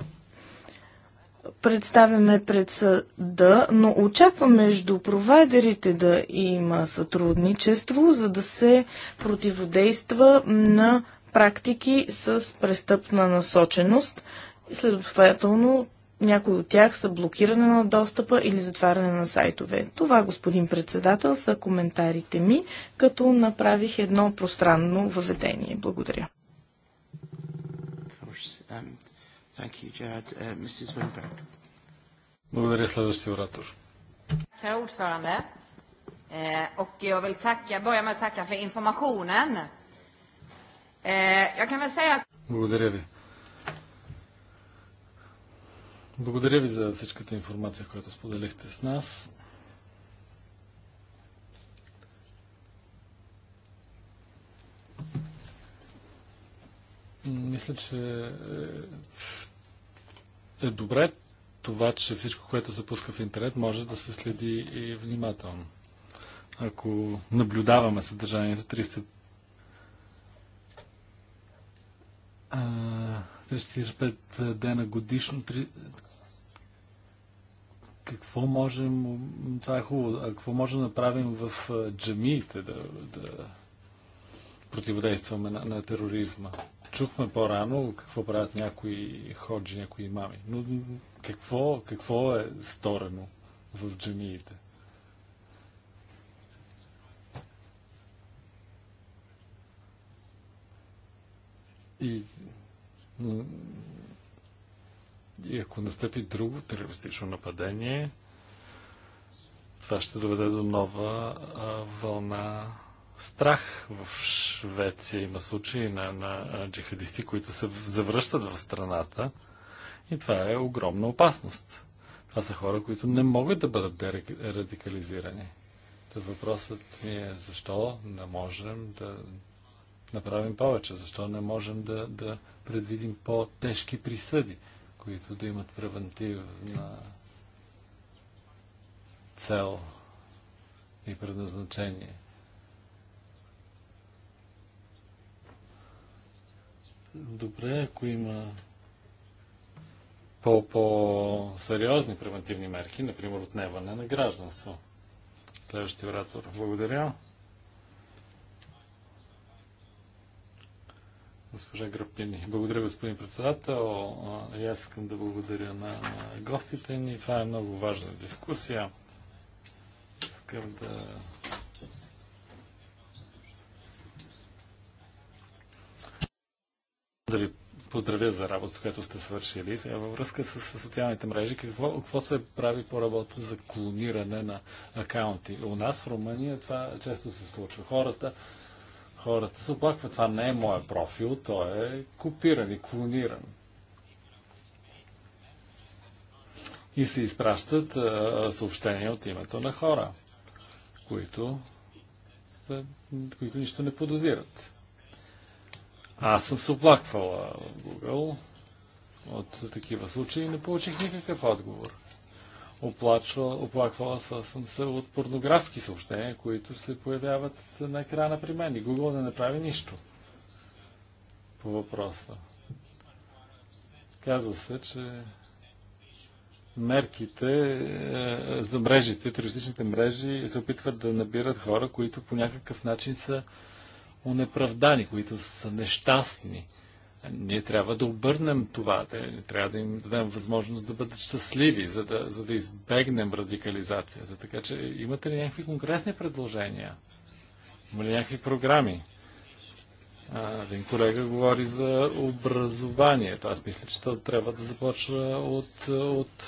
представяме пред съда, но очаква между провайдерите да има сътрудничество, за да се противодейства на практики с престъпна насоченост. Следователно, някои от тях са блокиране на достъпа или затваряне на сайтове. Това, господин председател, са коментарите ми, като направих едно пространно въведение. Благодаря. Thank you, Gerard. Uh, Mrs. Winberg. Благодаря, следващия оратор. Herr ordförande. Eh, och jag vill tacka, börja med att tacka för informationen. Eh, jag kan väl säga att... Благодаря ви. Благодаря ви за всичката информация, която споделихте с нас. Мисля, че е добре това, че всичко, което се пуска в интернет, може да се следи и внимателно. Ако наблюдаваме съдържанието 300... 345 дена годишно, какво можем, това е хубаво, а какво можем да направим в джамиите, да, да противодействаме на, на тероризма. Чухме по-рано какво правят някои ходжи, някои имами. Но какво, какво е сторено в джамиите? И, и ако настъпи друго терористично нападение, това ще доведе до нова а, вълна страх в Швеция. Има случаи на, на джихадисти, които се завръщат в страната и това е огромна опасност. Това са хора, които не могат да бъдат радикализирани. Та въпросът ми е защо не можем да направим повече, защо не можем да, да предвидим по-тежки присъди, които да имат превентивна цел и предназначение. Добре, ако има по-сериозни -по превентивни мерки, например отнемане на гражданство. Следващия оратор. Благодаря. госпожа Грапини. Благодаря, господин председател. И аз искам да благодаря на гостите ни. Това е много важна дискусия. Искам да да ви поздравя за работата, която сте свършили. Сега във връзка с, социалните мрежи, какво, какво се прави по работа за клониране на акаунти? У нас в Румъния това често се случва. Хората, хората се оплакват, това не е моят профил, той е копиран и клониран. И се изпращат а, съобщения от името на хора, които, които нищо не подозират. Аз съм се оплаквала в Google от такива случаи и не получих никакъв отговор. Оплачва, оплаквала съм се от порнографски съобщения, които се появяват на екрана при мен и Google не направи нищо по въпроса. Казва се, че мерките е, за мрежите, туристичните мрежи се опитват да набират хора, които по някакъв начин са онеправдани, които са нещастни. Ние трябва да обърнем това, да, трябва да им дадем възможност да бъдат щастливи, за да, за да избегнем радикализацията. Така че имате ли някакви конкретни предложения? Има ли някакви програми? един колега говори за образованието. Аз мисля, че то трябва да започва от, от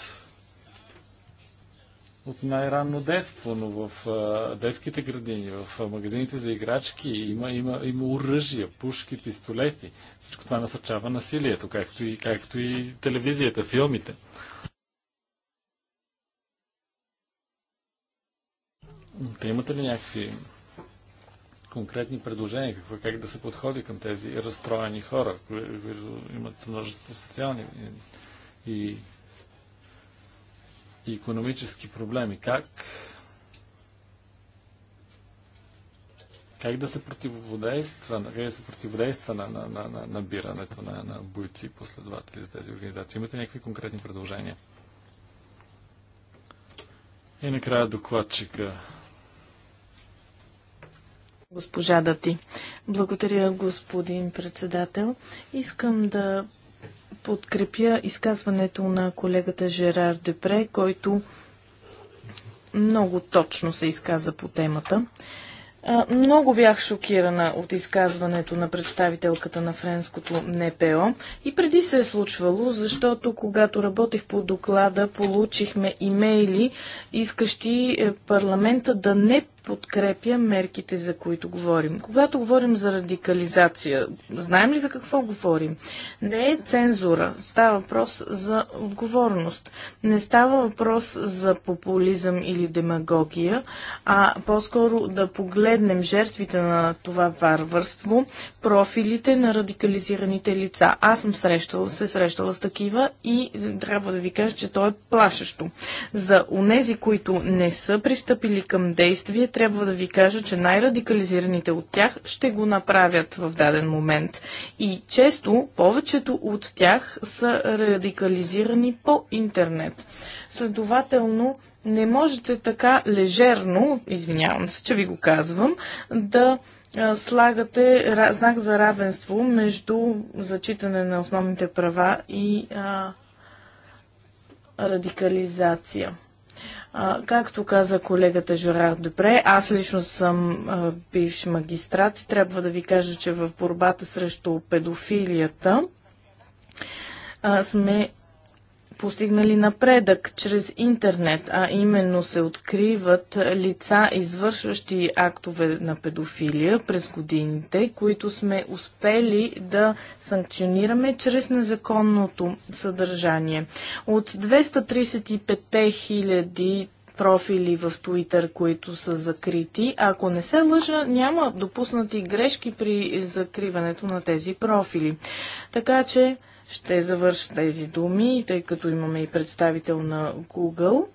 от най-ранно детство, но в а, детските градини, в магазините за играчки има, има, има оръжия, пушки, пистолети. Всичко това насърчава насилието, както и, както и телевизията, филмите. Те имате ли някакви конкретни предложения, какво, как да се подходи към тези разстроени хора, които имат множество социални и и економически проблеми. Как как да се противодейства, как да се противодейства на, на, на, на набирането на, на бойци и последователи за тези организации? Имате някакви конкретни предложения? И накрая докладчика. Госпожа Дати. Благодаря, господин председател. Искам да подкрепя изказването на колегата Жерар Депре, който много точно се изказа по темата. Много бях шокирана от изказването на представителката на френското НПО и преди се е случвало, защото когато работех по доклада, получихме имейли, искащи е, парламента да не подкрепя мерките, за които говорим. Когато говорим за радикализация, знаем ли за какво говорим? Не е цензура, става въпрос за отговорност. Не става въпрос за популизъм или демагогия, а по-скоро да погледнем жертвите на това варварство, профилите на радикализираните лица. Аз съм срещала, се срещала с такива и трябва да ви кажа, че то е плашещо. За унези, които не са пристъпили към действие, трябва да ви кажа, че най-радикализираните от тях ще го направят в даден момент. И често повечето от тях са радикализирани по интернет. Следователно, не можете така лежерно, извинявам се, че ви го казвам, да слагате знак за равенство между зачитане на основните права и а, радикализация. А, както каза колегата Жерар Депре, аз лично съм а, бивш магистрат и трябва да ви кажа, че в борбата срещу педофилията а, сме постигнали напредък чрез интернет, а именно се откриват лица, извършващи актове на педофилия през годините, които сме успели да санкционираме чрез незаконното съдържание. От 235 хиляди профили в Twitter, които са закрити. Ако не се лъжа, няма допуснати грешки при закриването на тези профили. Така че ще завърша тези думи, тъй като имаме и представител на Google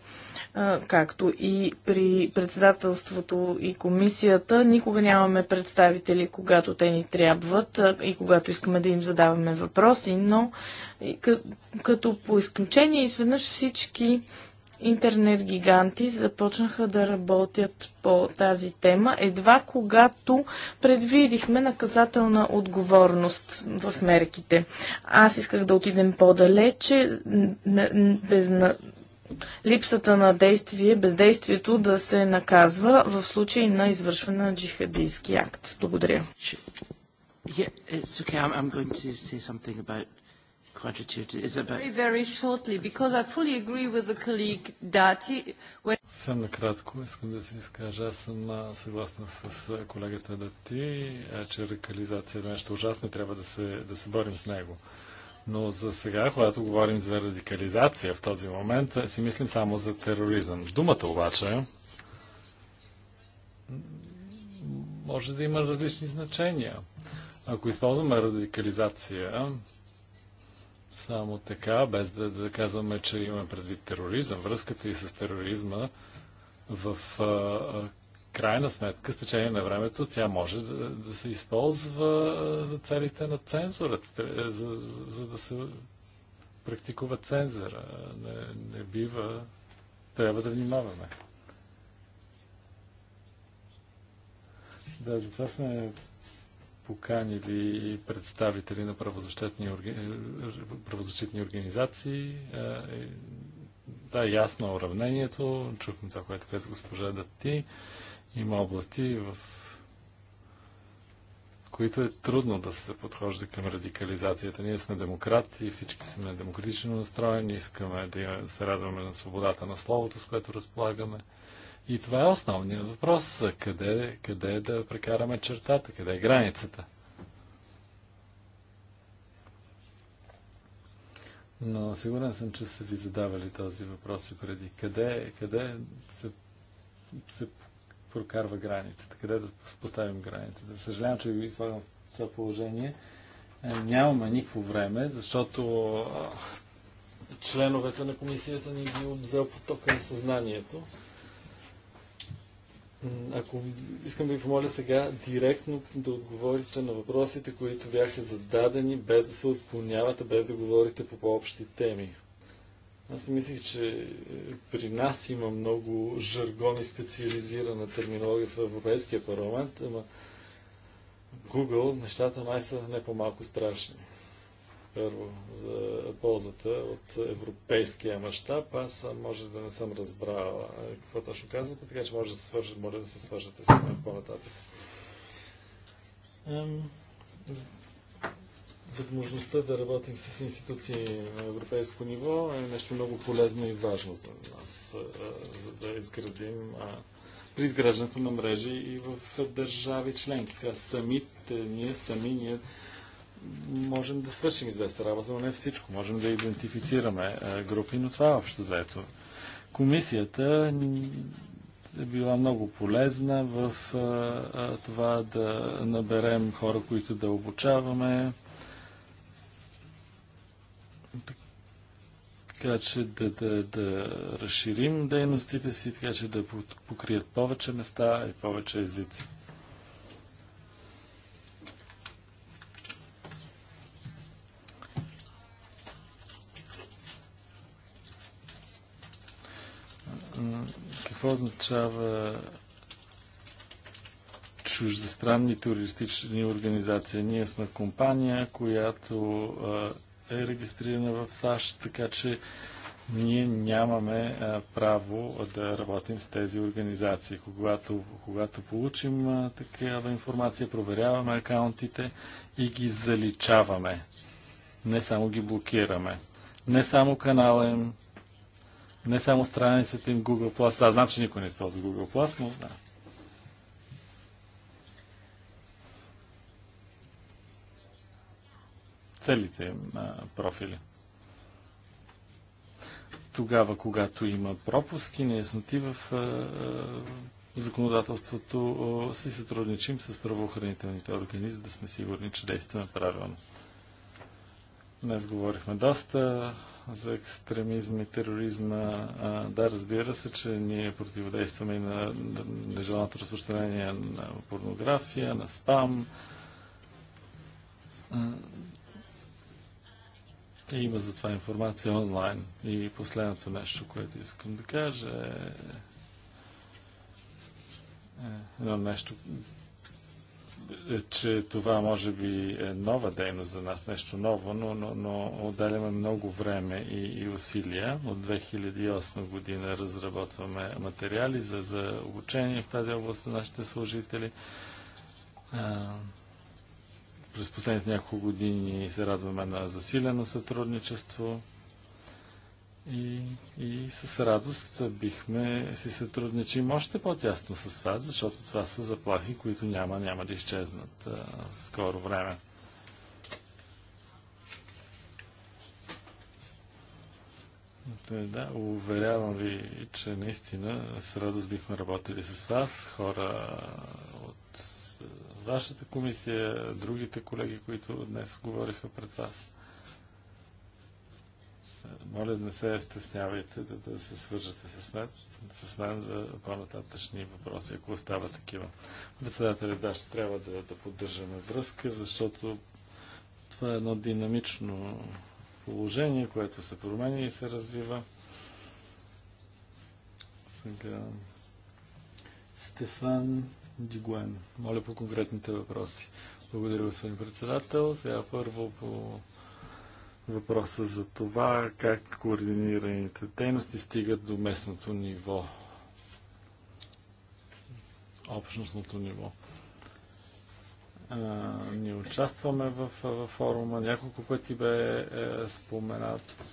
както и при председателството и комисията. Никога нямаме представители, когато те ни трябват и когато искаме да им задаваме въпроси, но като по изключение изведнъж всички интернет гиганти започнаха да работят по тази тема едва когато предвидихме наказателна отговорност в мерките. Аз исках да отидем по-далече, без на липсата на действие, бездействието да се наказва в случай на извършване на джихадийски акт. Благодаря. Yeah, it's okay. I'm, I'm going to say something about quantitude. Isabel. Very, very shortly, because I fully agree with the colleague that when... Съм накратко искам да се изкажа. Аз съм съгласна с колегата да ти, че радикализация е нещо ужасно и трябва да се, да се борим с него. Но за сега, когато говорим за радикализация в този момент, си мислим само за тероризъм. Думата обаче може да има различни значения. Ако използваме радикализация, само така, без да, да казваме, че имаме предвид тероризъм, връзката и с тероризма в а, а, крайна сметка, с течение на времето, тя може да, да се използва за целите на цензурата, за, за да се практикува цензура. Не, не бива. Трябва да внимаваме. Да, затова сме поканили представители на правозащитни, органи... правозащитни организации. Е, е, да, ясно е уравнението. Чухме това, което каза госпожа Дати. Има области, в които е трудно да се подхожда към радикализацията. Ние сме демократи, всички сме демократично настроени, искаме да се радваме на свободата на словото, с което разполагаме. И това е основният въпрос. Къде, къде е да прекараме чертата? Къде е границата? Но сигурен съм, че са ви задавали този въпрос и преди. Къде, къде се, се прокарва границата? Къде да поставим границата? Съжалявам, че ви слагам в това положение. Е, нямаме никакво време, защото членовете на комисията ни ги обзел потока на съзнанието. Ако искам да ви помоля сега директно да отговорите на въпросите, които бяха зададени, без да се отклонявате, без да говорите по по-общи теми. Аз мислих, че е, при нас има много жаргон и специализирана терминология в Европейския парламент, ама Google нещата май са не по-малко страшни. Първо, за ползата от европейския мащаб. Аз може да не съм разбрала какво точно казвате, така че може да се свържете, може да се свържете с мен по-нататък. Възможността да работим с институции на европейско ниво е нещо много полезно и важно за нас, за да изградим при изграждането на мрежи и в държави членки. Сега самите, ние сами, ние можем да свършим известна работа, но не всичко. Можем да идентифицираме групи, но това е общо заето. Комисията е била много полезна в това да наберем хора, които да обучаваме. така че да, да, да разширим дейностите си, така че да покрият повече места и повече езици. какво означава чуждестранни туристични организации? Ние сме компания, която е регистрирана в САЩ, така че ние нямаме право да работим с тези организации. Когато, когато получим такава информация, проверяваме акаунтите и ги заличаваме. Не само ги блокираме. Не само канала им, не само страницата им Google Plus. Аз знам, че никой не използва Google Plus, но да. Целите им профили. Тогава, когато има пропуски, неясноти в законодателството си сътрудничим с правоохранителните органи, за да сме сигурни, че действаме правилно. Днес говорихме доста за екстремизма и тероризма. А, да, разбира се, че ние противодействаме и на нежеланото разпространение на порнография, на спам. И има за това информация онлайн. И последното нещо, което искам да кажа е, е едно нещо, е, че това може би е нова дейност за нас, нещо ново, но, но, но отделяме много време и, и усилия. От 2008 година разработваме материали за, за обучение в тази област на нашите служители. през последните няколко години се радваме на засилено сътрудничество и, и с радост бихме си сътрудничим още по-тясно с вас, защото това са заплахи, които няма, няма да изчезнат а, в скоро време. Той, да, уверявам ви, че наистина с радост бихме работили с вас, хора от вашата комисия, другите колеги, които днес говориха пред вас. Моля да не се стеснявайте да, да се свържете с мен, с мен за по-нататъчни въпроси, ако остава такива. Председателят да, ще трябва да, да поддържаме връзка, защото това е едно динамично положение, което се променя и се развива. Сега. Стефан Дигуен. Моля по конкретните въпроси. Благодаря, господин председател. Сега първо по въпроса за това как координираните дейности стигат до местното ниво, общностното ниво. А, ние участваме в, в форума, няколко пъти бе е, споменат,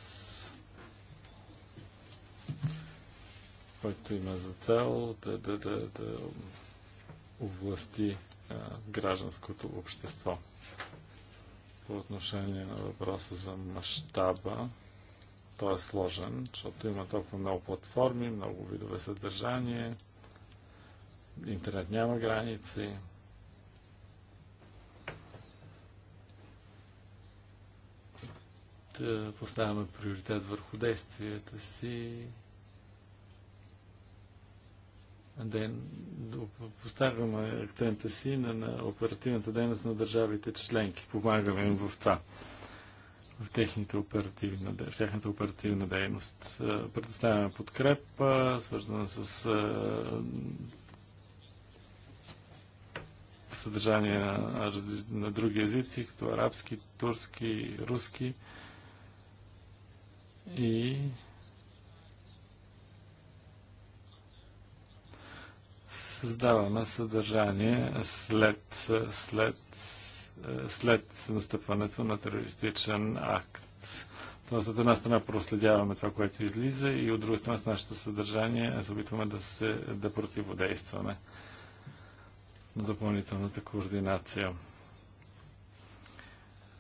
който има за цел да, да, да, да овласти е, гражданското общество по отношение на въпроса за мащаба. Той е сложен, защото има толкова много платформи, много видове съдържание, интернет няма граници. Да поставяме приоритет върху действията си е- да поставяме акцента си на, на оперативната дейност на държавите членки. Помагаме им в това, в, техните оперативна, в тяхната оперативна дейност. Е, предоставяме подкрепа, свързана с е, съдържание на, на други езици, като арабски, турски, руски и създаваме съдържание след, след, след настъпването на терористичен акт. Тоест, от една страна проследяваме това, което излиза и от друга страна с нашето съдържание се опитваме да, се, да противодействаме на допълнителната координация.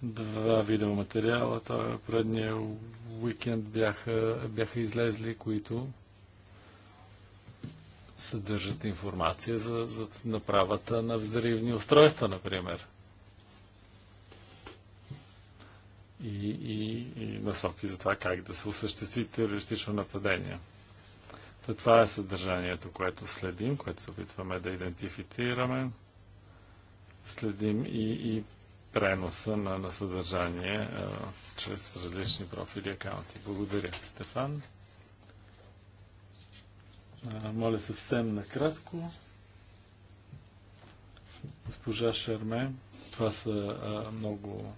Два видеоматериала, това предния уикенд бяха, бяха излезли, които съдържат информация за, за направата на взривни устройства, например. И, и, и насоки за това как да се осъществи терористично нападение. То това е съдържанието, което следим, което се опитваме да идентифицираме. Следим и, и преноса на, на съдържание а, чрез различни профили и акаунти. Благодаря, Стефан. Моля съвсем накратко. Госпожа Шерме, това са а, много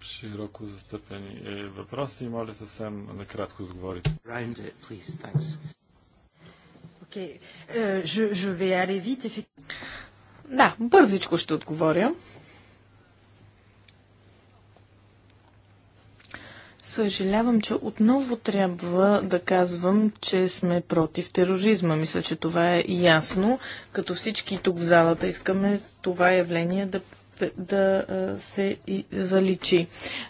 широко застъпени е, въпроси. Моля съвсем накратко говорите. Е, да, бързичко ще отговоря. Съжалявам, че отново трябва да казвам, че сме против тероризма. Мисля, че това е ясно, като всички тук в залата искаме това явление да да се заличи.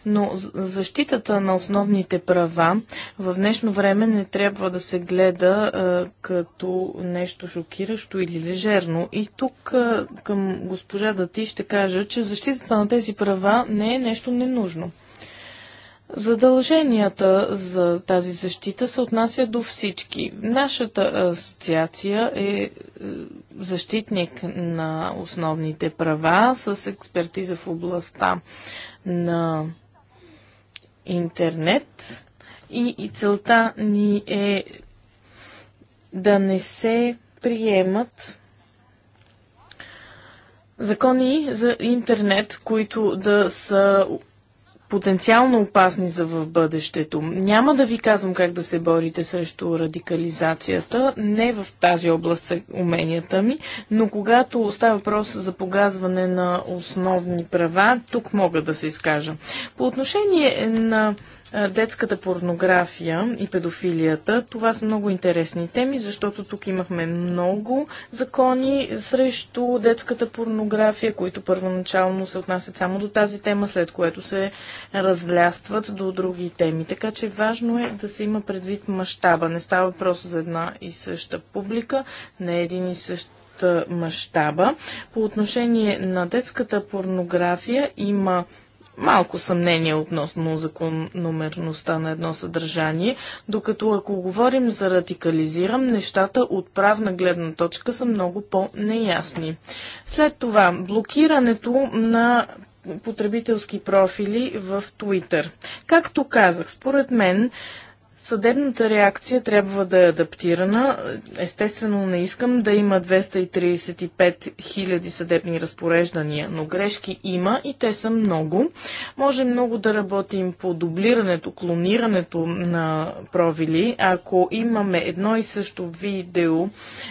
Но защитата на основните права в днешно време не трябва да се гледа а, като нещо шокиращо или лежерно. И тук а, към госпожа Дати ще кажа, че защитата на тези права не е нещо ненужно. Задълженията за тази защита се отнасят до всички. Нашата асоциация е, е защитник на основните права с експертиза в областта на интернет и, и целта ни е да не се приемат закони за интернет, които да са потенциално опасни за в бъдещето. Няма да ви казвам как да се борите срещу радикализацията, не в тази област са уменията ми, но когато става въпрос за погазване на основни права, тук мога да се изкажа. По отношение на детската порнография и педофилията, това са много интересни теми, защото тук имахме много закони срещу детската порнография, които първоначално се отнасят само до тази тема, след което се разлястват до други теми. Така че важно е да се има предвид мащаба. Не става въпрос за една и съща публика, не е един и същ мащаба. По отношение на детската порнография има малко съмнение относно закономерността на едно съдържание, докато ако говорим за радикализирам, нещата от правна гледна точка са много по-неясни. След това, блокирането на потребителски профили в Twitter. Както казах, според мен Съдебната реакция трябва да е адаптирана. Естествено не искам да има 235 000 съдебни разпореждания, но грешки има и те са много. Може много да работим по дублирането, клонирането на профили. Ако имаме едно и също видео,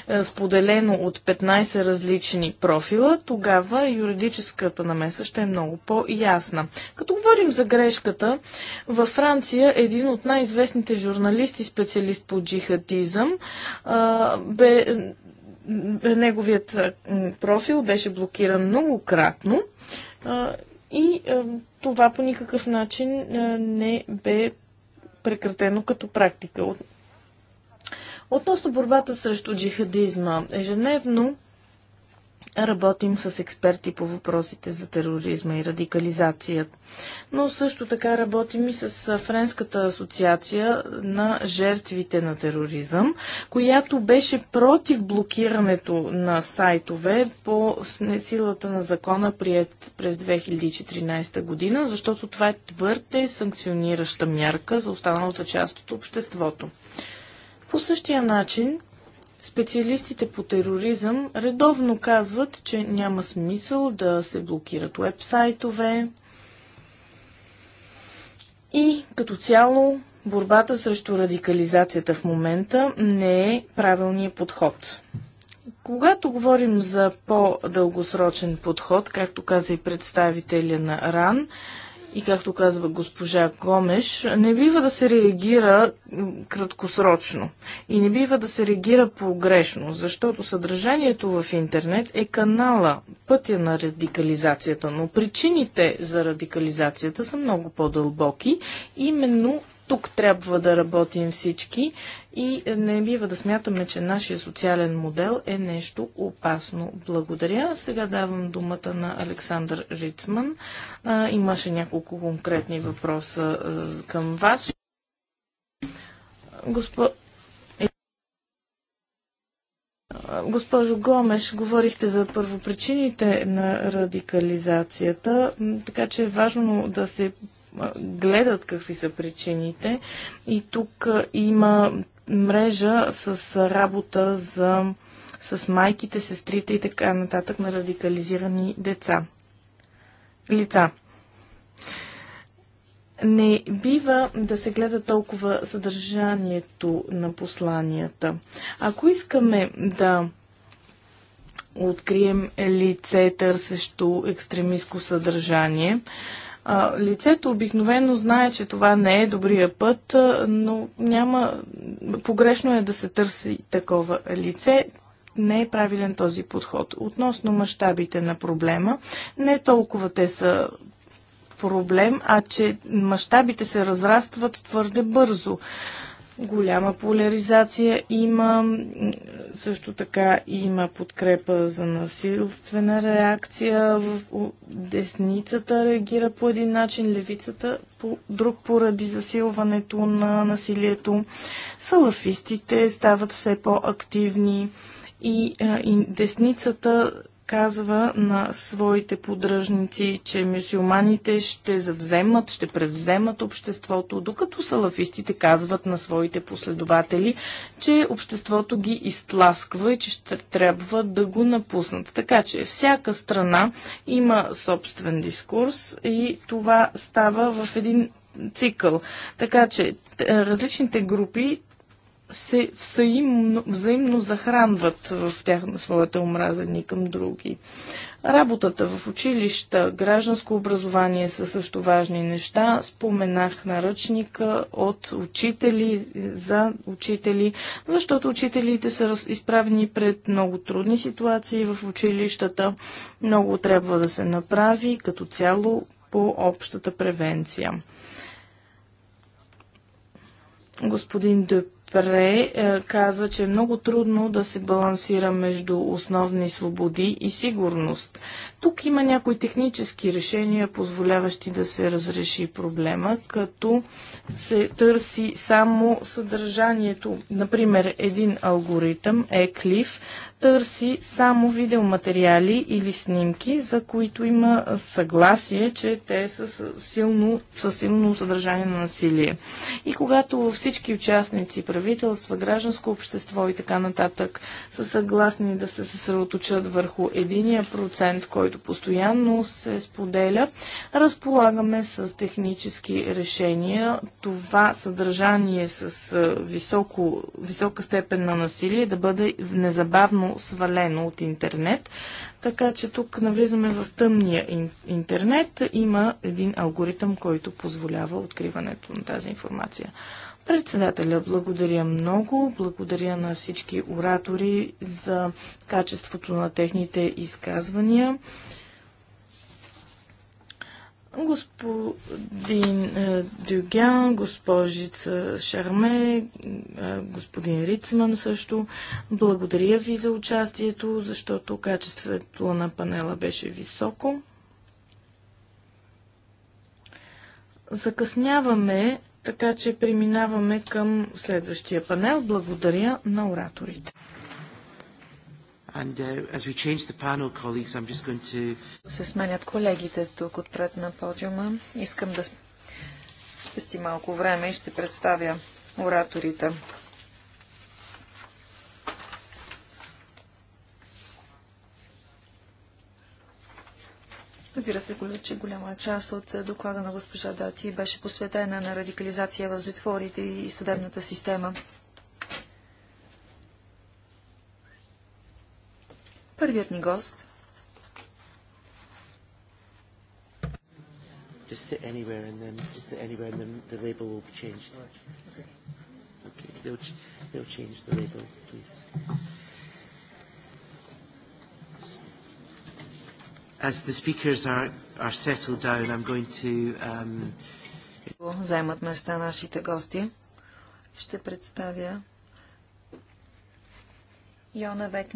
е, споделено от 15 различни профила, тогава юридическата намеса ще е много по-ясна. Като говорим за грешката, във Франция един от най-известните журналист и специалист по джихадизъм, бе, неговият профил беше блокиран многократно и това по никакъв начин не бе прекратено като практика. Относно борбата срещу джихадизма, ежедневно работим с експерти по въпросите за тероризма и радикализацията. Но също така работим и с Френската асоциация на жертвите на тероризъм, която беше против блокирането на сайтове по силата на закона прият през 2014 година, защото това е твърде санкционираща мярка за останалата част от обществото. По същия начин Специалистите по тероризъм редовно казват, че няма смисъл да се блокират уебсайтове и като цяло борбата срещу радикализацията в момента не е правилният подход. Когато говорим за по-дългосрочен подход, както каза и представителя на РАН, и както казва госпожа Гомеш, не бива да се реагира краткосрочно и не бива да се реагира погрешно, защото съдържанието в интернет е канала, пътя на радикализацията, но причините за радикализацията са много по-дълбоки, именно тук трябва да работим всички и не бива да смятаме, че нашия социален модел е нещо опасно. Благодаря. Сега давам думата на Александър Рицман. А, имаше няколко конкретни въпроса а, към вас. Госпо... Е, Госпожо Гомеш, говорихте за първопричините на радикализацията, така че е важно да се гледат какви са причините. И тук има мрежа с работа за, с майките, сестрите и така нататък на радикализирани деца. Лица. Не бива да се гледа толкова съдържанието на посланията. Ако искаме да открием лице, търсещо екстремистско съдържание, а, лицето обикновено знае, че това не е добрия път, но няма. Погрешно е да се търси такова лице. Не е правилен този подход. Относно мащабите на проблема, не толкова те са проблем, а че мащабите се разрастват твърде бързо. Голяма поляризация има, също така има подкрепа за насилствена реакция. Десницата реагира по един начин, левицата по друг поради засилването на насилието. Салафистите стават все по-активни и, и десницата казва на своите подръжници, че мюсюлманите ще завземат, ще превземат обществото, докато салафистите казват на своите последователи, че обществото ги изтласква и че ще трябва да го напуснат. Така че всяка страна има собствен дискурс и това става в един цикъл. Така че е, различните групи се взаимно, взаимно захранват в тях на своята омраза ни към други. Работата в училища, гражданско образование са също важни неща. Споменах наръчника от учители за учители, защото учителите са изправени пред много трудни ситуации в училищата. Много трябва да се направи като цяло по общата превенция. Господин Дюп Пре е, казва, каза, че е много трудно да се балансира между основни свободи и сигурност. Тук има някои технически решения, позволяващи да се разреши проблема, като се търси само съдържанието. Например, един алгоритъм, Еклиф, търси само видеоматериали или снимки, за които има съгласие, че те са силно, са силно съдържание на насилие. И когато всички участници, правителства, гражданско общество и така нататък са съгласни да се съсредоточат върху единия процент, който което постоянно се споделя. Разполагаме с технически решения. Това съдържание с високо, висока степен на насилие да бъде незабавно свалено от интернет. Така че тук навлизаме в тъмния интернет. Има един алгоритъм, който позволява откриването на тази информация. Председателя, благодаря много. Благодаря на всички оратори за качеството на техните изказвания. Господин е, Дюгян, госпожица Шарме, е, господин Рицман също. Благодаря ви за участието, защото качеството на панела беше високо. Закъсняваме така че преминаваме към следващия панел. Благодаря на ораторите. And, uh, panel, to... Се сменят колегите тук отпред на подиума. Искам да спести малко време и ще представя ораторите. Разбира се, че голяма част от е, доклада на госпожа Дати беше посветена на радикализация в затворите и съдебната система. Първият ни гост Just sit anywhere and then just sit anywhere and then the label will be changed. Okay, they'll, ch they'll change the label, please. As the speakers are, are settled down, I'm going to... Um... Займат места нашите гости. Ще представя Йона Век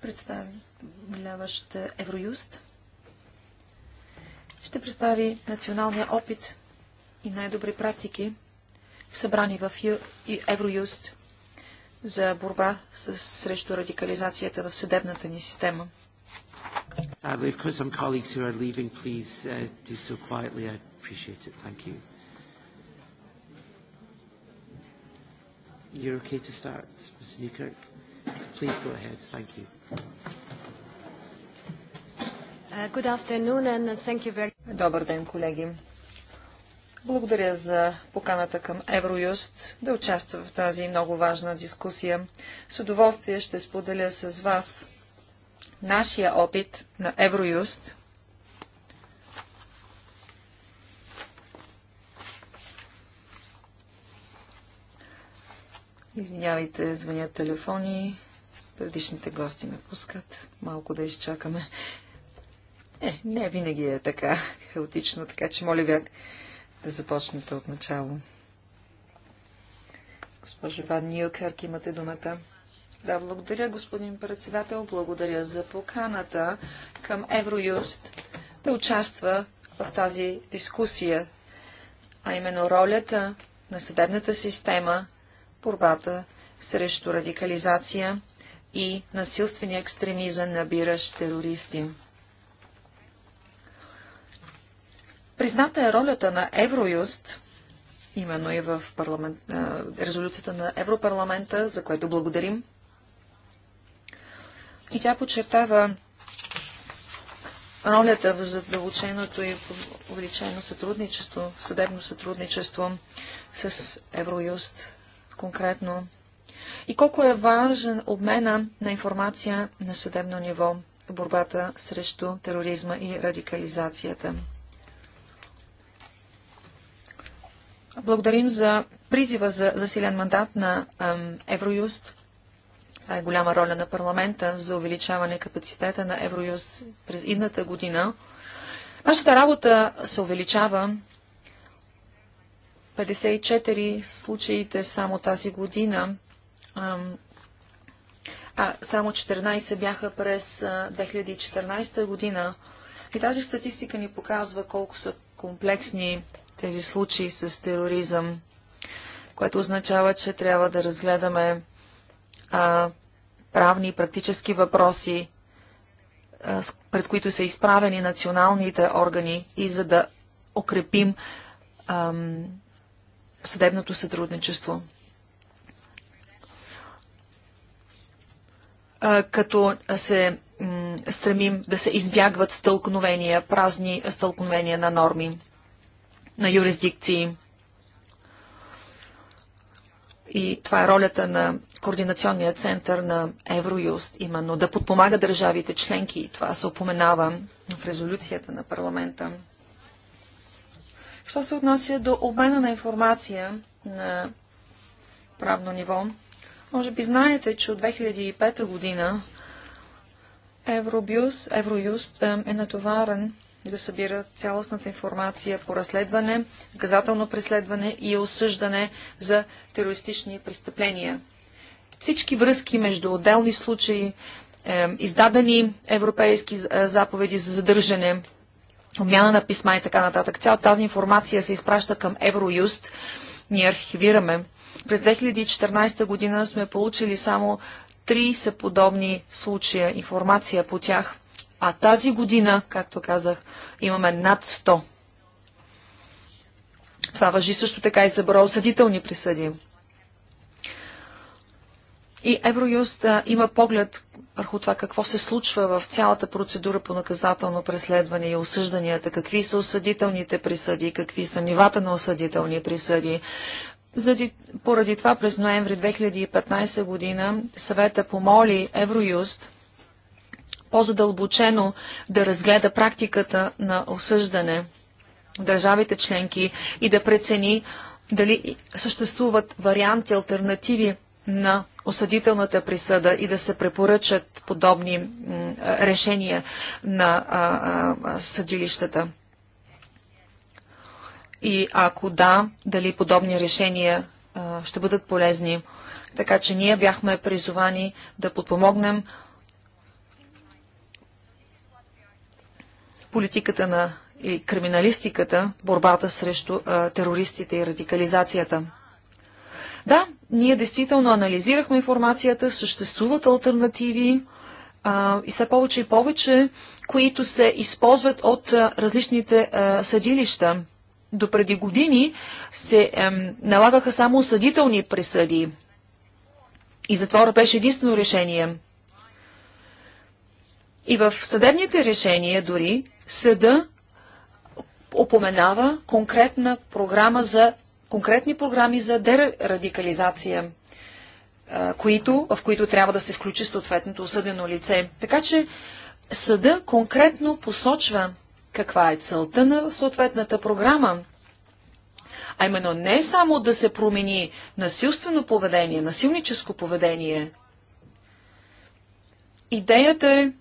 представляваща Евроюст. Ще представи националния опит и най-добри практики, събрани в Евроюст за борба с, срещу радикализацията в съдебната ни система – Sadly, of course, some colleagues who are leaving, please uh, do so quietly. I appreciate it. Thank you. You're okay to start, Ms. Newkirk? So please go ahead. Thank you. Uh, good afternoon and thank you very... Добър ден, колеги. Благодаря за поканата към Евроюст да участва в тази много важна дискусия. С удоволствие ще споделя с вас Нашия опит на Евроюст Извинявайте, звънят телефони. Предишните гости ме пускат. Малко да изчакаме. Е, не винаги е така хаотично, така че моля ви да започнете от начало. Госпожо Ван Нилкърк, имате думата. Да, благодаря, господин председател. Благодаря за поканата към Евроюст да участва в тази дискусия, а именно ролята на съдебната система, борбата срещу радикализация и насилствения екстремизъм, набиращ терористи. Призната е ролята на Евроюст, именно и в резолюцията на Европарламента, за което благодарим и тя подчертава ролята в задълбоченото и увеличено сътрудничество, съдебно сътрудничество с Евроюст конкретно. И колко е важен обмена на информация на съдебно ниво в борбата срещу тероризма и радикализацията. Благодарим за призива за засилен мандат на Евроюст голяма роля на парламента за увеличаване капацитета на Евроюз през идната година. Нашата работа се увеличава. 54 случаите само тази година, а само 14 бяха през 2014 година. И тази статистика ни показва колко са комплексни тези случаи с тероризъм, което означава, че трябва да разгледаме правни и практически въпроси, пред които са изправени националните органи и за да укрепим ам, съдебното сътрудничество. А, като се стремим да се избягват стълкновения, празни стълкновения на норми, на юрисдикции. И това е ролята на Координационния център на Евроюст, именно да подпомага държавите членки. И това се упоменава в резолюцията на парламента. Що се отнася до обмена на информация на правно ниво, може би знаете, че от 2005 година Евробюс, Евроюст е, е натоварен и да събира цялостната информация по разследване, доказателно преследване и осъждане за терористични престъпления. Всички връзки между отделни случаи, е, издадени европейски е, заповеди за задържане, обмяна на писма и така нататък. Цял тази информация се изпраща към Евроюст. Ние архивираме. През 2014 година сме получили само 30 подобни случая информация по тях а тази година, както казах, имаме над 100. Това въжи също така и за броя осъдителни присъди. И Евроюст има поглед върху това какво се случва в цялата процедура по наказателно преследване и осъжданията, какви са осъдителните присъди, какви са нивата на осъдителни присъди. Зади, поради това през ноември 2015 година съвета помоли Евроюст по-задълбочено да разгледа практиката на осъждане в държавите членки и да прецени дали съществуват варианти, альтернативи на осъдителната присъда и да се препоръчат подобни решения на съдилищата. И ако да, дали подобни решения ще бъдат полезни. Така че ние бяхме призовани да подпомогнем политиката на и криминалистиката, борбата срещу а, терористите и радикализацията. Да, ние действително анализирахме информацията, съществуват альтернативи а, и все повече и повече, които се използват от а, различните а, съдилища. До преди години се а, налагаха само осъдителни присъди и затвора беше единствено решение – и в съдебните решения дори съда опоменава конкретна програма за, конкретни програми за дерадикализация, които, в които трябва да се включи съответното осъдено лице. Така че съда конкретно посочва каква е целта на съответната програма, а именно не само да се промени насилствено поведение, насилническо поведение. Идеята е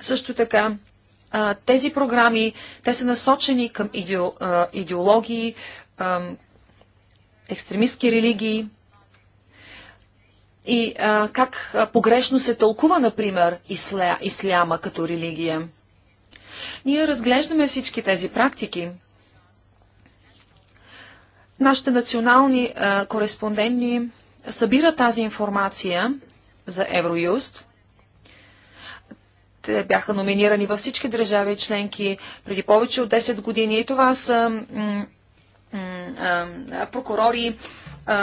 също така, тези програми, те са насочени към идеологии, екстремистски религии и как погрешно се тълкува, например, исляма като религия. Ние разглеждаме всички тези практики. Нашите национални кореспонденти събират тази информация за Евроюст – те бяха номинирани във всички държави членки преди повече от 10 години. И това са прокурори,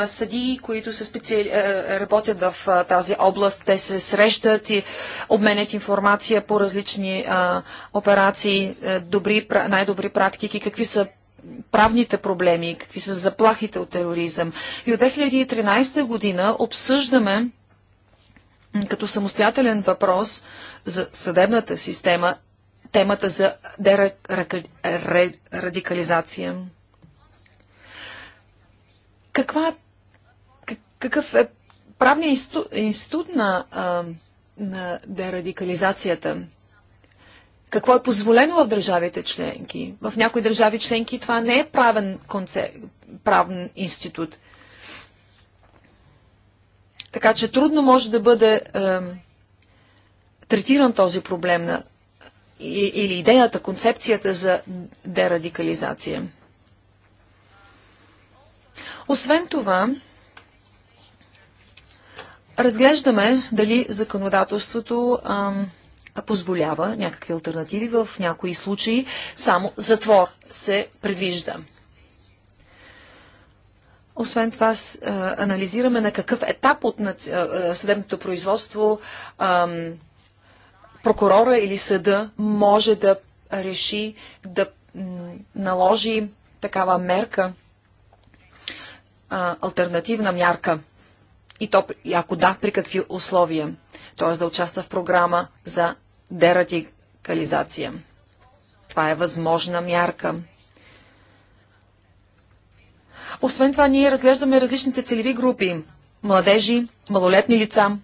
съдии, които са специали... работят в тази област. Те се срещат и обменят информация по различни операции, добри, най-добри практики, какви са правните проблеми, какви са заплахите от тероризъм. И от 2013 година обсъждаме като самостоятелен въпрос за съдебната система темата за дерадикализация. Каква, какъв е правният институт, институт на, а, на дерадикализацията? Какво е позволено в държавите членки? В някои държави членки това не е правен концеп, правен институт. Така че трудно може да бъде е, третиран този проблем на, и, или идеята, концепцията за дерадикализация. Освен това, разглеждаме дали законодателството а, позволява някакви альтернативи. В някои случаи само затвор се предвижда. Освен това, анализираме на какъв етап от съдебното производство прокурора или съда може да реши да наложи такава мерка, альтернативна мярка. И то, ако да, при какви условия? Т.е. да участва в програма за дерадикализация. Това е възможна мярка. Освен това, ние разглеждаме различните целеви групи – младежи, малолетни лица,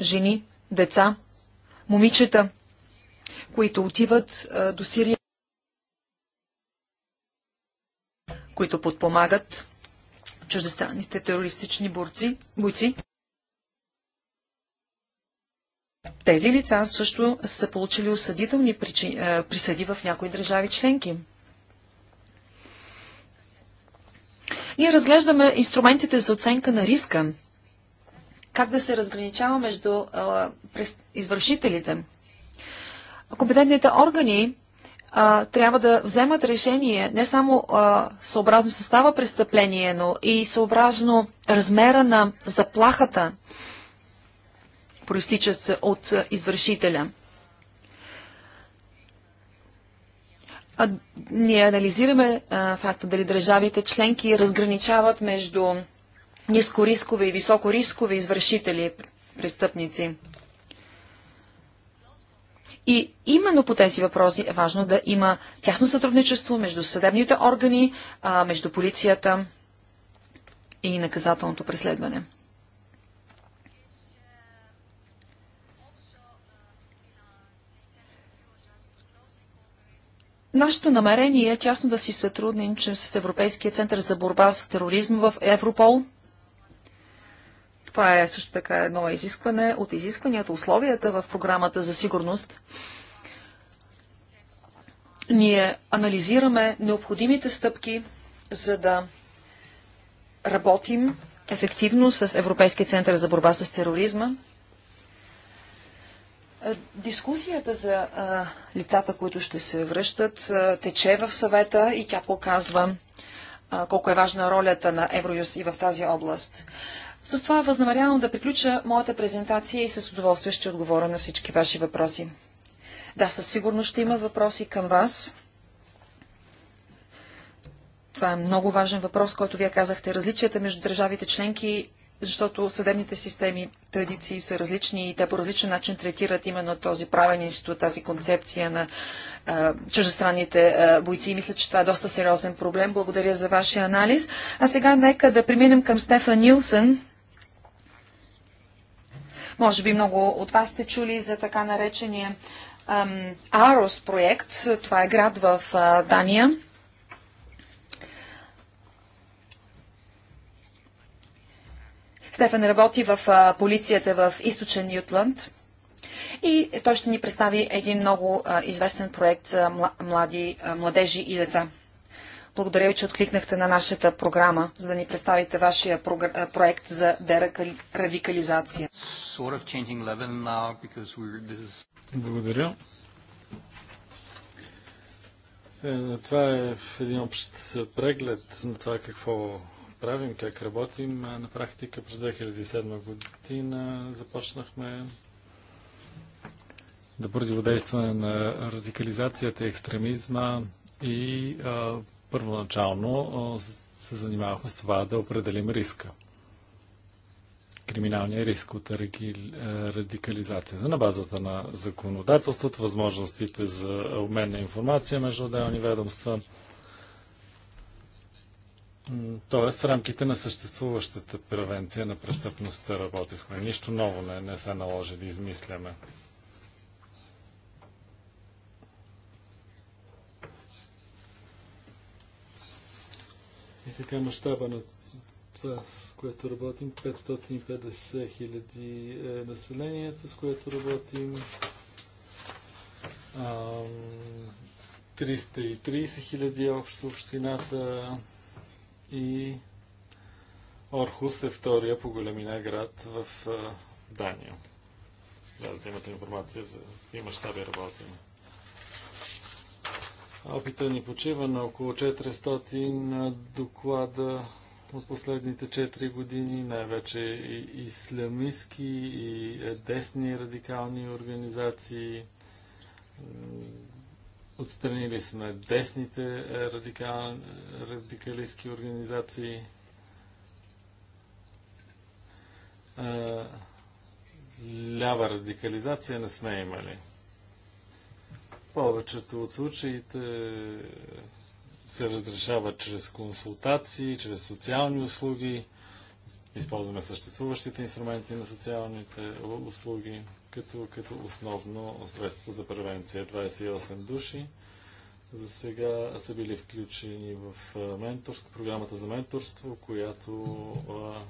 жени, деца, момичета, които отиват а, до Сирия, които подпомагат чуждестранните терористични борци, бойци. Тези лица също са получили осъдителни присъди в някои държави членки. Ние разглеждаме инструментите за оценка на риска. Как да се разграничава между а, извършителите. Компетентните органи а, трябва да вземат решение не само а, съобразно състава престъпление, но и съобразно размера на заплахата, проистичат от извършителя. а, ние анализираме а, факта дали държавите членки разграничават между нискорискови и високорискови извършители, престъпници. И именно по тези въпроси е важно да има тясно сътрудничество между съдебните органи, а, между полицията и наказателното преследване. Нашето намерение е тясно да си сътрудничим с Европейския център за борба с тероризма в Европол. Това е също така едно изискване от изискванията, условията в програмата за сигурност. Ние анализираме необходимите стъпки, за да работим ефективно с Европейския център за борба с тероризма е, дискусията за а, лицата, които ще се връщат, а, тече в съвета и тя показва а, колко е важна ролята на Евроюз и в тази област. С това възнамерявам да приключа моята презентация и с удоволствие ще отговоря на всички ваши въпроси. Да, със сигурност ще има въпроси към вас. Това е много важен въпрос, който вие казахте. Различията между държавите членки защото съдебните системи, традиции са различни и те по различен начин третират именно този правен институт, тази концепция на а, чужестранните а, бойци. Мисля, че това е доста сериозен проблем. Благодаря за вашия анализ. А сега нека да преминем към Стефан Нилсън. Може би много от вас сте чули за така наречения Арос проект. Това е град в а, Дания. Стефан работи в полицията в източен Ютланд и той ще ни представи един много известен проект за млади, младежи и деца. Благодаря ви, че откликнахте на нашата програма, за да ни представите вашия проект за дерадикализация. Благодаря. Е, това е един общ преглед на това какво правим, как работим. На практика през 2007 година започнахме да противодействаме на радикализацията и екстремизма и а, първоначално се занимавахме с това да определим риска. Криминалния риск от радикализацията на базата на законодателството, възможностите за обмен на информация между отделни ведомства – Тоест, в рамките на съществуващата превенция на престъпността работихме. Нищо ново не, не се наложи да измисляме. И така мащаба на това, с което работим, 550 хиляди е населението, с което работим. 330 хиляди общо общината и Орхус е втория по големина град в Дания. Да, за да имате информация за и мащаби работим. Опита ни почива на около 400 доклада от последните 4 години, най-вече и исламистски и е, десни радикални организации, Отстранили сме десните е, радикал, е, радикалистски организации. Е, лява радикализация не сме имали. Повечето от случаите се разрешават чрез консултации, чрез социални услуги. Използваме съществуващите инструменти на социалните услуги като, като основно средство за превенция. 28 души за сега са били включени в менторство, програмата за менторство, която а,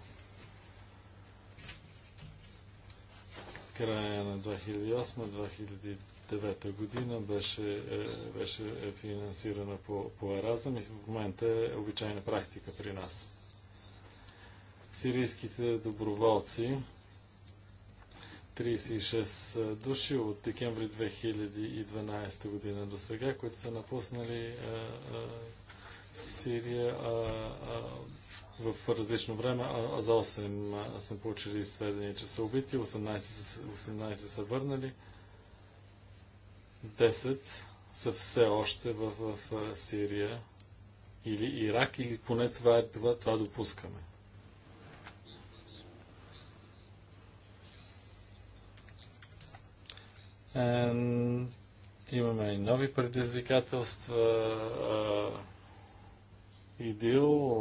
края на 2008-2009 година беше, е, беше финансирана по, по Еразъм и в момента е обичайна практика при нас. Сирийските доброволци 36 души от декември 2012 година до сега, които са напуснали е, е, Сирия в различно време, а за 8 сме получили сведения, че са убити, 18, 18 са върнали, 10 са все още в, в е, Сирия или Ирак, или поне това, това, това допускаме. Имаме и нови предизвикателства. ИДИЛ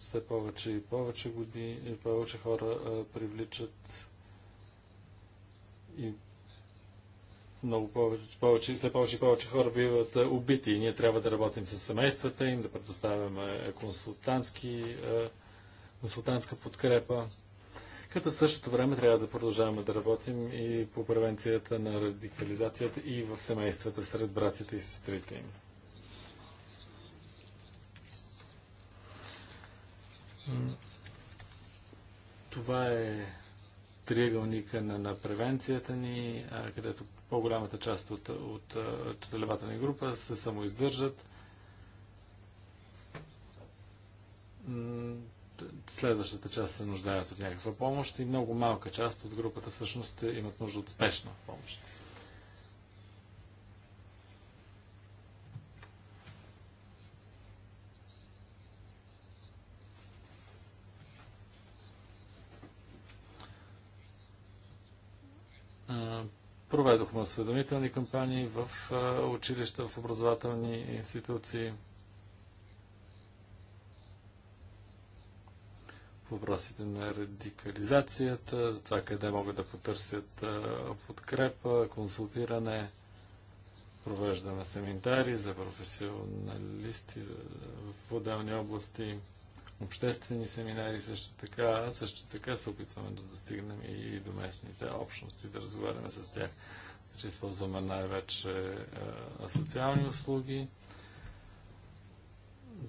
все повече и повече години, и повече хора привличат и много повече, повече, все повече и повече хора биват убити и ние трябва да работим с семействата им, да предоставяме консултантски, консултантска подкрепа като в същото време трябва да продължаваме да работим и по превенцията на радикализацията и в семействата сред братята и сестрите им. Това е триъгълника на, на превенцията ни, а, където по-голямата част от, от, от целевата ни група се самоиздържат следващата част се нуждаят от някаква помощ и много малка част от групата всъщност е- имат нужда от спешна помощ. Проведохме осведомителни кампании в училища, в образователни институции. въпросите на радикализацията, това къде могат да потърсят подкрепа, консултиране. Провеждаме семинари за професионалисти в отделни области, обществени семинари също така. Също така се опитваме да достигнем и до местните общности, да разговаряме с тях. Че значи, използваме най-вече социални услуги,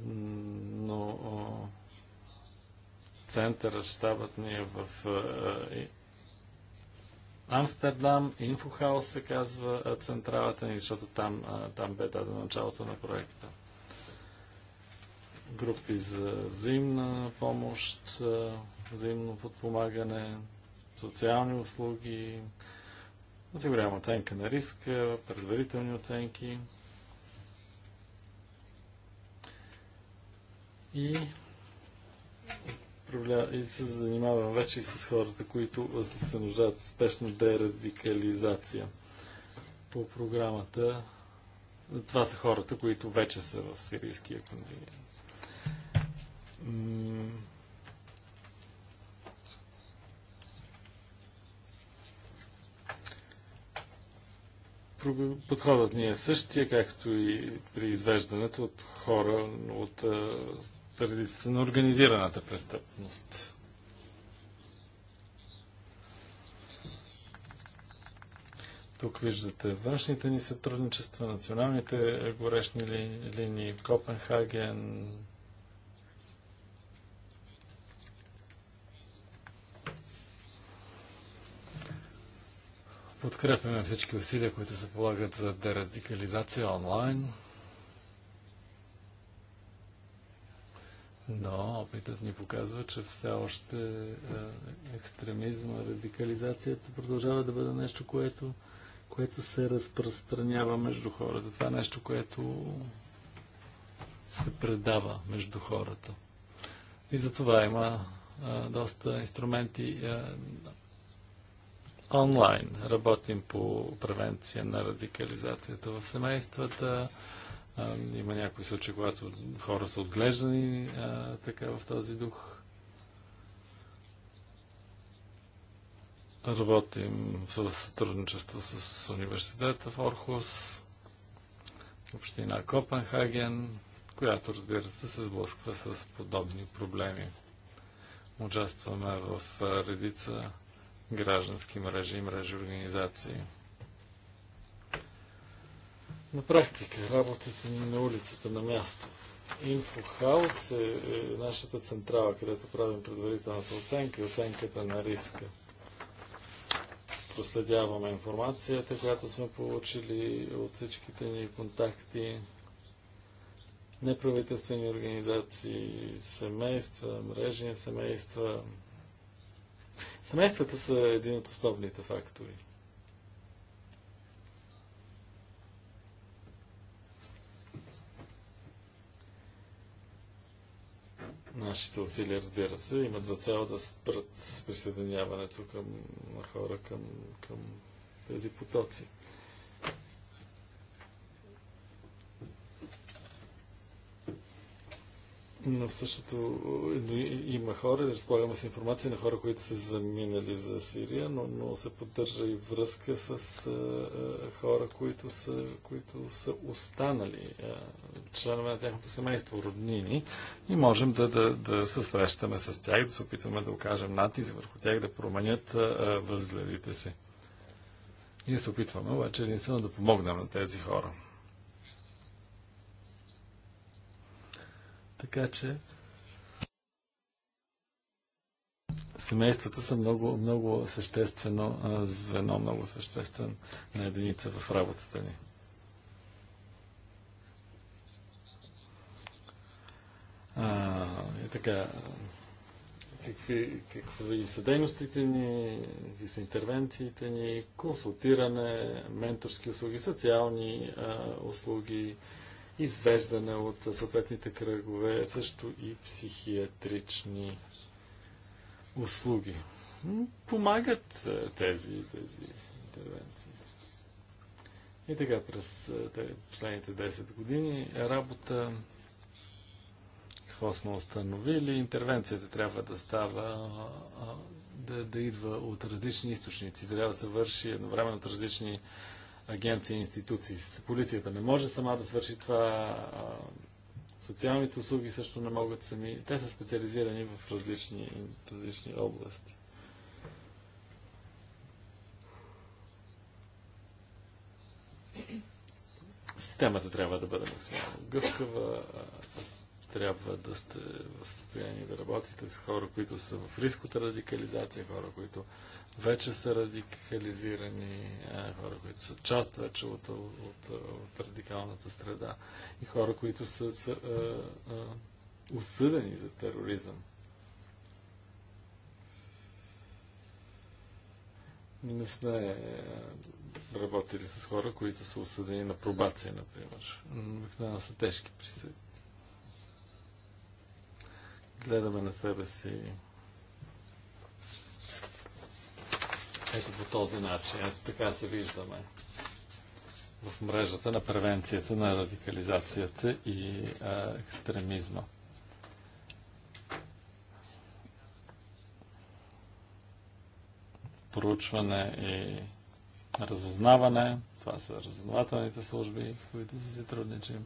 но центъра, щабът ни е в Амстердам, Инфохаус се казва централата ни, защото там, там бе дадено началото на проекта. Групи за взаимна помощ, взаимно подпомагане, социални услуги, осигурявам оценка на риска, предварителни оценки. И и се занимавам вече и с хората, които се нуждаят от спешна дерадикализация по програмата. Това са хората, които вече са в сирийския контингент. подходът ни е същия, както и при извеждането от хора от страницата на организираната престъпност. Тук виждате външните ни сътрудничества, националните горешни ли, линии, Копенхаген, Подкрепяме всички усилия, които се полагат за дерадикализация онлайн. Но опитът ни показва, че все още е, екстремизма, радикализацията продължава да бъде нещо, което, което се разпространява между хората. Това е нещо, което се предава между хората. И за това има а, е, доста инструменти а, е, онлайн. Работим по превенция на радикализацията в семействата. А, а, има някои случаи, когато хора са отглеждани а, така в този дух. Работим в сътрудничество с университета в Орхус, община Копенхаген, която разбира се се сблъсква с подобни проблеми. Участваме в редица граждански мрежи и мрежи организации на практика работата на улицата на място. Инфохаус е, е нашата централа, където правим предварителната оценка и оценката на риска. Проследяваме информацията, която сме получили от всичките ни контакти, неправителствени организации, семейства, мрежни семейства. Семействата са един от основните фактори. Нашите усилия, разбира се, имат за цел да спрат присъединяването към, хора към, към тези потоци. Е, но същото има хора, разполагаме с информация на хора, които са заминали за Сирия, но, но се поддържа и връзка с а, а, хора, които са, които са останали, а, членове на тяхното семейство, роднини и можем да, да, да се срещаме с тях, да се опитваме да окажем натиск върху тях, да променят а, възгледите си. Ние се опитваме обаче единствено да помогнем на тези хора. Така че семействата са много, много съществено звено, много съществен на единица в работата ни. А, и така, какви, какви са дейностите ни, какви са интервенциите ни, консултиране, менторски услуги, социални а, услуги, извеждане от съответните кръгове, също и психиатрични услуги. Помагат е, тези, тези интервенции. И така през е, последните 10 години работа какво сме установили? Интервенцията трябва да става да, да идва от различни източници. Трябва да се върши едновременно от различни агенции и институции. Полицията не може сама да свърши това, социалните услуги също не могат сами. Те са специализирани в различни, различни области. Системата трябва да бъде максимално гъвкава, трябва да сте в състояние да работите с хора, които са в риск от радикализация, хора, които вече са радикализирани, хора, които са част вече от, от, от радикалната среда и хора, които са, са а, а, осъдени за тероризъм. Не сме работили с хора, които са осъдени на пробация, например. Обикновено са тежки присъди гледаме на себе си ето по този начин. Ето така се виждаме в мрежата на превенцията на радикализацията и а, екстремизма. Проучване и разузнаване. Това са разузнавателните служби, с които си сътрудничим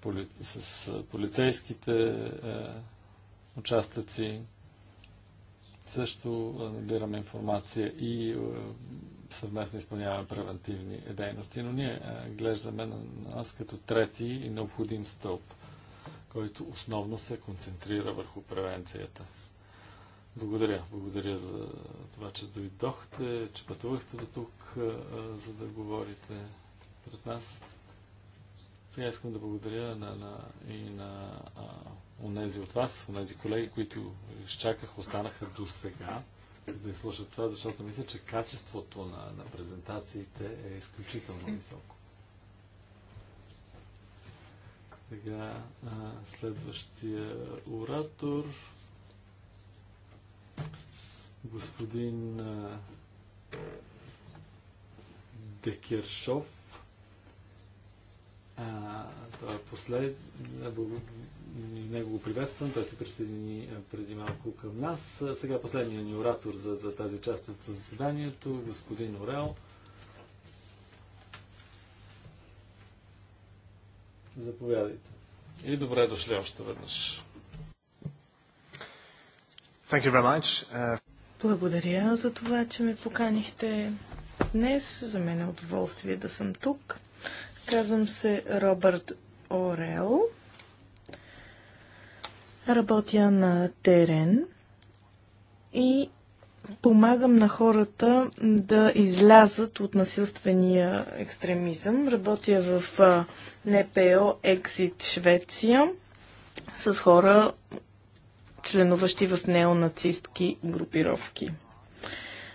поли... с полицейските е, участъци. Също набираме информация и е, съвместно изпълняваме превентивни дейности, но ние е, глеждаме на нас като трети и необходим стълб, който основно се концентрира върху превенцията. Благодаря. Благодаря за това, че дойдохте, че пътувахте до тук, за да говорите пред нас. Сега искам да благодаря на, на, и на а, онези от вас, онези колеги, които изчаках, останаха до сега, за да изслушат това, защото мисля, че качеството на, на презентациите е изключително високо. Сега следващия оратор. Господин а, Декершов а, той е послед... Него го приветствам. Той се присъедини преди малко към нас. Сега последният ни оратор за, за тази част от заседанието, господин Орел. Заповядайте. И добре дошли още веднъж. Thank you very much. Uh... Благодаря за това, че ме поканихте днес. За мен е удоволствие да съм тук. Казвам се Робърт Орел. Работя на терен и помагам на хората да излязат от насилствения екстремизъм. Работя в НПО Exit Швеция с хора, членуващи в неонацистки групировки.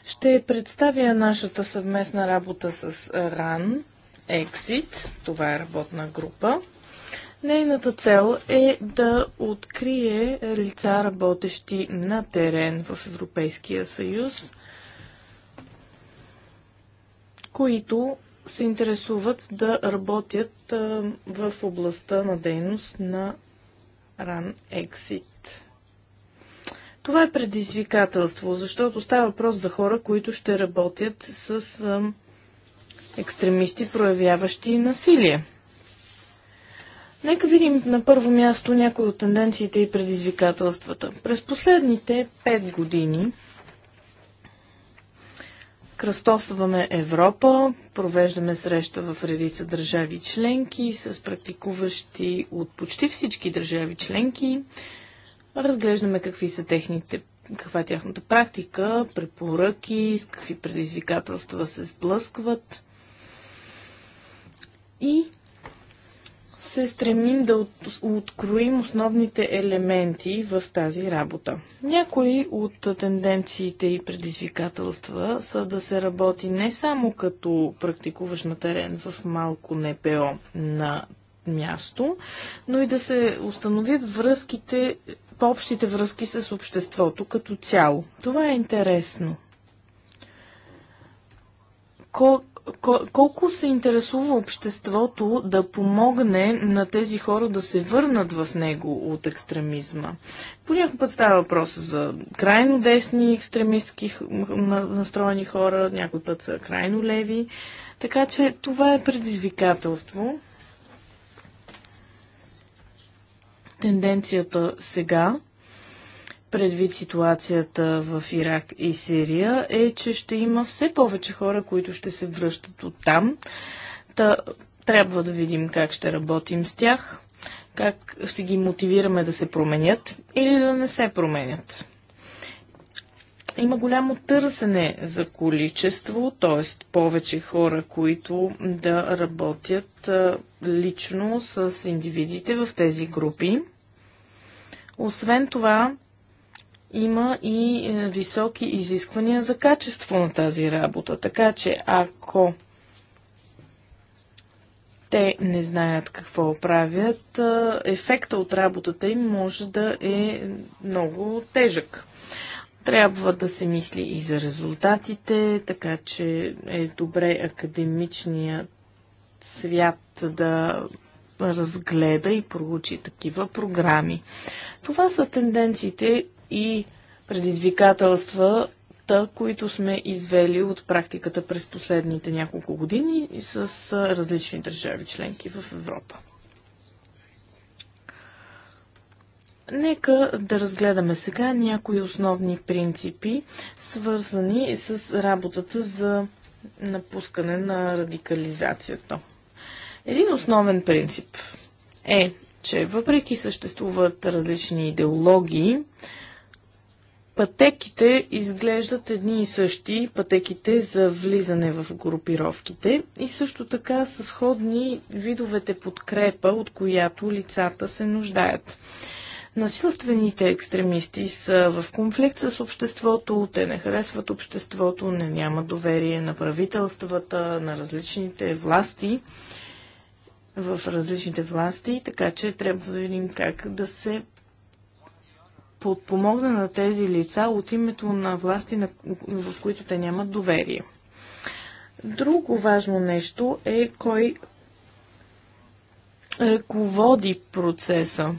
Ще представя нашата съвместна работа с РАН. Exit, това е работна група. Нейната цел е да открие лица, работещи на терен в Европейския съюз, които се интересуват да работят в областта на дейност на Run Exit. Това е предизвикателство, защото става въпрос за хора, които ще работят с екстремисти, проявяващи насилие. Нека видим на първо място някои от тенденциите и предизвикателствата. През последните 5 години кръстосваме Европа, провеждаме среща в редица държави членки с практикуващи от почти всички държави членки. Разглеждаме какви са техните каква е тяхната практика, препоръки, с какви предизвикателства се сблъскват и се стремим да от, откроим основните елементи в тази работа. Някои от тенденциите и предизвикателства са да се работи не само като практикуваш на терен в малко НПО на място, но и да се установят връзките, по-общите връзки с обществото като цяло. Това е интересно колко се интересува обществото да помогне на тези хора да се върнат в него от екстремизма? Понякога път става въпрос за крайно десни екстремистки настроени хора, някой път са крайно леви. Така че това е предизвикателство. Тенденцията сега предвид ситуацията в Ирак и Сирия, е, че ще има все повече хора, които ще се връщат от там. Та, трябва да видим как ще работим с тях, как ще ги мотивираме да се променят или да не се променят. Има голямо търсене за количество, т.е. повече хора, които да работят лично с индивидите в тези групи. Освен това, има и е, високи изисквания за качество на тази работа. Така че ако те не знаят какво правят, е, ефекта от работата им може да е много тежък. Трябва да се мисли и за резултатите, така че е добре академичният свят да разгледа и проучи такива програми. Това са тенденциите, и предизвикателствата, които сме извели от практиката през последните няколко години и с различни държави членки в Европа. Нека да разгледаме сега някои основни принципи, свързани с работата за напускане на радикализацията. Един основен принцип е, че въпреки съществуват различни идеологии, Пътеките изглеждат едни и същи, пътеките за влизане в групировките и също така са сходни видовете подкрепа, от която лицата се нуждаят. Насилствените екстремисти са в конфликт с обществото, те не харесват обществото, не няма доверие на правителствата, на различните власти, в различните власти, така че трябва да видим как да се подпомогне на тези лица от името на власти, на, в които те нямат доверие. Друго важно нещо е кой ръководи процеса.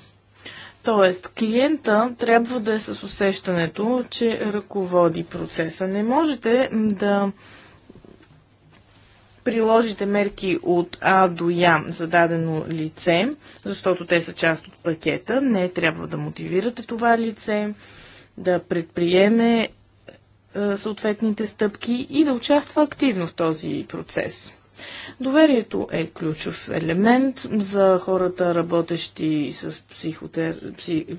Тоест, клиента трябва да е с усещането, че ръководи процеса. Не можете да приложите мерки от А до Я за дадено лице, защото те са част от пакета. Не трябва да мотивирате това лице да предприеме е, съответните стъпки и да участва активно в този процес. Доверието е ключов елемент за хората, работещи с психотер...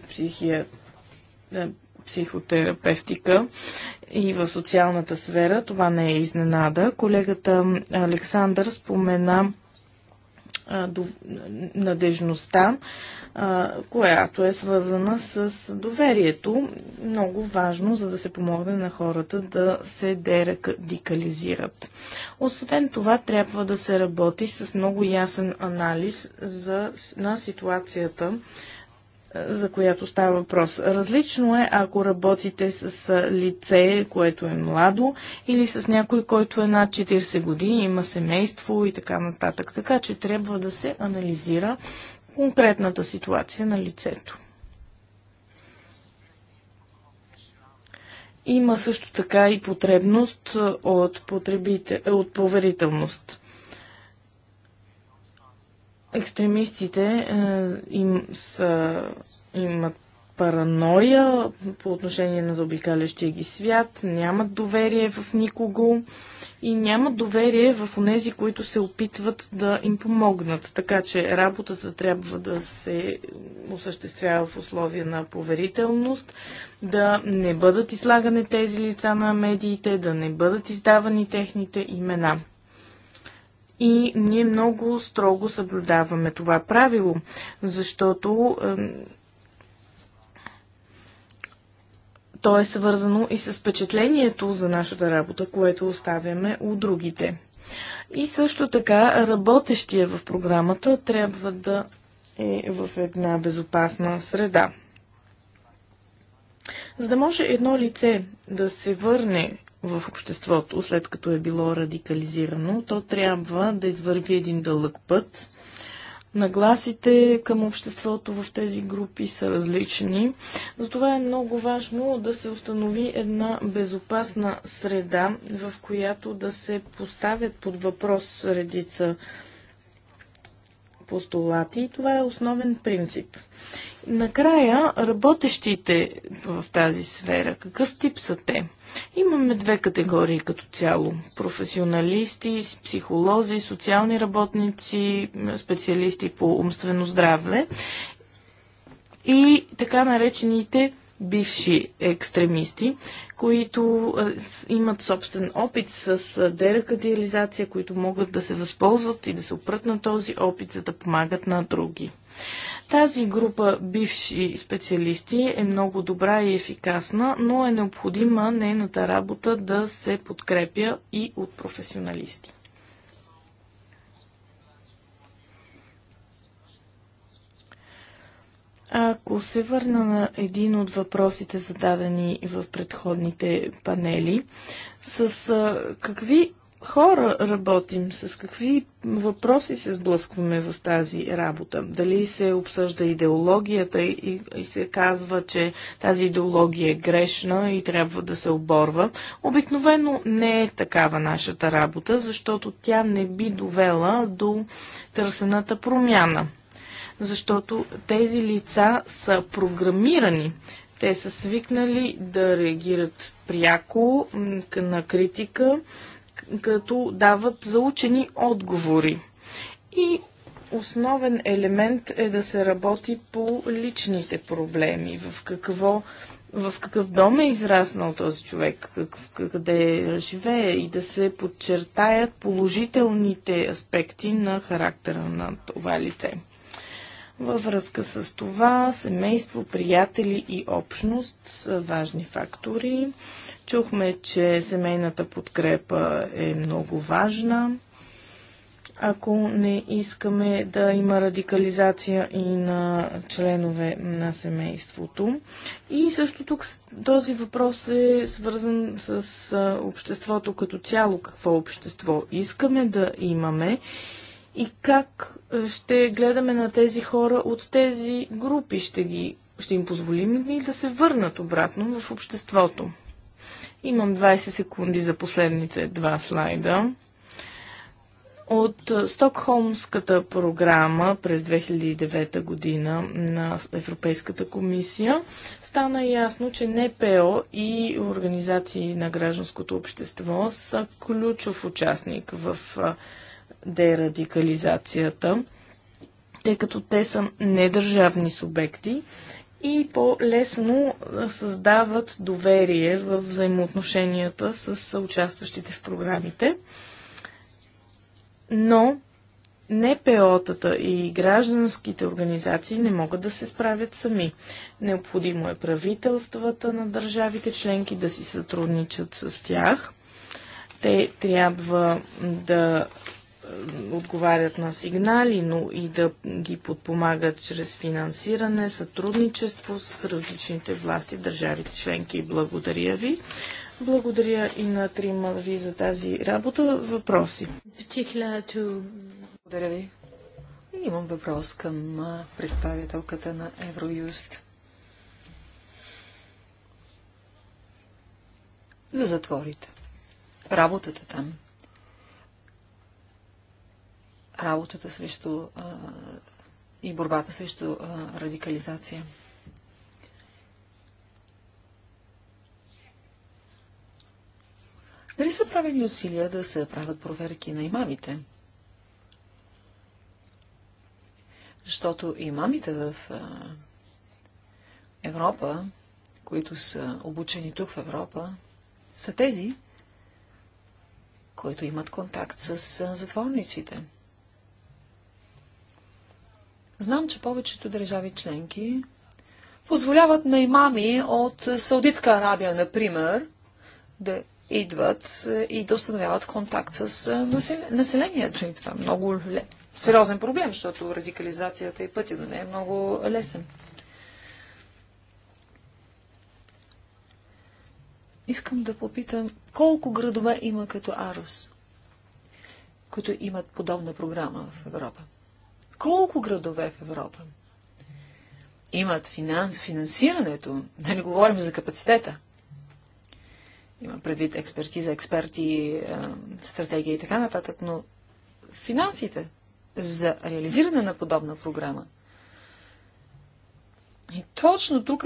психия... Е, психотерапевтика и в социалната сфера. Това не е изненада. Колегата Александър спомена надежността, която е свързана с доверието. Много важно, за да се помогне на хората да се дерадикализират. Освен това, трябва да се работи с много ясен анализ за, на ситуацията за която става въпрос. Различно е, ако работите с лице, което е младо, или с някой, който е над 40 години, има семейство и така нататък. Така че трябва да се анализира конкретната ситуация на лицето. Има също така и потребност от, от поверителност екстремистите е, им са, имат параноя по отношение на заобикалящия ги свят, нямат доверие в никого и нямат доверие в онези, които се опитват да им помогнат. Така че работата трябва да се осъществява в условия на поверителност, да не бъдат излагани тези лица на медиите, да не бъдат издавани техните имена. И ние много строго съблюдаваме това правило, защото то е свързано и с впечатлението за нашата работа, което оставяме у другите. И също така работещия в програмата трябва да е в една безопасна среда. За да може едно лице да се върне в обществото, след като е било радикализирано, то трябва да извърви един дълъг път. Нагласите към обществото в тези групи са различни. Затова е много важно да се установи една безопасна среда, в която да се поставят под въпрос редица постулати и това е основен принцип. Накрая, работещите в тази сфера, какъв тип са те? Имаме две категории като цяло. Професионалисти, психолози, социални работници, специалисти по умствено здраве и така наречените бивши екстремисти, които имат собствен опит с дерадикализация, които могат да се възползват и да се опрат на този опит, за да помагат на други. Тази група бивши специалисти е много добра и ефикасна, но е необходима нейната работа да се подкрепя и от професионалисти. Ако се върна на един от въпросите, зададени в предходните панели, с какви хора работим, с какви въпроси се сблъскваме в тази работа. Дали се обсъжда идеологията и, и се казва, че тази идеология е грешна и трябва да се оборва. Обикновено не е такава нашата работа, защото тя не би довела до търсената промяна защото тези лица са програмирани. Те са свикнали да реагират пряко на критика, като дават заучени отговори. И основен елемент е да се работи по личните проблеми, в какво в какъв дом е израснал този човек, какъв, къде живее и да се подчертаят положителните аспекти на характера на това лице. Във връзка с това, семейство, приятели и общност са важни фактори. Чухме, че семейната подкрепа е много важна. Ако не искаме да има радикализация и на членове на семейството. И също тук този въпрос е свързан с обществото като цяло. Какво общество искаме да имаме и как е, ще гледаме на тези хора от тези групи? Ще, ги, ще им позволим ли да се върнат обратно в обществото? Имам 20 секунди за последните два слайда. От е, Стокхолмската програма през 2009 година на Европейската комисия стана ясно, че НПО и организации на гражданското общество са ключов участник в е, дерадикализацията, тъй като те са недържавни субекти и по-лесно създават доверие в взаимоотношенията с участващите в програмите. Но НПО-тата и гражданските организации не могат да се справят сами. Необходимо е правителствата на държавите членки да си сътрудничат с тях. Те трябва да отговарят на сигнали, но и да ги подпомагат чрез финансиране, сътрудничество с различните власти, държавите членки. Благодаря ви. Благодаря и на трима ви за тази работа. Въпроси? Благодаря ви. Имам въпрос към представителката на Евроюст. За затворите. Работата там работата срещу и борбата срещу радикализация. Дали са правили усилия да се правят проверки на имамите? Защото имамите в Европа, които са обучени тук в Европа, са тези, които имат контакт с затворниците. Знам, че повечето държави членки позволяват на имами от Саудитска Арабия, например, да идват е, и да установяват контакт с е, населението. И това е много сериозен проблем, защото радикализацията и пътя до нея е много лесен. Искам да попитам, колко градове има като Арус, които имат подобна програма в Европа? колко градове в Европа имат финанс, финансирането, да не говорим за капацитета. Има предвид експертиза, експерти, стратегия и така нататък, но финансите за реализиране на подобна програма. И точно тук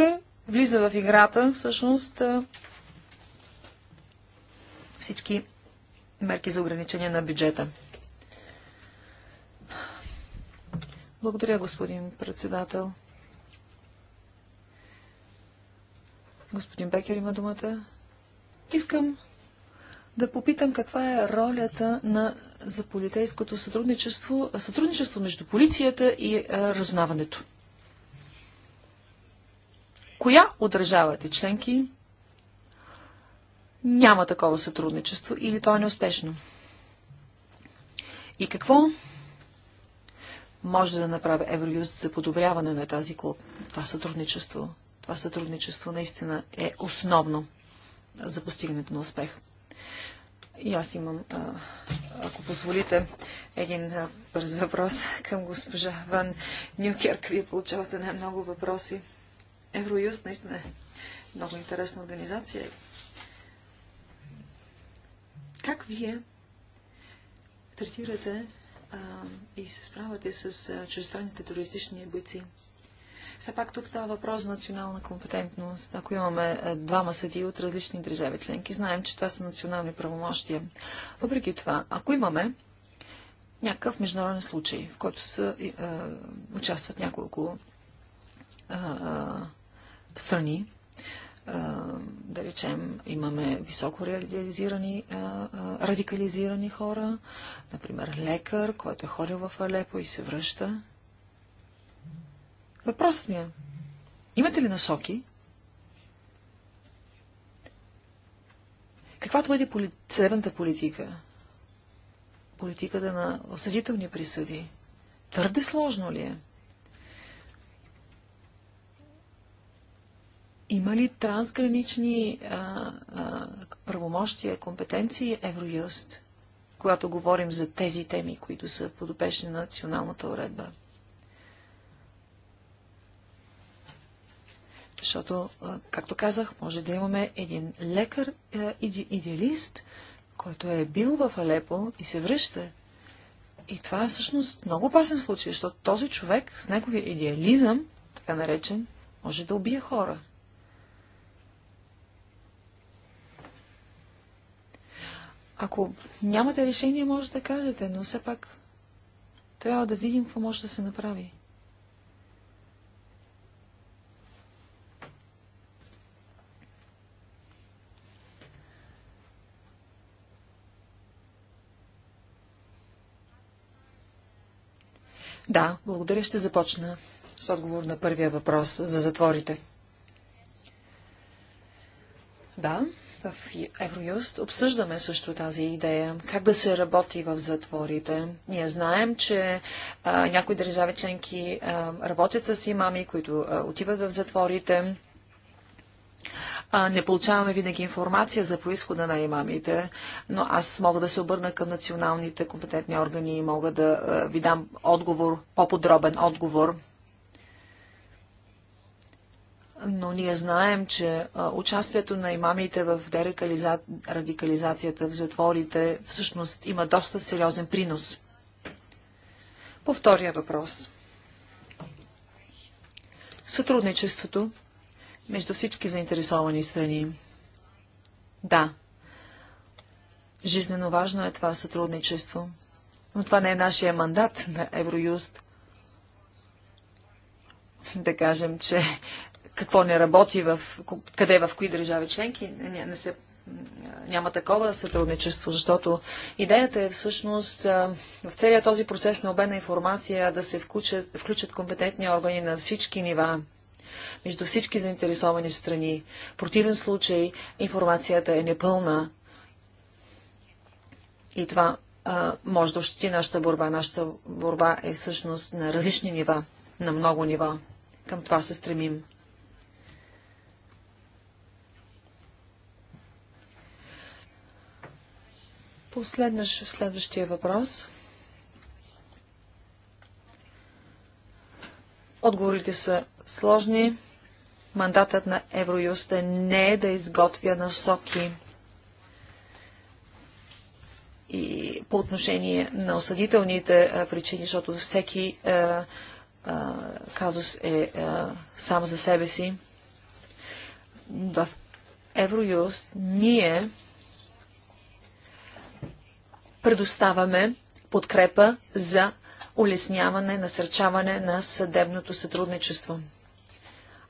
влиза в играта всъщност всички мерки за ограничение на бюджета. Благодаря, господин председател. Господин Бекер има думата. Искам да попитам каква е ролята на, за полицейското сътрудничество, сътрудничество между полицията и а, е, разузнаването. Коя от държавите членки няма такова сътрудничество или то е неуспешно? И какво може да направи Евроюст за подобряване на тази клуб. Това сътрудничество, това сътрудничество наистина е основно за постигането на успех. И аз имам, ако позволите, един бърз въпрос към госпожа Ван Нюкерк. Вие получавате най-много въпроси. Евроюст наистина е много интересна организация. Как вие третирате а, и се справяте с а, чуждестранните туристични бойци. Все пак тук става въпрос за национална компетентност. Ако имаме а, е, двама съди от различни държави членки, знаем, че това са национални правомощия. Въпреки това, ако имаме някакъв международен случай, в който са, а, е, участват няколко а, е, страни, да речем, имаме високо радикализирани, радикализирани хора, например лекар, който е ходил в Алепо и се връща. Въпросът ми е, имате ли насоки? Каквато бъде поли... съдебната политика? Политиката на осъдителни присъди? Твърде сложно ли е? Има ли трансгранични а, а, правомощия, компетенции Евроюст, когато говорим за тези теми, които са подопечни на националната уредба? Защото, а, както казах, може да имаме един лекар, а, иде, идеалист, който е бил в Алепо и се връща. И това е всъщност много опасен случай, защото този човек с неговия идеализъм, така наречен, може да убие хора. Ако нямате решение, може да кажете, но все пак трябва да видим какво може да се направи. Да, благодаря. Ще започна с отговор на първия въпрос за затворите. Да, в Евроюст обсъждаме също тази идея, как да се работи в затворите. Ние знаем, че а, някои държави членки а, работят с имами, които а, отиват в затворите. А, не получаваме винаги информация за происхода на имамите, но аз мога да се обърна към националните компетентни органи и мога да а, ви дам отговор, по-подробен отговор но ние знаем, че а, участието на имамите в дерадикализацията в затворите всъщност има доста сериозен принос. По втория въпрос. Сътрудничеството между всички заинтересовани страни. Да, жизнено важно е това сътрудничество, но това не е нашия мандат на Евроюст. Да кажем, че какво не работи, в, къде в кои държави членки, не, не се, няма такова сътрудничество, защото идеята е всъщност в целият този процес на обена информация да се включат, включат компетентни органи на всички нива, между всички заинтересовани страни. В противен случай информацията е непълна и това а, може да ощети нашата борба. Нашата борба е всъщност на различни нива, на много нива. Към това се стремим. Последнъж следващия въпрос. Отговорите са сложни. Мандатът на Евроюст е не е да изготвя насоки и по отношение на осъдителните причини, защото всеки е, е, казус е сам за себе си. В Евроюст ние предоставяме подкрепа за улесняване, насърчаване на съдебното сътрудничество.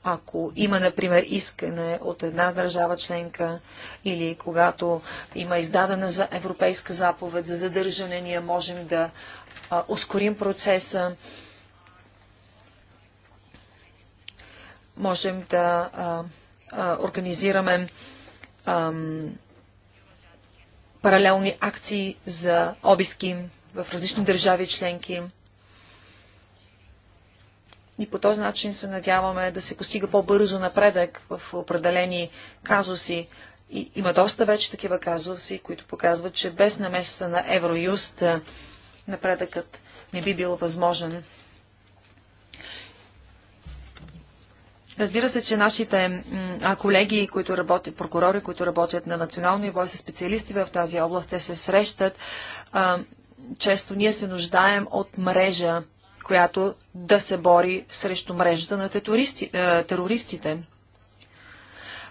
Ако има, например, искане от една държава членка или когато има издадена за европейска заповед за задържане, ние можем да а, ускорим процеса, можем да а, а, организираме а, паралелни акции за обиски в различни държави членки. И по този начин се надяваме да се постига по-бързо напредък в определени казуси. И има доста вече такива казуси, които показват, че без намеса на Евроюст напредъкът не би бил възможен. Разбира се, че нашите колеги, които работят, прокурори, които работят на национално ниво, са специалисти в тази област, те се срещат. често ние се нуждаем от мрежа, която да се бори срещу мрежата на терористите.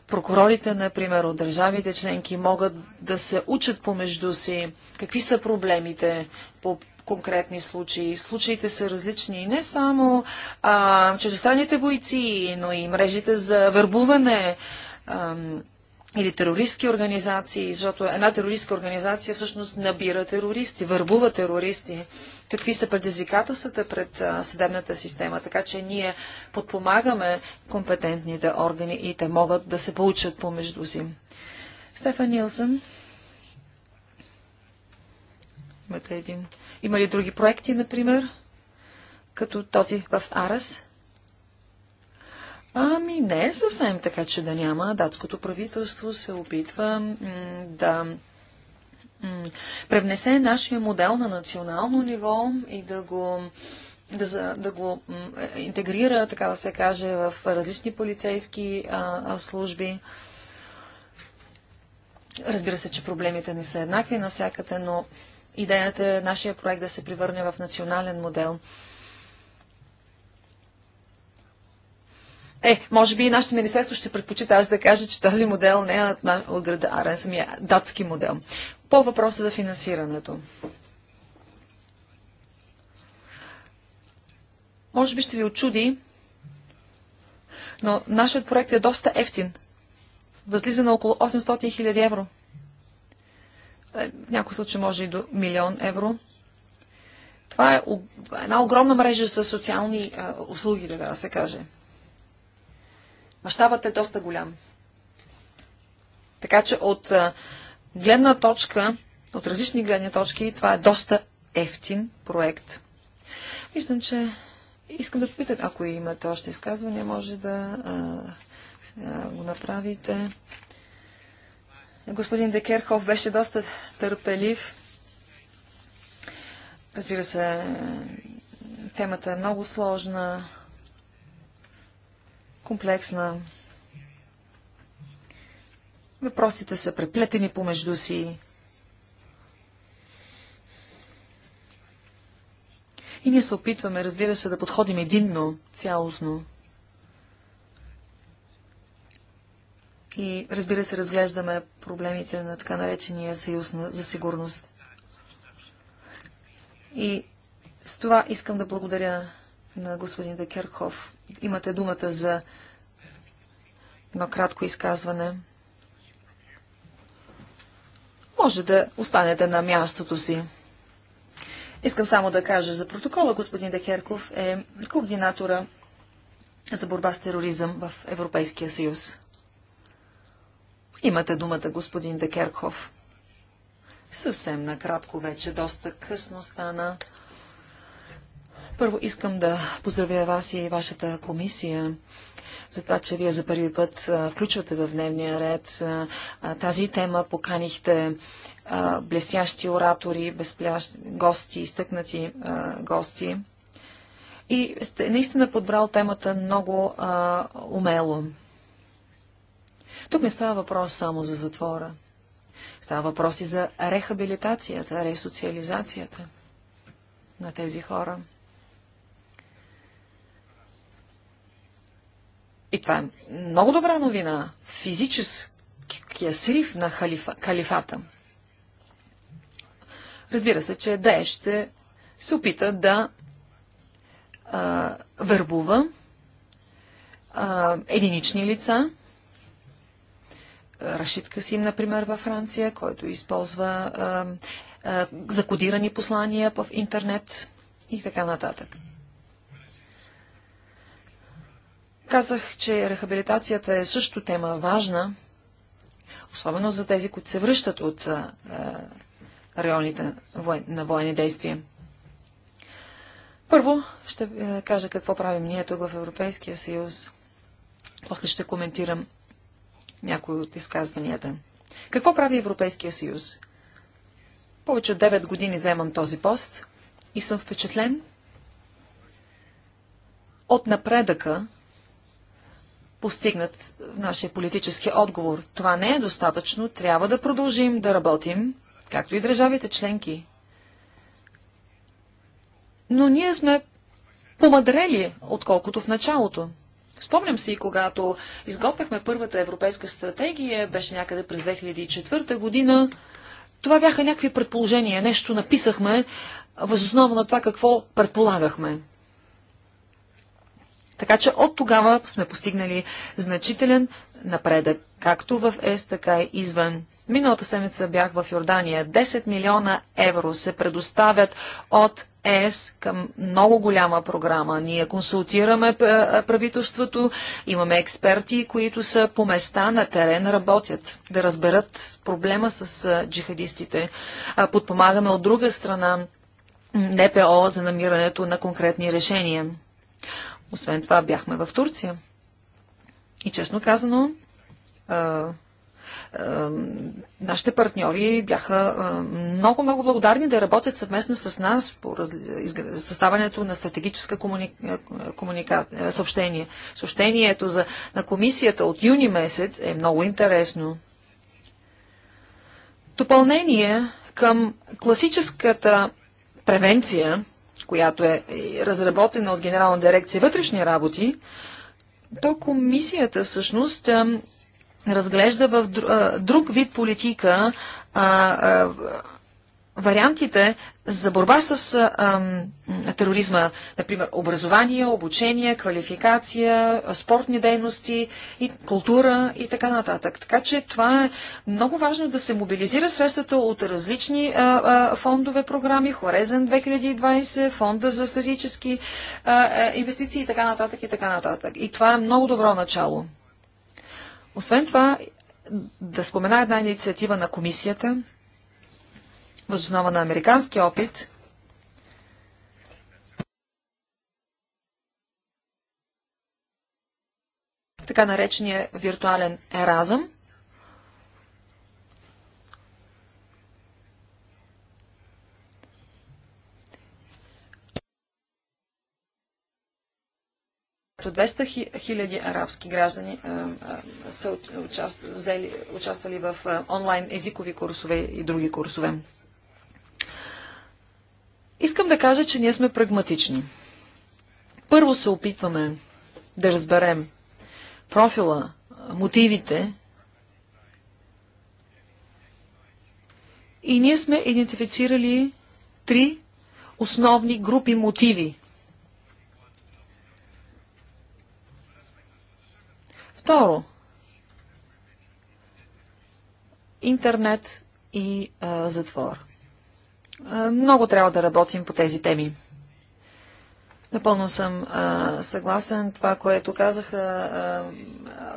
Прокурорите, например, от държавите членки могат да се учат помежду си какви са проблемите по конкретни случаи. Случаите са различни не само а, чуждестранните бойци, но и мрежите за вербуване а, или терористски организации, защото една терористска организация всъщност набира терористи, върбува терористи. Какви са предизвикателствата пред а, съдебната система? Така че ние подпомагаме компетентните органи и те могат да се получат помежду си. Стефан Нилсън. Имате един има ли други проекти, например, като този в Арас? Ами не е съвсем така, че да няма. Датското правителство се опитва да превнесе нашия модел на национално ниво и да го да, да го е, интегрира, така да се каже, в различни полицейски а, служби. Разбира се, че проблемите не са еднакви навсякъде, но Идеята е нашия проект да се превърне в национален модел. Е, може би и нашето министерство ще предпочита аз да кажа, че този модел не е от града Арен, самия датски модел. По въпроса за финансирането. Може би ще ви очуди, но нашият проект е доста ефтин. Възлиза на около 800 000 евро. Е, в някои случаи може и до милион евро. Това е една огромна мрежа за социални а, е, услуги, да се каже. Мащабът е доста голям. Така че от а, е, гледна точка, от различни гледни точки, това е доста ефтин проект. Виждам, че искам да попитам, ако имате още изказвания, може да а, го направите. Господин Декерхов беше доста търпелив. Разбира се, темата е много сложна, комплексна. Въпросите са преплетени помежду си. И ние се опитваме, разбира се, да подходим единно, цялостно. И разбира се, разглеждаме проблемите на така наречения съюз за сигурност. И с това искам да благодаря на господин Декерхов. Имате думата за едно кратко изказване. Може да останете на мястото си. Искам само да кажа за протокола. Господин Декерков е координатора за борба с тероризъм в Европейския съюз. Имате думата, господин Декерков. Съвсем накратко вече, доста късно стана. Първо искам да поздравя вас и вашата комисия за това, че вие за първи път включвате в дневния ред тази тема. Поканихте блестящи оратори, безплящи гости, изтъкнати гости. И сте наистина подбрал темата много умело. Тук не става въпрос само за затвора. Става въпрос и за рехабилитацията, ресоциализацията на тези хора. И това е много добра новина. Физическия срив на халифа, халифата. Разбира се, че Даеш ще се опита да а, вербува а, единични лица, Рашид Касим, например, във Франция, който използва е, е, закодирани послания в интернет и така нататък. Казах, че рехабилитацията е също тема важна, особено за тези, които се връщат от районите на военни действия. Първо ще кажа какво правим ние тук в Европейския съюз. После ще коментирам някои от изказванията. Какво прави Европейския съюз? Повече от 9 години заемам този пост и съм впечатлен от напредъка, постигнат в нашия политически отговор. Това не е достатъчно, трябва да продължим да работим, както и държавите членки. Но ние сме помадрели, отколкото в началото. Спомням си, когато изготвяхме първата европейска стратегия, беше някъде през 2004 година, това бяха някакви предположения, нещо написахме възоснова на това какво предполагахме. Така че от тогава сме постигнали значителен напредък, както в ЕС, така и извън. Миналата седмица бях в Йордания. 10 милиона евро се предоставят от ЕС към много голяма програма. Ние консултираме е, е, правителството, имаме експерти, които са по места на терен, работят да разберат проблема с е, джихадистите. Подпомагаме от друга страна НПО за намирането на конкретни решения. Освен това бяхме в Турция. И честно казано, Нашите партньори бяха много, много благодарни да работят съвместно с нас по съставането на стратегическа комуни... Комуника... съобщение. Съобщението за... на комисията от юни месец е много интересно. Допълнение към класическата превенция, която е разработена от Генерална дирекция вътрешни работи, то комисията всъщност разглежда в друг вид политика а, а, вариантите за борба с а, тероризма, например, образование, обучение, квалификация, спортни дейности, и култура и така нататък. Така че това е много важно да се мобилизира средствата от различни а, а, фондове, програми, Хорезен 2020, Фонда за стратегически инвестиции и така нататък и така нататък. И това е много добро начало. Освен това, да спомена една инициатива на комисията, възоснова на американски опит, така наречения виртуален еразъм – Като 200 хиляди арабски граждани са участвали в онлайн езикови курсове и други курсове. Искам да кажа, че ние сме прагматични. Първо се опитваме да разберем профила, мотивите и ние сме идентифицирали три основни групи мотиви Второ, интернет и а, затвор. А, много трябва да работим по тези теми. Напълно съм а, съгласен това, което казаха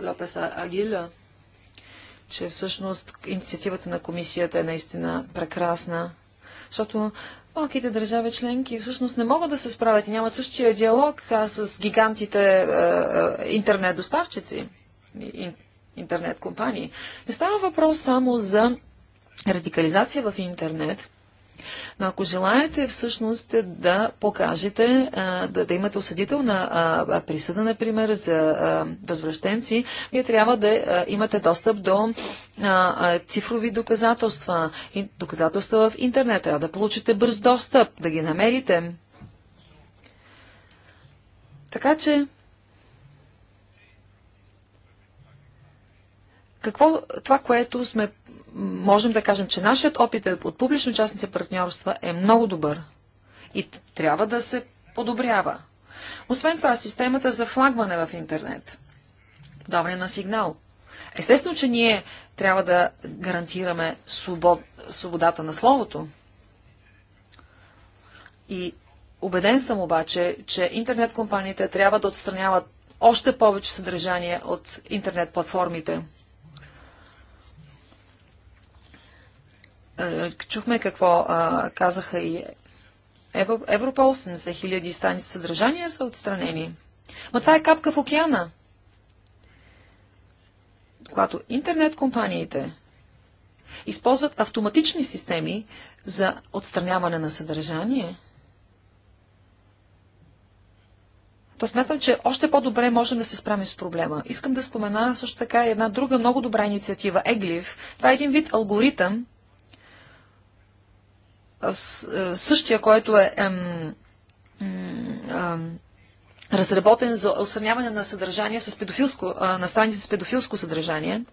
Лопеса Агиля, че всъщност инициативата на комисията е наистина прекрасна, защото малките държави членки всъщност не могат да се справят и нямат същия диалог а, с гигантите интернет доставчици интернет компании. Не става въпрос само за радикализация в интернет, но ако желаете всъщност да покажете, да, да имате осъдителна присъда, например, за възвръщенци, вие трябва да имате достъп до цифрови доказателства, доказателства в интернет. Трябва да получите бърз достъп, да ги намерите. Така че Какво това, което сме, можем да кажем, че нашият опит е от публично-частните партньорства е много добър и трябва да се подобрява. Освен това, системата за флагване в интернет, даване на сигнал. Естествено, че ние трябва да гарантираме свобод, свободата на словото. И убеден съм обаче, че интернет-компаниите трябва да отстраняват още повече съдържание от интернет-платформите – Е, чухме какво казаха и Европол, 70 хиляди станици съдържания са отстранени. Ма това е капка в океана. Когато интернет-компаниите използват автоматични системи за отстраняване на съдържание, то смятам, че още по-добре можем да се справим с проблема. Искам да спомена също така една друга много добра инициатива, Еглив. Това е един вид алгоритъм, е, същия, който е ем, разработен за осърняване на съдържание с педофилско, е, на страници с педофилско съдържание.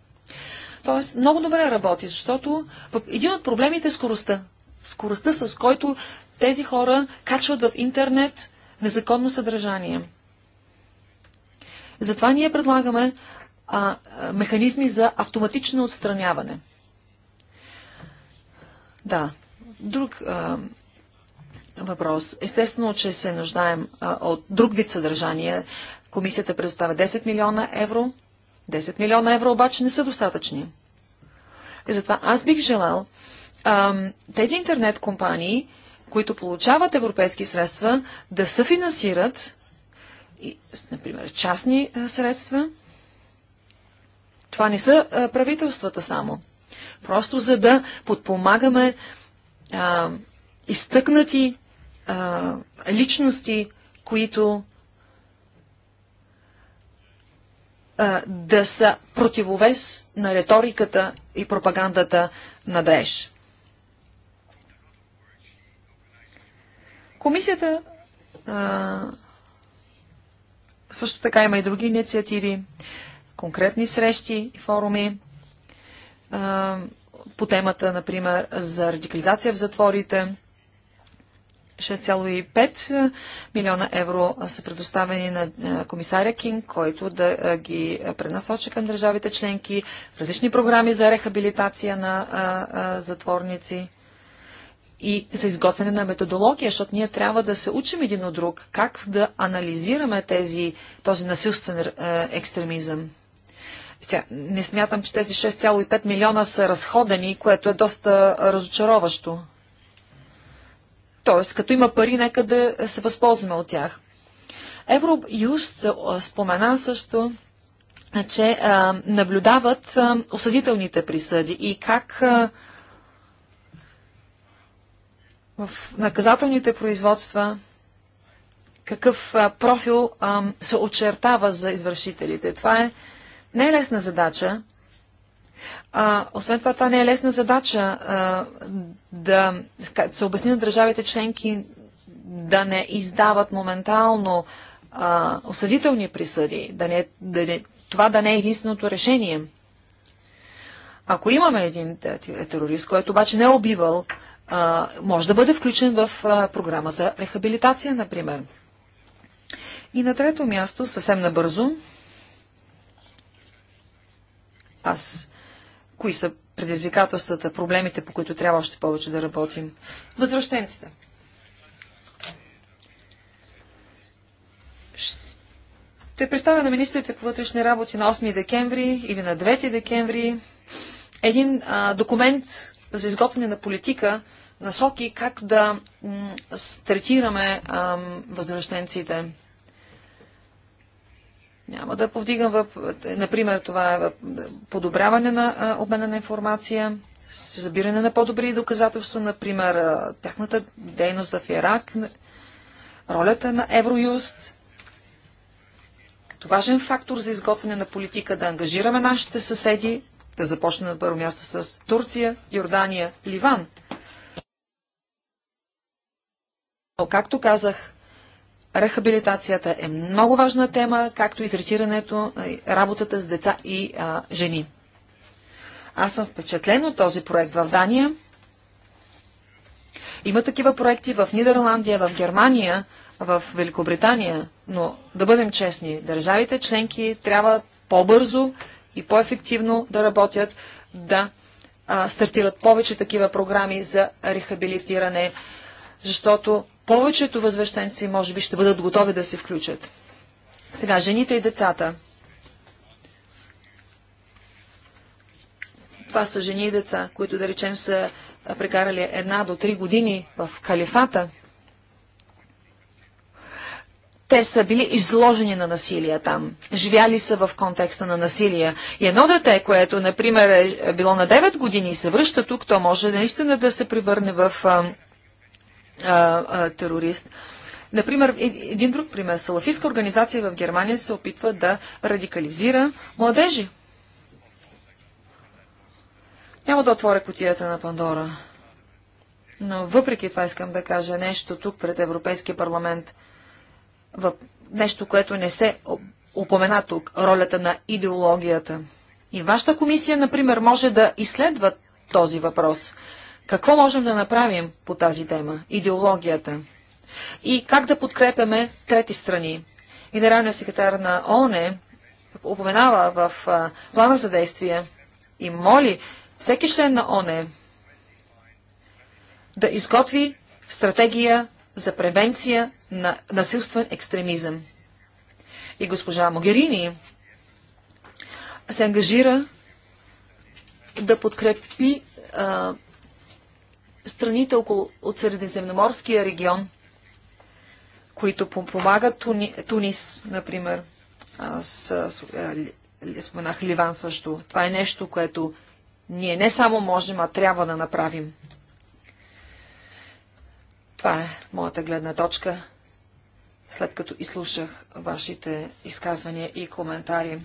Тоест, много добре работи, защото един от проблемите е скоростта. Скоростта, с който тези хора качват в интернет незаконно съдържание. Затова ние предлагаме а, механизми за автоматично отстраняване. Да, друг а, въпрос. Естествено, че се нуждаем а, от друг вид съдържание. Комисията предоставя 10 милиона евро. 10 милиона евро обаче не са достатъчни. И затова аз бих желал а, тези интернет компании, които получават европейски средства, да съфинансират, и, например, частни а, средства. Това не са а, правителствата само. Просто за да подпомагаме а, изтъкнати а, личности, които а, да са противовес на риториката и пропагандата на ДАЕШ. Комисията а, също така има и други инициативи, конкретни срещи и форуми. А, по темата, например, за радикализация в затворите. 6,5 милиона евро са предоставени на комисаря Кинг, който да ги пренасочи към държавите членки, различни програми за рехабилитация на затворници и за изготвяне на методология, защото ние трябва да се учим един от друг, как да анализираме тези, този насилствен екстремизъм. Сега, не смятам, че тези 6,5 милиона са разходени, което е доста разочароващо. Тоест, като има пари, нека да се възползваме от тях. Евроюст спомена също, че а, наблюдават а, осъдителните присъди и как а, в наказателните производства какъв профил а, се очертава за извършителите. Това е не е лесна задача. А, освен това, това не е лесна задача а, да се обясни на държавите членки да не издават моментално а, осъдителни присъди, да не, да не, това да не е единственото решение. Ако имаме един терорист, който обаче не е убивал, а, може да бъде включен в а, програма за рехабилитация, например. И на трето място, съвсем набързо, аз, кои са предизвикателствата, проблемите, по които трябва още повече да работим. Възвръщенците. Ще представя на министрите по вътрешни работи на 8 декември или на 9 декември един а, документ за изготвяне на политика, насоки как да третираме възвръщенците. Няма да повдигам, въп... например, това е подобряване на обмена на информация, забиране на по-добри доказателства, например, тяхната дейност в Ирак, ролята на Евроюст, като важен фактор за изготвяне на политика да ангажираме нашите съседи, да започне на първо място с Турция, Йордания, Ливан. Но, както казах, Рехабилитацията е много важна тема, както и третирането, работата с деца и а, жени. Аз съм впечатлен от този проект в Дания. Има такива проекти в Нидерландия, в Германия, в Великобритания, но да бъдем честни, държавите членки трябва по-бързо и по-ефективно да работят, да а, стартират повече такива програми за рехабилитиране, защото повечето възвещенци може би ще бъдат готови да се включат. Сега, жените и децата. Това са жени и деца, които да речем са прекарали една до три години в калифата. Те са били изложени на насилие там. Живяли са в контекста на насилие. И едно дете, което, например, е било на 9 години и се връща тук, то може наистина да се превърне в а, а, терорист. Например, един друг пример. Салафистска организация в Германия се опитва да радикализира младежи. Няма да отворя котията на Пандора. Но въпреки това искам да кажа нещо тук пред Европейския парламент. Нещо, което не се упомена тук. Ролята на идеологията. И вашата комисия, например, може да изследва този въпрос. Какво можем да направим по тази тема? Идеологията. И как да подкрепяме трети страни? Генералният секретар на ОНЕ упоменава в а, плана за действие и моли всеки член на ОНЕ да изготви стратегия за превенция на насилствен екстремизъм. И госпожа Могерини се ангажира да подкрепи а, страните около, от Средиземноморския регион, които помагат Туни, Тунис, например. с, споменах Ливан също. Това е нещо, което ние не само можем, а трябва да направим. Това е моята гледна точка, след като изслушах вашите изказвания и коментари.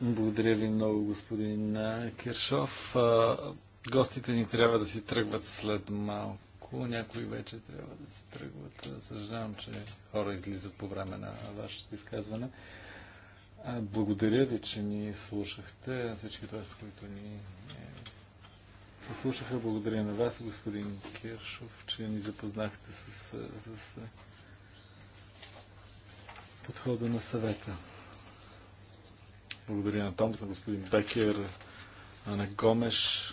Благодаря ви много, господин Киршов. Гостите ни трябва да си тръгват след малко. Някои вече трябва да си тръгват. Съжалявам, че хора излизат по време на вашето изказване. Благодаря ви, че ни слушахте. Всички това, с които ни е, послушаха. Благодаря на вас, господин Киршов, че ни запознахте с, с подхода на съвета. Благодаря на Томс, на господин Бекер, на Гомеш.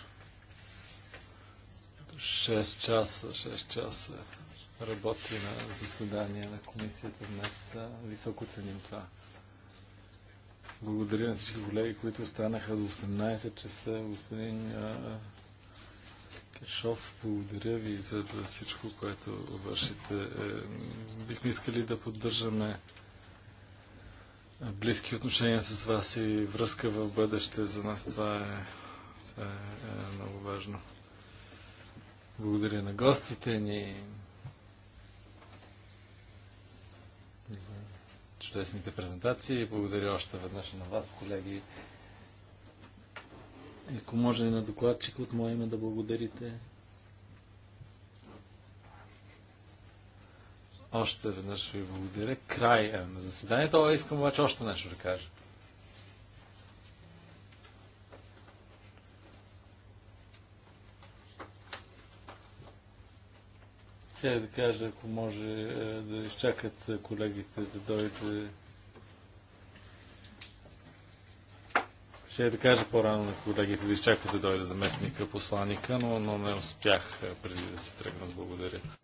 6 часа, 6 часа работи на заседание на комисията днес. Високо ценим това. Благодаря на всички колеги, които останаха до 18 часа. Господин а, Кешов, благодаря ви за всичко, което вършите. Е, бихме искали да поддържаме близки отношения с вас и връзка в бъдеще. За нас това е, това е, е много важно. Благодаря на гостите ни за чудесните презентации. Благодаря още веднъж на вас, колеги. Ако може и на докладчик от мое име да благодарите. Още веднъж ви благодаря. Край на заседанието. О, искам обаче още нещо да кажа. Ще да кажа, ако може е, да изчакат колегите да дойде. Ще да кажа по-рано на колегите да изчакат да дойде заместника посланика, но, но не успях е, преди да се тръгна. Благодаря.